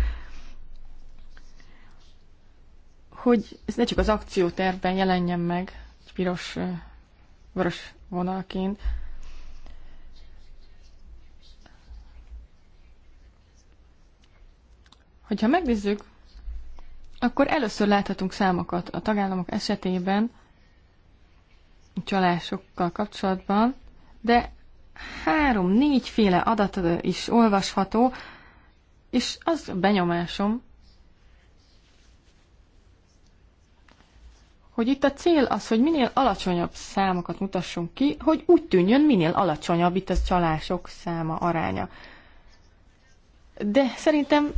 hogy ez ne csak az akciótervben jelenjen meg, piros, vörös vonalként, Hogyha megnézzük, akkor először láthatunk számokat a tagállamok esetében, csalásokkal kapcsolatban, de három-négyféle adat is olvasható, és az a benyomásom, hogy itt a cél az, hogy minél alacsonyabb számokat mutassunk ki, hogy úgy tűnjön, minél alacsonyabb itt a csalások száma aránya. De szerintem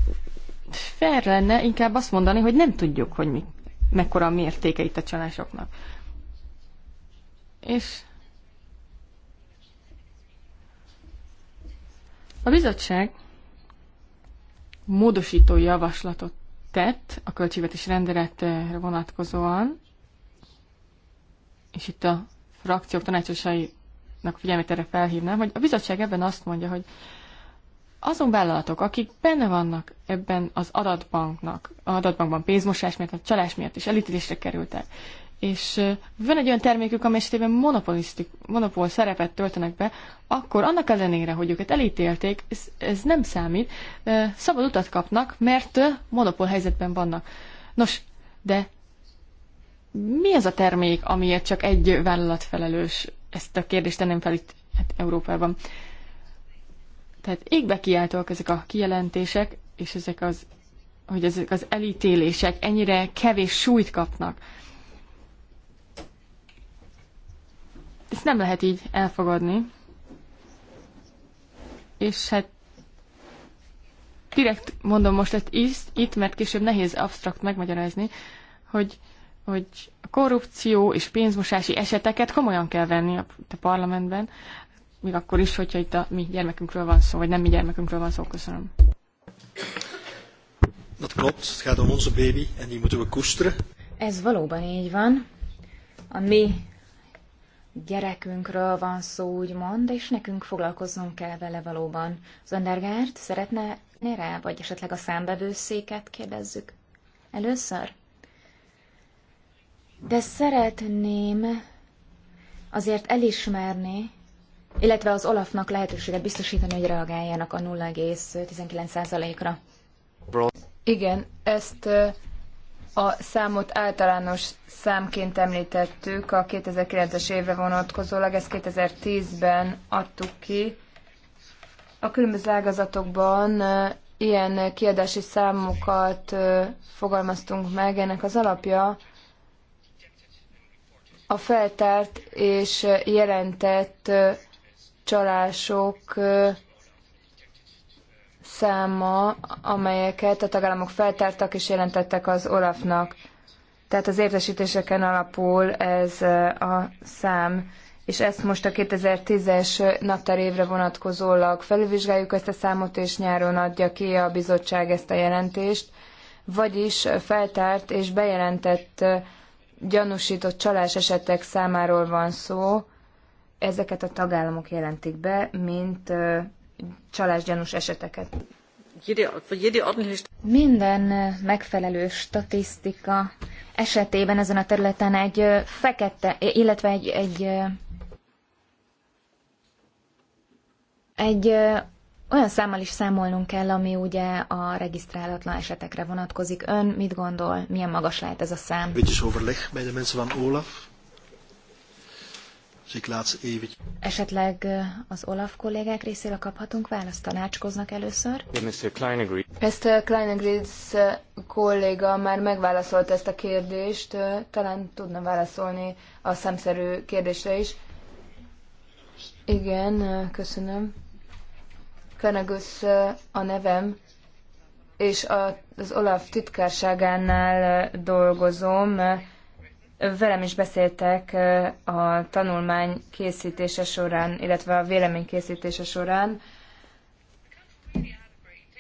fair lenne inkább azt mondani, hogy nem tudjuk, hogy mi, mekkora a mértéke itt a csalásoknak. És a bizottság módosító javaslatot tett a költségvetés rendeletre eh, vonatkozóan, és itt a frakciók tanácsosainak figyelmét erre felhívnám, hogy a bizottság ebben azt mondja, hogy azon vállalatok, akik benne vannak ebben az adatbanknak, adatbankban pénzmosás miatt, vagy csalás miatt is elítélésre kerültek, és van egy olyan termékük, amely esetében monopól szerepet töltenek be, akkor annak ellenére, hogy őket elítélték, ez, ez nem számít, szabad utat kapnak, mert monopól helyzetben vannak. Nos, de mi az a termék, amiért csak egy vállalat felelős? Ezt a kérdést tenném fel itt hát Európában. Tehát égbe kiáltóak ezek a kijelentések, és ezek az, hogy ezek az elítélések ennyire kevés súlyt kapnak. Ezt nem lehet így elfogadni. És hát direkt mondom most ezt itt, mert később nehéz absztrakt megmagyarázni, hogy, hogy a korrupció és pénzmosási eseteket komolyan kell venni a parlamentben még akkor is, hogyha itt a mi gyermekünkről van szó, vagy nem mi gyermekünkről van szó. Köszönöm. Dat klopt, het gaat om onze baby en die moeten we koesteren. Ez valóban így van. A mi gyerekünkről van szó, úgymond, és nekünk foglalkoznunk kell vele valóban. Zöndergárt szeretne rá, vagy esetleg a számbevőszéket kérdezzük? Először? De szeretném azért elismerni illetve az Olafnak lehetőséget biztosítani, hogy reagáljanak a 0,19%-ra. Igen, ezt a számot általános számként említettük a 2009-es évre vonatkozólag, ezt 2010-ben adtuk ki. A különböző ágazatokban ilyen kiadási számokat fogalmaztunk meg, ennek az alapja a feltárt és jelentett csalások száma, amelyeket a tagállamok feltártak és jelentettek az Olafnak. Tehát az értesítéseken alapul ez a szám, és ezt most a 2010-es évre vonatkozólag felülvizsgáljuk ezt a számot, és nyáron adja ki a bizottság ezt a jelentést, vagyis feltárt és bejelentett gyanúsított csalás esetek számáról van szó, ezeket a tagállamok jelentik be, mint csalásgyanús eseteket. Minden megfelelő statisztika esetében ezen a területen egy fekete, illetve egy, egy, egy olyan számmal is számolnunk kell, ami ugye a regisztrálatlan esetekre vonatkozik. Ön mit gondol, milyen magas lehet ez a szám? overleg bij de mensen van Olaf. Esetleg az Olaf kollégák részéről kaphatunk választ, tanácskoznak először? Ezt Kleinegrids kolléga már megválaszolta ezt a kérdést, talán tudna válaszolni a szemszerű kérdésre is. Igen, köszönöm. Kanagus a nevem, és az Olaf titkárságánál dolgozom Velem is beszéltek a tanulmány készítése során, illetve a vélemény készítése során.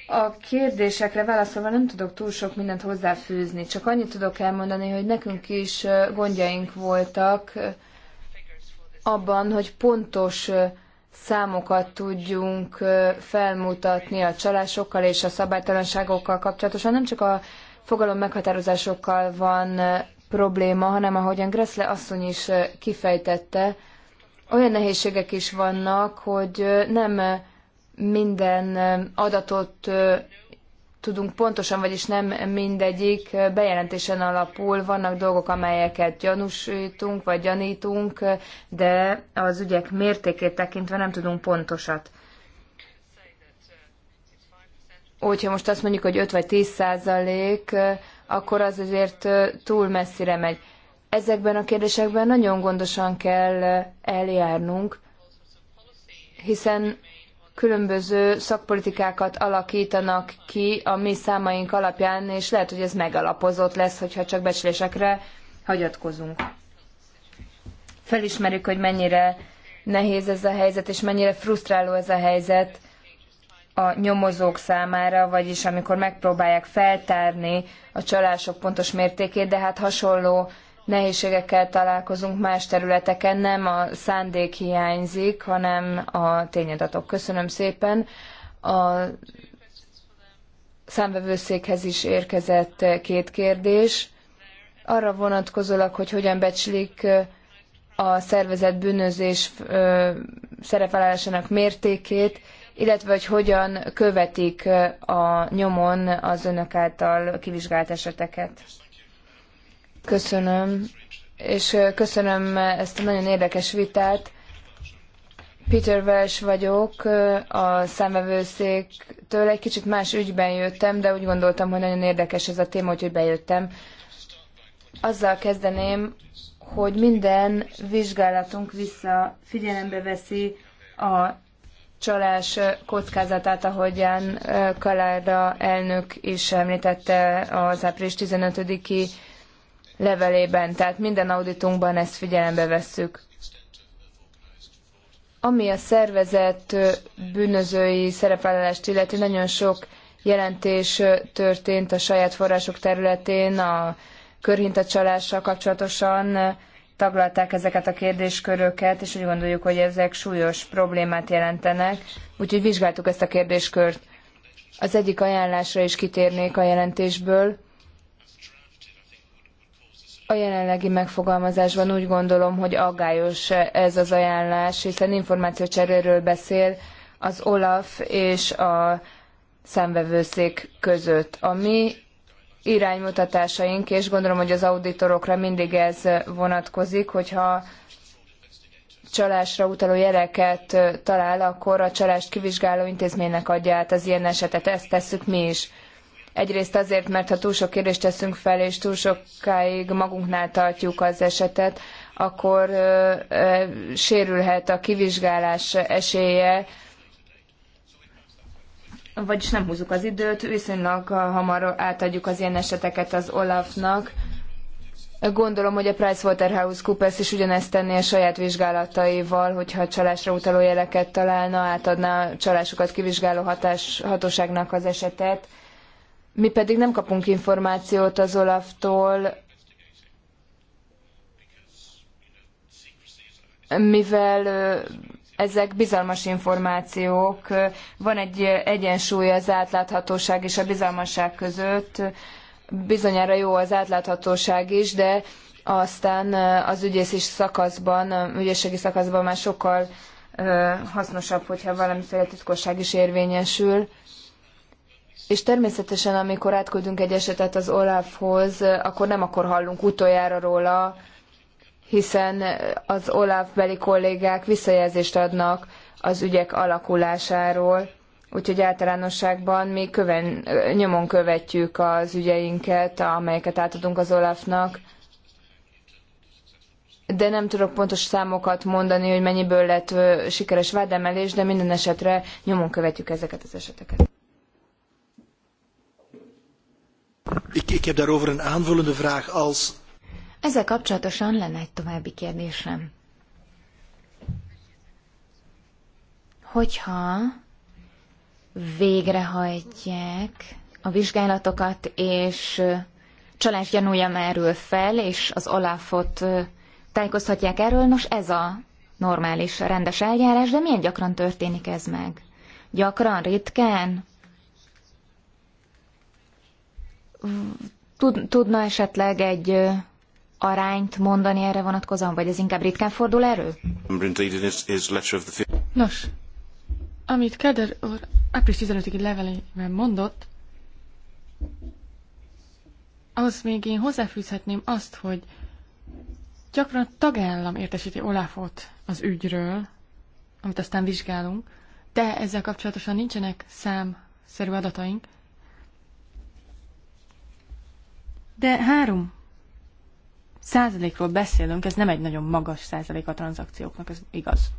A kérdésekre válaszolva nem tudok túl sok mindent hozzáfűzni, csak annyit tudok elmondani, hogy nekünk is gondjaink voltak abban, hogy pontos számokat tudjunk felmutatni a csalásokkal és a szabálytalanságokkal kapcsolatosan. Nem csak a fogalom meghatározásokkal van probléma, hanem ahogyan Gressle asszony is kifejtette, olyan nehézségek is vannak, hogy nem minden adatot tudunk pontosan, vagyis nem mindegyik bejelentésen alapul. Vannak dolgok, amelyeket gyanúsítunk, vagy gyanítunk, de az ügyek mértékét tekintve nem tudunk pontosat. Hogyha most azt mondjuk, hogy 5 vagy 10 százalék akkor az azért túl messzire megy. Ezekben a kérdésekben nagyon gondosan kell eljárnunk, hiszen különböző szakpolitikákat alakítanak ki a mi számaink alapján, és lehet, hogy ez megalapozott lesz, hogyha csak becslésekre hagyatkozunk. Felismerjük, hogy mennyire nehéz ez a helyzet, és mennyire frusztráló ez a helyzet a nyomozók számára, vagyis amikor megpróbálják feltárni a csalások pontos mértékét, de hát hasonló nehézségekkel találkozunk más területeken, nem a szándék hiányzik, hanem a tényadatok. Köszönöm szépen. A számvevőszékhez is érkezett két kérdés. Arra vonatkozólag, hogy hogyan becslik a szervezet bűnözés szerepvállalásának mértékét, illetve hogy hogyan követik a nyomon az önök által kivizsgált eseteket. Köszönöm, és köszönöm ezt a nagyon érdekes vitát. Peter Welsh vagyok, a számvevőszéktől egy kicsit más ügyben jöttem, de úgy gondoltam, hogy nagyon érdekes ez a téma, úgyhogy bejöttem. Azzal kezdeném, hogy minden vizsgálatunk vissza figyelembe veszi a csalás kockázatát, ahogyan Kalára elnök is említette az április 15-i levelében, tehát minden auditunkban ezt figyelembe vesszük. Ami a szervezet bűnözői szerepvállalást illeti, nagyon sok jelentés történt a saját források területén, a körhintacsalással kapcsolatosan, taglalták ezeket a kérdésköröket, és úgy gondoljuk, hogy ezek súlyos problémát jelentenek, úgyhogy vizsgáltuk ezt a kérdéskört. Az egyik ajánlásra is kitérnék a jelentésből. A jelenlegi megfogalmazásban úgy gondolom, hogy aggályos ez az ajánlás, hiszen információcseréről beszél az OLAF és a számvevőszék között. A mi iránymutatásaink, és gondolom, hogy az auditorokra mindig ez vonatkozik, hogyha csalásra utaló jeleket talál, akkor a csalást kivizsgáló intézménynek adja át az ilyen esetet. Ezt tesszük mi is. Egyrészt azért, mert ha túl sok kérdést teszünk fel, és túl sokáig magunknál tartjuk az esetet, akkor ö, ö, sérülhet a kivizsgálás esélye, vagyis nem húzzuk az időt, viszonylag hamar átadjuk az ilyen eseteket az Olafnak. Gondolom, hogy a PricewaterhouseCoopers is ugyanezt tenné a saját vizsgálataival, hogyha csalásra utaló jeleket találna, átadná a csalásokat kivizsgáló hatás, hatóságnak az esetet. Mi pedig nem kapunk információt az Olaftól, mivel ezek bizalmas információk, van egy egyensúly az átláthatóság és a bizalmasság között, bizonyára jó az átláthatóság is, de aztán eh, az ügyészi szakaszban, eh, ügyészségi szakaszban már sokkal eh, hasznosabb, hogyha valamiféle titkosság is érvényesül. És természetesen, amikor átküldünk egy esetet az Olafhoz, akkor nem akkor hallunk utoljára róla, hiszen az Olaf beli kollégák visszajelzést adnak az ügyek alakulásáról, úgyhogy általánosságban mi köven, nyomon követjük az ügyeinket, amelyeket átadunk az Olafnak, de nem tudok pontos számokat mondani, hogy mennyiből lett sikeres vádemelés, de minden esetre nyomon követjük ezeket az eseteket. Ik, ik heb daarover een aanvullende vraag. Als ezzel kapcsolatosan lenne egy további kérdésem. Hogyha végrehajtják a vizsgálatokat, és csalás gyanúja merül fel, és az Olafot tájékoztatják erről, nos ez a normális, rendes eljárás, de milyen gyakran történik ez meg? Gyakran, ritkán? tudna esetleg egy arányt mondani erre vonatkozóan, vagy ez inkább ritkán fordul elő? Nos, amit Keder úr április 15-i levelében mondott, az még én hozzáfűzhetném azt, hogy gyakran a tagállam értesíti Olafot az ügyről, amit aztán vizsgálunk, de ezzel kapcsolatosan nincsenek számszerű adataink. De három százalékról beszélünk, ez nem egy nagyon magas százalék a tranzakcióknak, ez igaz.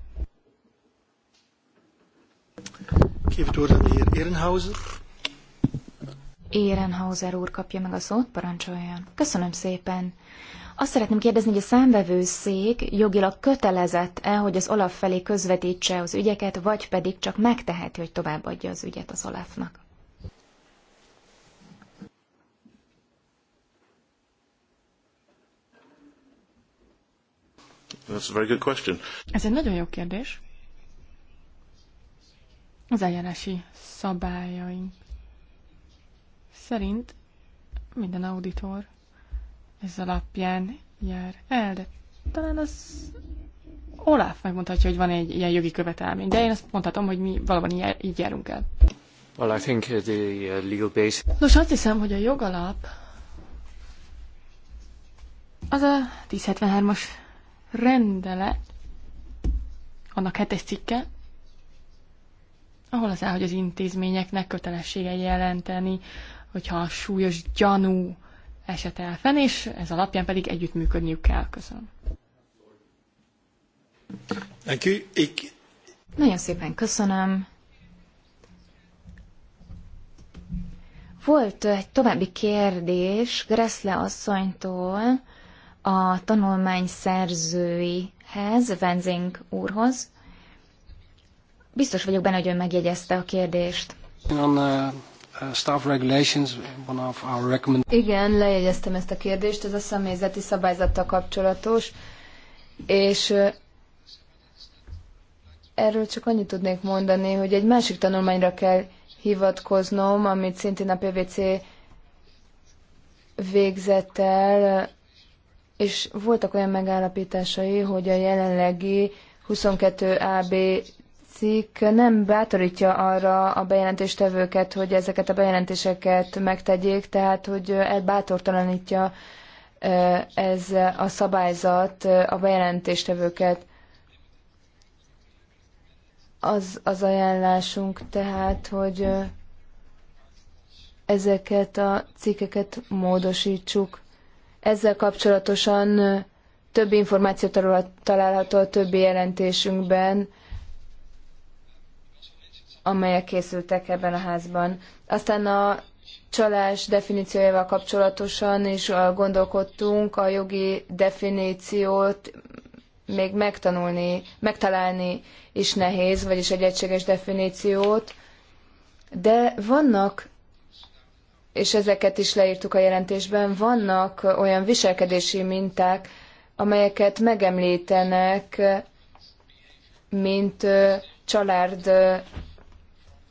Geef Ehrenhauser. Ehrenhauser úr kapja meg a szót, parancsoljon. Köszönöm szépen. Azt szeretném kérdezni, hogy a számvevőszék jogilag kötelezett-e, hogy az Olaf felé közvetítse az ügyeket, vagy pedig csak megteheti, hogy továbbadja az ügyet az OLAF-nak? That's a very good question. Ez egy nagyon jó kérdés. Az eljárási szabályaink szerint minden auditor ez alapján jár el, de talán az Olaf megmondhatja, hogy van egy ilyen jogi követelmény, de én azt mondhatom, hogy mi valóban így járunk el. Well, I think uh, the uh, legal base... Nos, azt hiszem, hogy a jogalap az a 1073-as rendelet, annak hetes cikke, ahol az áll, hogy az intézményeknek kötelessége jelenteni, hogyha a súlyos gyanú eset el fenn, és ez alapján pedig együttműködniük kell. Köszönöm. Nagyon szépen köszönöm. Volt egy további kérdés Greszle asszonytól a tanulmány szerzőihez, Venzing úrhoz. Biztos vagyok benne, hogy ön megjegyezte a kérdést. Uh, uh, Igen, lejegyeztem ezt a kérdést, ez a személyzeti szabályzattal kapcsolatos, és erről csak annyit tudnék mondani, hogy egy másik tanulmányra kell hivatkoznom, amit szintén a PVC végzett el és voltak olyan megállapításai, hogy a jelenlegi 22 AB cikk nem bátorítja arra a bejelentéstevőket, hogy ezeket a bejelentéseket megtegyék, tehát hogy elbátortalanítja ez a szabályzat a bejelentéstevőket. Az az ajánlásunk tehát, hogy ezeket a cikkeket módosítsuk. Ezzel kapcsolatosan több információ található a többi jelentésünkben, amelyek készültek ebben a házban. Aztán a csalás definíciójával kapcsolatosan is gondolkodtunk, a jogi definíciót még megtanulni, megtalálni is nehéz, vagyis egy egységes definíciót, de vannak és ezeket is leírtuk a jelentésben, vannak olyan viselkedési minták, amelyeket megemlítenek, mint család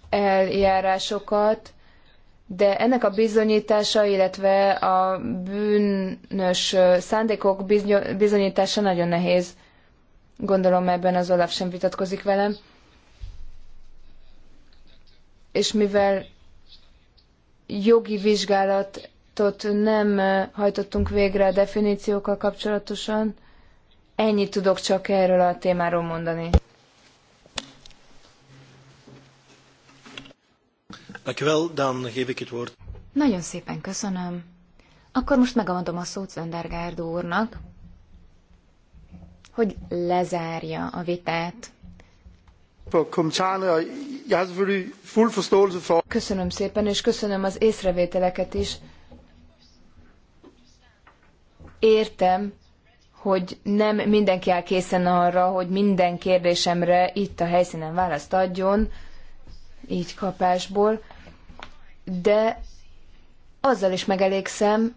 eljárásokat, de ennek a bizonyítása, illetve a bűnös szándékok bizonyítása nagyon nehéz. Gondolom ebben az Olaf sem vitatkozik velem. És mivel jogi vizsgálatot nem hajtottunk végre a definíciókkal kapcsolatosan. Ennyit tudok csak erről a témáról mondani. Nagyon szépen köszönöm. Akkor most megadom a szót Zöndergárd úrnak, hogy lezárja a vitát Köszönöm szépen, és köszönöm az észrevételeket is. Értem, hogy nem mindenki áll készen arra, hogy minden kérdésemre itt a helyszínen választ adjon, így kapásból, de azzal is megelégszem,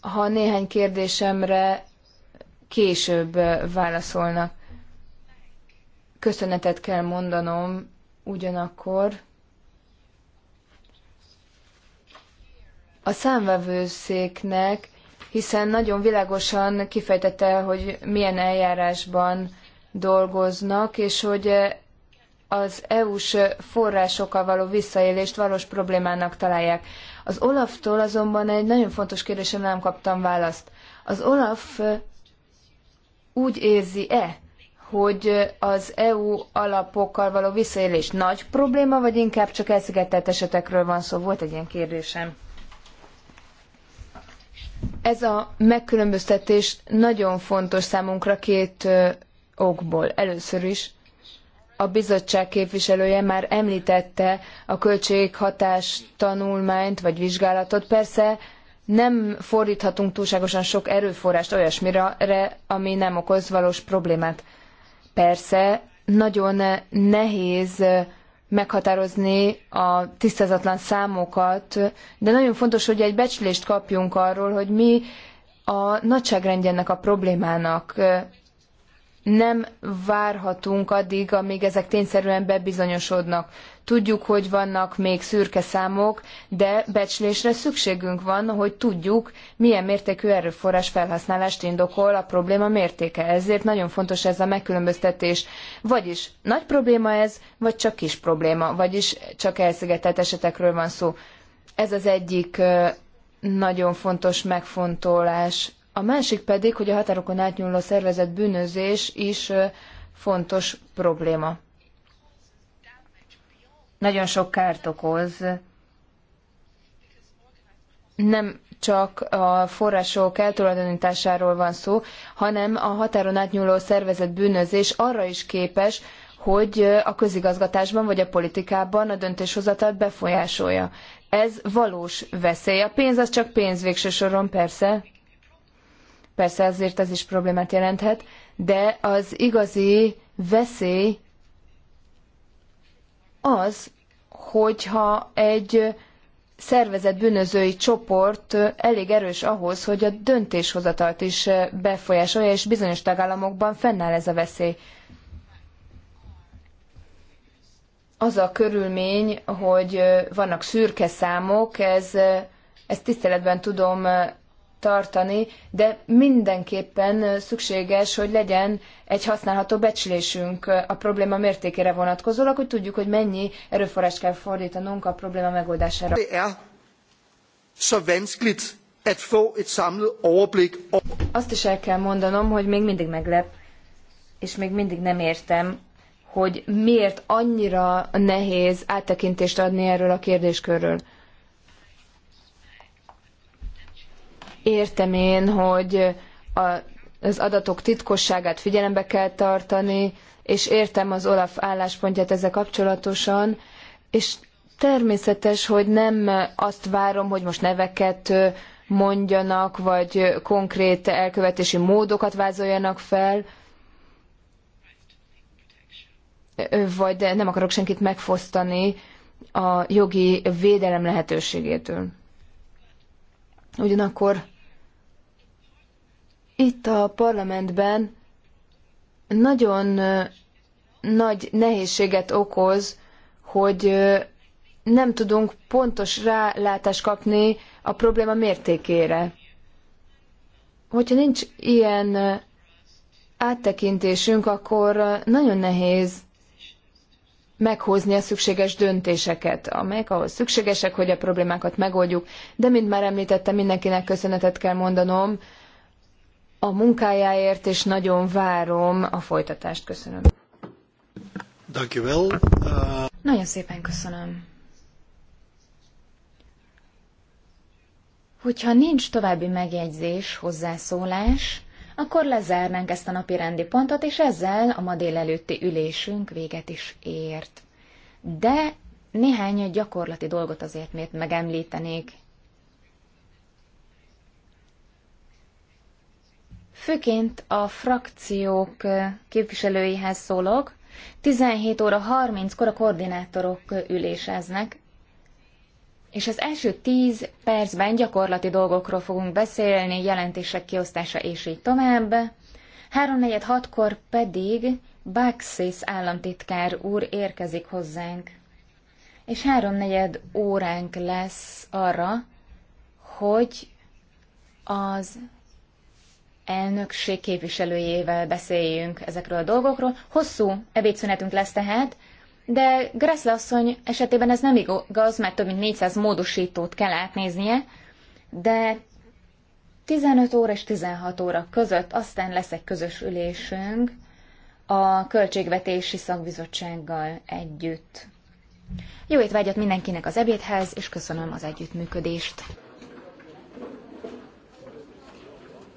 ha néhány kérdésemre később válaszolnak köszönetet kell mondanom ugyanakkor a számvevőszéknek, hiszen nagyon világosan kifejtette, hogy milyen eljárásban dolgoznak, és hogy az EU-s forrásokkal való visszaélést valós problémának találják. Az Olaftól azonban egy nagyon fontos kérdésem nem kaptam választ. Az Olaf úgy érzi-e, hogy az EU alapokkal való visszaélés nagy probléma, vagy inkább csak elszigetelt esetekről van szó? Volt egy ilyen kérdésem. Ez a megkülönböztetés nagyon fontos számunkra két okból. Először is a bizottság képviselője már említette a költséghatás tanulmányt vagy vizsgálatot. Persze nem fordíthatunk túlságosan sok erőforrást olyasmire, ami nem okoz valós problémát. Persze, nagyon nehéz meghatározni a tisztázatlan számokat, de nagyon fontos, hogy egy becslést kapjunk arról, hogy mi a nagyságrendjennek a problémának. Nem várhatunk addig, amíg ezek tényszerűen bebizonyosodnak. Tudjuk, hogy vannak még szürke számok, de becslésre szükségünk van, hogy tudjuk, milyen mértékű erőforrás felhasználást indokol a probléma mértéke. Ezért nagyon fontos ez a megkülönböztetés. Vagyis nagy probléma ez, vagy csak kis probléma, vagyis csak elszigetelt esetekről van szó. Ez az egyik nagyon fontos megfontolás. A másik pedig, hogy a határokon átnyúló szervezett bűnözés is fontos probléma nagyon sok kárt okoz, nem csak a források eltulajdonításáról van szó, hanem a határon átnyúló szervezet bűnözés arra is képes, hogy a közigazgatásban vagy a politikában a döntéshozatát befolyásolja. Ez valós veszély. A pénz az csak pénz végső soron, persze. Persze azért ez is problémát jelenthet, de az igazi veszély az, hogyha egy szervezett bűnözői csoport elég erős ahhoz, hogy a döntéshozatalt is befolyásolja, és bizonyos tagállamokban fennáll ez a veszély. Az a körülmény, hogy vannak szürke számok, ez, ezt tiszteletben tudom tartani, de mindenképpen szükséges, hogy legyen egy használható becslésünk a probléma mértékére vonatkozólag, hogy tudjuk, hogy mennyi erőforrás kell fordítanunk a probléma megoldására. Er Azt is el kell mondanom, hogy még mindig meglep, és még mindig nem értem, hogy miért annyira nehéz áttekintést adni erről a kérdéskörről. Értem én, hogy a, az adatok titkosságát figyelembe kell tartani, és értem az Olaf álláspontját ezzel kapcsolatosan, és természetes, hogy nem azt várom, hogy most neveket mondjanak, vagy konkrét elkövetési módokat vázoljanak fel, vagy nem akarok senkit megfosztani a jogi védelem lehetőségétől. Ugyanakkor itt a parlamentben nagyon nagy nehézséget okoz, hogy nem tudunk pontos rálátást kapni a probléma mértékére. Hogyha nincs ilyen áttekintésünk, akkor nagyon nehéz meghozni a szükséges döntéseket, amelyek ahhoz szükségesek, hogy a problémákat megoldjuk. De, mint már említettem, mindenkinek köszönetet kell mondanom a munkájáért, és nagyon várom a folytatást. Köszönöm. Dankjewel. Uh, nagyon szépen köszönöm. Hogyha nincs további megjegyzés, hozzászólás, akkor lezárnánk ezt a napi rendi pontot, és ezzel a ma délelőtti ülésünk véget is ért. De néhány gyakorlati dolgot azért miért megemlítenék. Főként a frakciók képviselőihez szólok. 17 óra 30-kor a koordinátorok üléseznek, és az első tíz percben gyakorlati dolgokról fogunk beszélni, jelentések kiosztása és így tovább. 3.46-kor pedig Baxis államtitkár úr érkezik hozzánk. És háromnegyed óránk lesz arra, hogy az elnökség képviselőjével beszéljünk ezekről a dolgokról. Hosszú ebédszünetünk lesz tehát, de Gressle asszony esetében ez nem igaz, mert több mint 400 módosítót kell átnéznie, de 15 óra és 16 óra között aztán lesz egy közös ülésünk a Költségvetési Szakbizottsággal együtt. Jó étvágyat mindenkinek az ebédhez, és köszönöm az együttműködést!